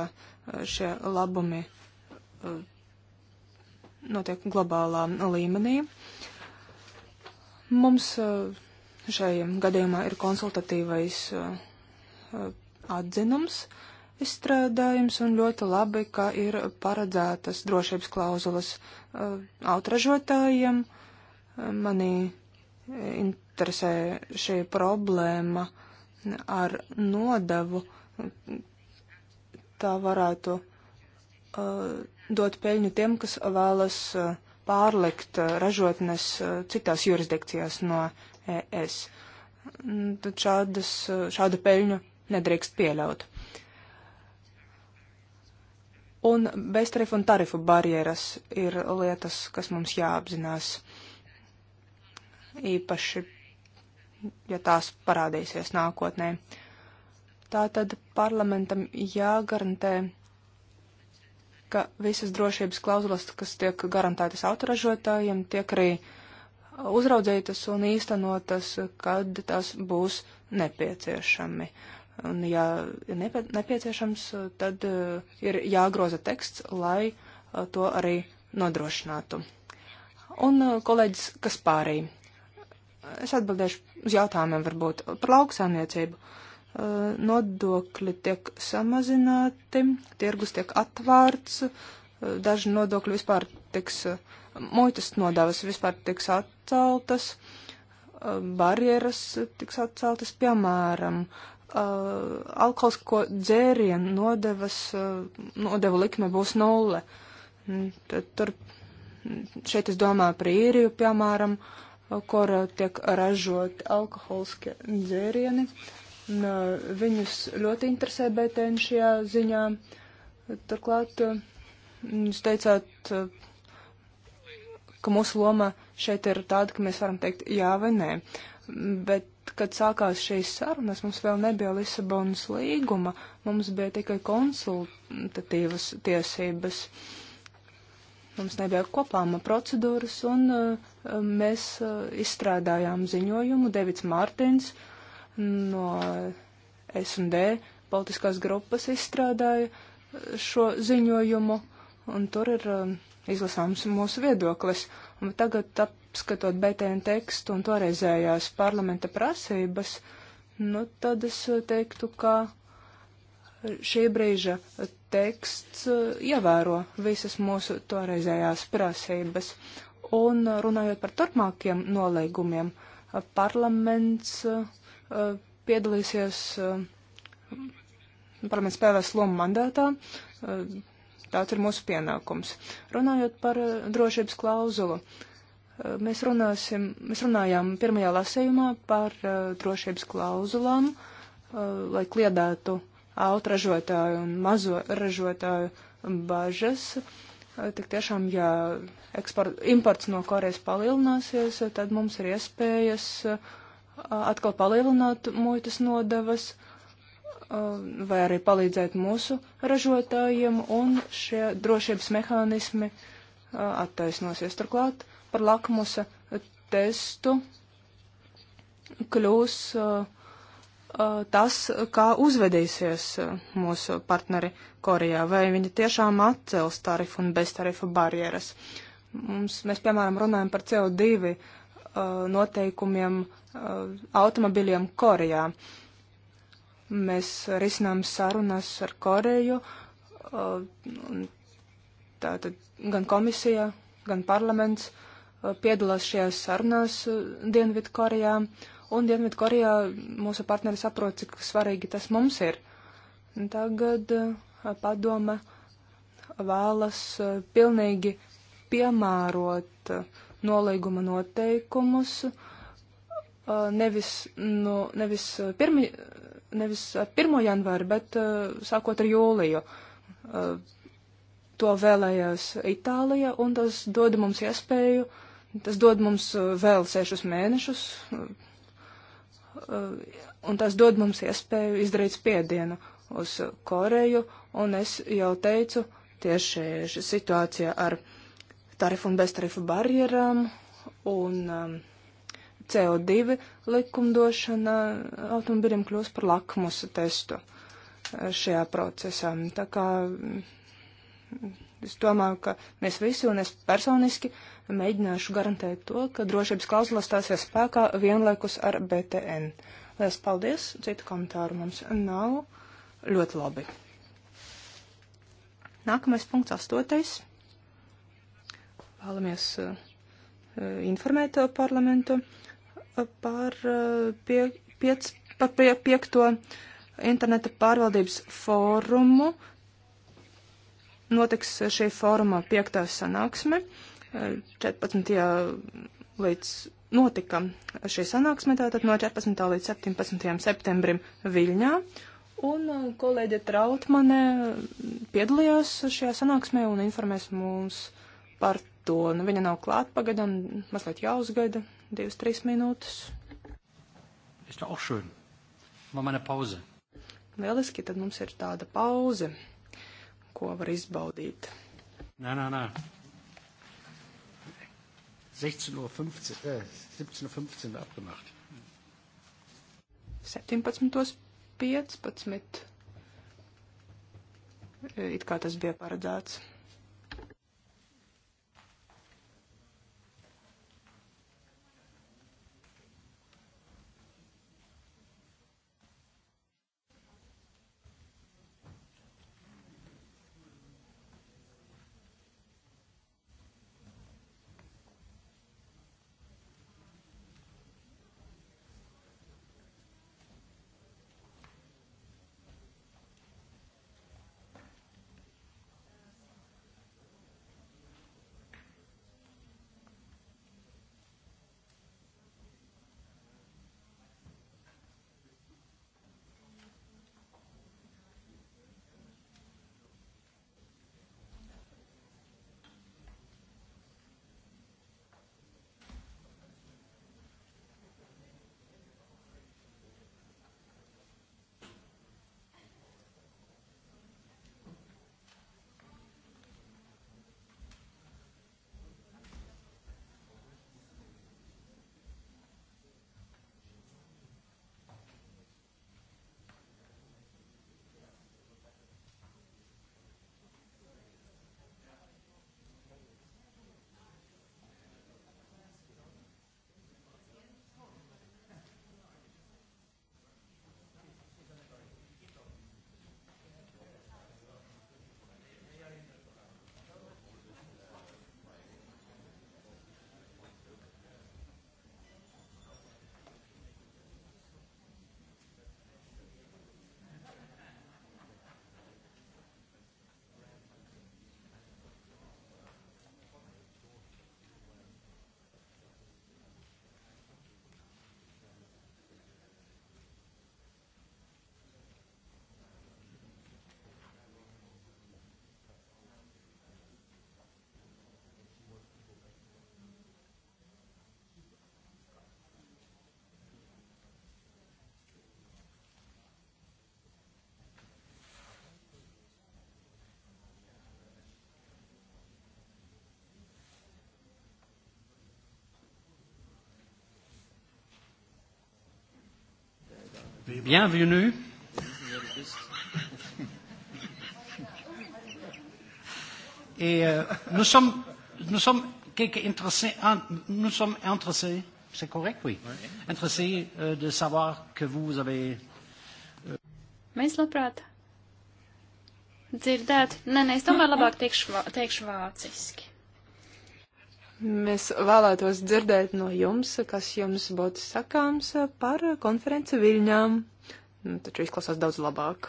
šie labumi uh, notiek globālā līmenī. Uh, Mums eh, šai gadījumā ir konsultatīvais eh, atzinums izstrādājums un ļoti labi, ka ir paredzētas drošības klauzulas eh, autražotājiem. Manī interesē šī problēma ar nodevu. Tā varētu dot peļņu tiem, kas vēlas uh, pārlikt eh, ražotnes eh, citās jurisdikcijās no ES. Mm, tad šādas, eh, šādu peļņu nedrīkst pieļaut. Un beztarifu un tarifu barjeras ir lietas, kas mums jāapzinās. Īpaši, ja tās parādīsies nākotnē. Tātad parlamentam jāgarantē ka visas drošības klauzulas, kas tiek garantētas autoražotājiem, tiek arī uzraudzītas un īstenotas, kad tas būs nepieciešami. Un, ja ir nepie, nepieciešams, tad uh, ir jāgroza teksts, lai uh, to arī nodrošinātu. Un uh, kolēģis Kaspārī. Es atbildēšu uz jautājumiem varbūt par lauksāniecību. Uh, Uh, nodokļi tiek samazināti, tirgus tiek atvērts, uh, daži nodokļi vispār tiks, uh, muitas nodevas vispār tiks atceltas, barjeras tiks atceltas, piemēram, alkoholisko dzērienu nodevas, nodevu likme būs nulle. Mm, tad, tur, mm, šeit es domāju par īriju, piemēram, kur tiek ražoti alkoholiskie dzērieni. Uh, Un uh, viņus ļoti interesē BTN šajā ziņā. Turklāt uh, jūs teicāt, uh, ka mūsu loma šeit ir tāda, ka mēs varam teikt jā vai nē. Bet, kad sākās šīs sarunas, mums vēl nebija Lisabonas līguma, mums bija tikai konsultatīvas tiesības. Mums nebija kopāma procedūras, un mēs izstrādājām ziņojumu. Devits Mārtiņš no S&D politiskās grupas izstrādāja šo ziņojumu, un tur ir um, izlasāms mūsu viedoklis. Un tagad, apskatot BTN tekstu un toreizējās parlamenta prasības, nu, tad es teiktu, ka šī brīža teksts uh, ievēro visas mūsu toreizējās prasības. Un runājot par turpmākiem nolīgumiem, uh, parlaments uh, Eh, piedalīsies eh, parlaments spēlēs lomu mandātā. Eh, tāds ir mūsu pienākums. Runājot par drošības klauzulu, mēs, runāsim, mēs runājām pirmajā lasējumā par drošības klauzulām, lai kliedētu autražotāju un mazo ražotāju bažas. Tik tiešām, ja eksport, imports no Korejas palielināsies, tad mums ir iespējas uh, atkal palielināt muitas nodevas vai arī palīdzēt mūsu ražotājiem, un šie drošības mehānismi attaisnosies. Turklāt par lakmusa testu kļūs tas, kā uzvedīsies mūsu partneri Korejā, vai viņi tiešām atcels tarifu un beztarifu barjeras. Mums, mēs, piemēram, runājam par CO2 Uh, noteikumiem uh, automobiļiem Korejā. Mēs risinām sarunas ar Koreju, uh, tātad gan komisija, gan parlaments piedalās šajās sarunās Dienvidkorejā, un Dienvidkorejā mūsu partneri saprot, cik svarīgi tas mums ir. Tagad padome vēlas pilnīgi piemērot uh, nolīguma noteikumus, nevis, no, nu, nevis, pirmi, nevis ar 1. janvāru, bet sākot ar jūliju. To vēlējās Itālija, un tas dod mums iespēju, tas dod mums vēl sešus mēnešus, un tas dod mums iespēju izdarīt spiedienu uz Koreju, un es jau teicu, tieši šī situācija ar Koreju tarifu un beztarifu barjerām un um, CO2 likumdošana automobiļiem kļūst par lakmusa testu uh, šajā procesā. Tā kā mm, es domāju, ka mēs visi un es personiski mēģināšu garantēt to, ka drošības klauzula stāsies spēkā vienlaikus ar BTN. Lielas paldies, citu komentāru mums nav. Ļoti labi. Nākamais punkts, astotais vēlamies eh, informēt eh, parlamentu eh, par, pie, piec, par pie, piekto interneta pārvaldības fórumu. Notiks šī fóruma piektā sanāksme. 14. līdz notika šī sanāksme tātad no 14. līdz 17. septembrim Viļņā. Un kolēģe Trautmane piedalījās šajā sanāksmē un informēs mums par to. Nu, viņa nav klāt pagadam, mazliet jāuzgaida divas, trīs minūtes. Ist auch schön. Mal meine Pause. Lieliski, tad mums ir tāda pauze, ko var izbaudīt. Nē, nē, nē. 16.15 Uhr, äh, 17.15 Uhr abgemacht. 17.15 It kā tas bija paredzēts. Bienvenue. Et euh, nous sommes, nous sommes quelques intéressés, nous sommes intéressés, c'est correct, oui, ouais. intéressés euh, de savoir que vous avez. Euh... Mēs labprāt dzirdētu, nē, nē, es tomēr labāk teikšu, teikšu vāciski. Mēs vēlētos dzirdēt no jums, kas jums būtu sakāms par konferenci Viļņām. Nu, taču izklausās daudz labāk.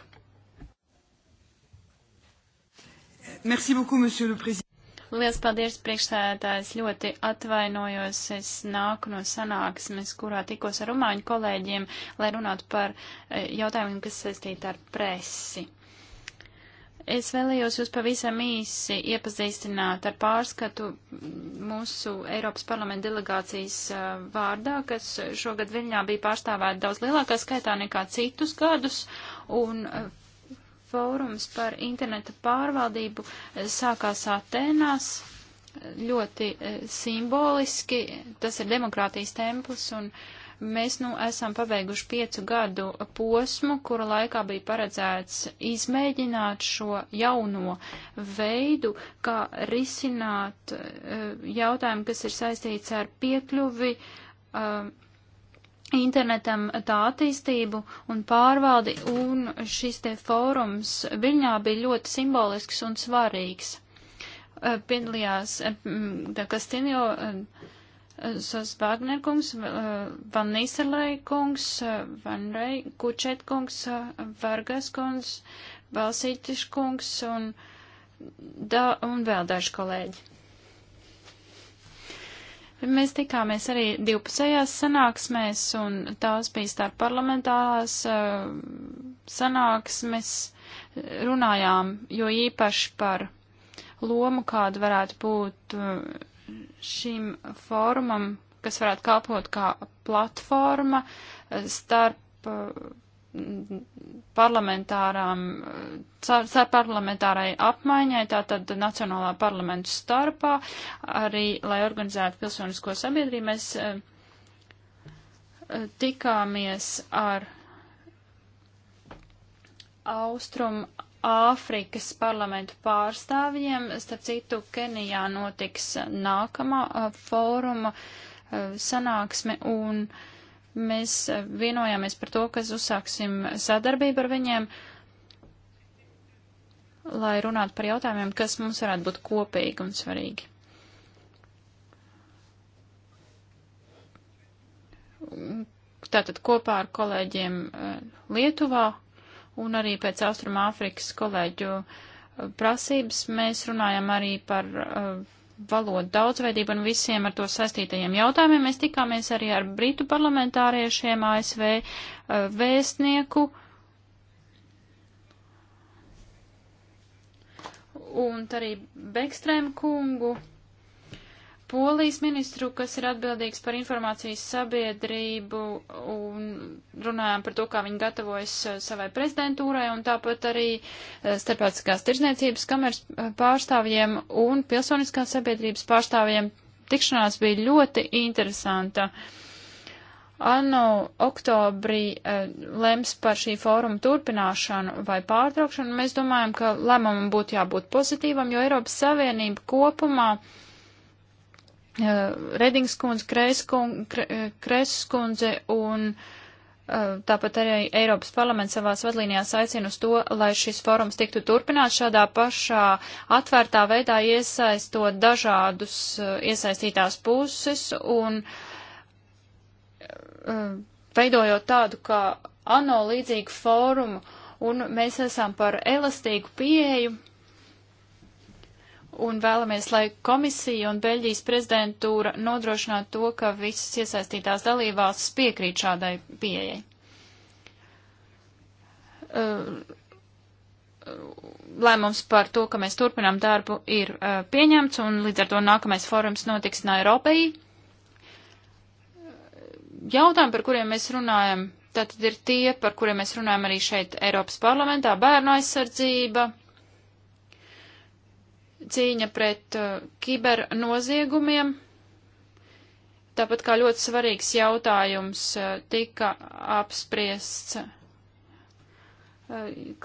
Merci beaucoup, monsieur le président. Lielas paldies, priekšsēdētājs. Ļoti atvainojos. Es nāku no sanāksmes, kurā tikos ar rumāņu kolēģiem, lai runātu par eh, jautājumiem, kas saistīti ar presi. Es vēlējos jūs pavisam īsi iepazīstināt ar pārskatu mūsu Eiropas parlamenta delegācijas uh, vārdā, kas šogad Viļņā bija pārstāvēta daudz lielākā skaitā nekā citus gadus, un uh, fórums par interneta pārvaldību uh, sākās Atēnās ļoti simboliski. Tas ir demokrātijas templis, un uh, Mēs nu esam pabeiguši piecu gadu posmu, kura laikā bija paredzēts izmēģināt šo jauno veidu, kā risināt eh, jautājumu, kas ir saistīts ar piekļuvi eh, internetam tā attīstību un pārvaldi, un šis te fórums Viļņā bija ļoti simbolisks un svarīgs. Eh, piedalījās Kastinjo Sos Vāgner kungs, Van Nīselai kungs, Van Rei, Kučet kungs, Vargas kungs, Valsītis kungs un, da, un vēl daži kolēģi. Mēs tikāmies arī divpusējās sanāksmēs, un tās bija starp parlamentārās uh, sanāksmes. Runājām jo īpaši par lomu, kāda varētu būt uh, šim fórumam, kas varētu kalpot kā platforma eh, starp eh, parlamentārām, eh, starp parlamentārai apmaiņai, tātad Nacionālā parlamentu starpā, arī, lai organizētu pilsonisko sabiedrību, mēs tikāmies ar Austrum Āfrikas parlamentu pārstāvjiem. Starp citu, Kenijā notiks nākamā fóruma sanāksme un mēs vienojāmies par to, ka uzsāksim sadarbību ar viņiem, lai runātu par jautājumiem, kas mums varētu būt kopīgi un svarīgi. Tātad kopā ar kolēģiem Lietuvā un arī pēc Austrumāfrikas kolēģu uh, prasības mēs runājam arī par uh, valodu daudzveidību un visiem ar to saistītajiem jautājumiem. Mēs tikāmies arī ar Britu parlamentāriešiem, ASV uh, vēstnieku. Un arī Bekstrēm kungu polijas ministru, kas ir atbildīgs par informācijas sabiedrību un runājām par to, kā viņi gatavojas uh, savai prezidentūrai un tāpat arī uh, starptautiskās tirzniecības kameras uh, pārstāvjiem un pilsoniskās sabiedrības pārstāvjiem. Tikšanās bija ļoti interesanta. Ano oktobrī eh, lems par šī fóruma turpināšanu vai pārtraukšanu. Mēs domājam, ka lēmumam būtu jābūt pozitīvam, jo Eiropas Savienība kopumā eh, Eh, Redings kundze, Kreises eh, kundze un eh, tāpat arī Eiropas parlaments savās vadlīnijās aicina uz to, lai šis forums tiktu turpināts šādā pašā atvērtā veidā iesaistot dažādus iesaistītās puses un veidojot tādu kā ANO līdzīgu fórumu, un mēs esam par elastīgu pieeju un vēlamies, lai komisija un Beļģijas prezidentūra nodrošinātu to, ka visas iesaistītās dalībvalstis piekrīt šādai pieejai. Uh, lēmums par to, ka mēs turpinām darbu, ir uh, pieņemts, un līdz ar to nākamais forums notiks Nairobi. Jautājumi, par kuriem mēs runājam, tātad ir tie, par kuriem mēs runājam arī šeit Eiropas parlamentā - bērnu aizsardzība, cīņa pret uh, kibernoziegumiem. Tāpat kā ļoti svarīgs jautājums uh, tika apspriests uh,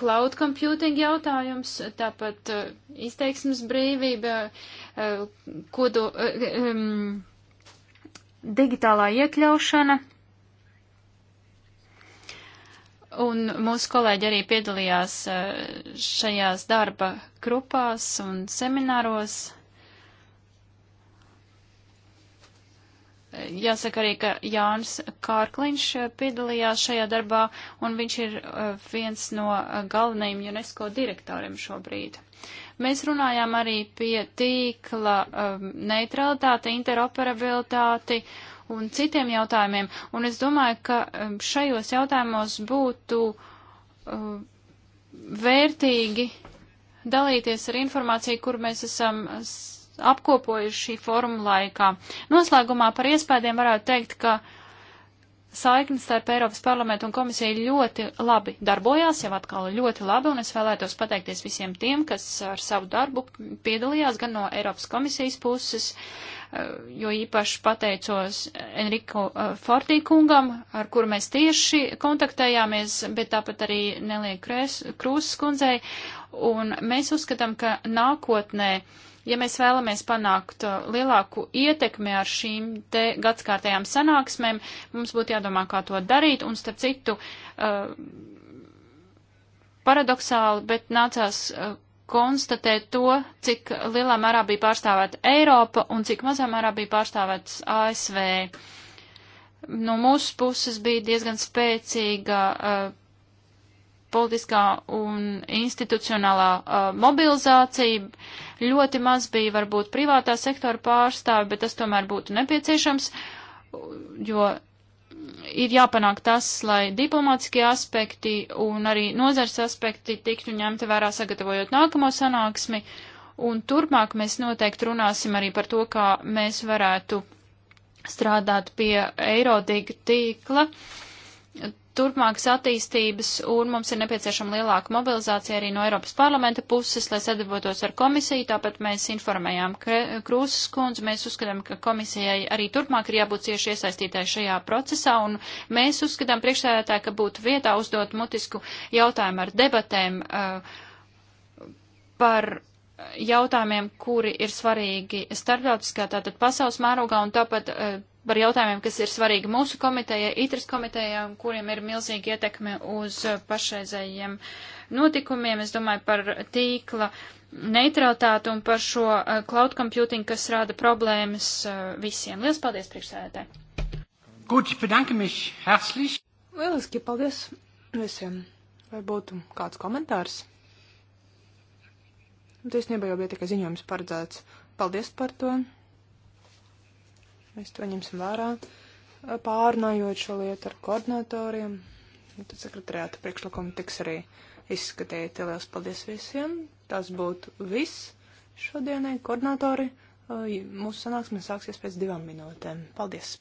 cloud computing jautājums, tāpat uh, izteiksmes brīvība, uh, kodu, uh, um, digitālā iekļaušana. Un mūsu kolēģi arī piedalījās e, šajās darba grupās un semināros. E, jāsaka arī, ka Jānis Kārkliņš piedalījās šajā darbā, un viņš ir e, viens no galvenajiem UNESCO direktoriem šobrīd. Mēs runājām arī pie tīkla neutralitāti, interoperabilitāti un citiem jautājumiem. Un es domāju, ka um, šajos jautājumos būtu uh, vērtīgi dalīties ar informāciju, kur mēs esam apkopojuši šī foruma laikā. Noslēgumā par iespējām varētu teikt, ka uh, saiknes starp Eiropas parlamentu un komisiju ļoti labi darbojās, jau atkal ļoti labi, un es vēlētos pateikties visiem tiem, kas ar savu darbu piedalījās gan no Eiropas komisijas puses, eh, jo īpaši pateicos Enriku eh, Fortī kungam, ar kuru mēs tieši kontaktējāmies, bet tāpat arī Nelija Krūsas kundzei, un mēs uzskatām, ka nākotnē Ja mēs vēlamies panākt uh, lielāku ietekmi ar šīm te gadskārtējām sanāksmēm, mums būtu jādomā, kā to darīt, un starp citu, uh, paradoxāli, bet nācās uh, konstatēt to, cik lielā mērā bija pārstāvēta Eiropa un cik mazā mērā bija pārstāvētas ASV. No mūsu puses bija diezgan spēcīga uh, politiskā un institucionālā uh, mobilizācija. Ļoti maz bija varbūt privātā sektora pārstāvi, bet tas tomēr būtu nepieciešams, jo ir jāpanāk tas, lai diplomātiskie aspekti un arī nozars aspekti tiktu ņemti vērā sagatavojot nākamo sanāksmi. Un turpmāk mēs noteikti runāsim arī par to, kā mēs varētu strādāt pie Eirodīga tīkla. Uh, turpmākas attīstības, un mums ir nepieciešama lielāka mobilizācija arī no Eiropas parlamenta puses, lai sadarbotos ar komisiju. Tāpat mēs informējām Krūzes kundzi, mēs uzskatām, ka komisijai arī turpmāk ir jābūt cieši iesaistītāji šajā procesā, un mēs uzskatām priekšsēdētāji, ka būtu vietā uzdot mutisku jautājumu ar debatēm uh, par jautājumiem, kuri ir svarīgi starptautiskā, tātad pasaules mērogā, un tāpat uh, par jautājumiem, kas ir svarīgi mūsu komitejai, ITRAS komitejai, kuriem ir milzīga ietekme uz pašreizējiem notikumiem. Es domāju par tīkla neutralitāti un par šo uh, cloud computing, kas rada problēmas uh, visiem. Lielas paldies, priekšsēdētāji! Gut, ich bedanke mich herzlich. Lieliski, paldies visiem. Vai būtu kāds komentārs? Tiesnībā jau bija tikai ziņojums paredzēts. Paldies par to! Mēs to ņemsim vērā, pārnājot šo lietu ar koordinatoriem. Tad sekretariāta priekšlikumi tiks arī izskatīti. Lielas paldies visiem. Tas būtu viss šodienai. Koordinatori, mūsu sanāksme sāksies pēc divām minūtēm. Paldies!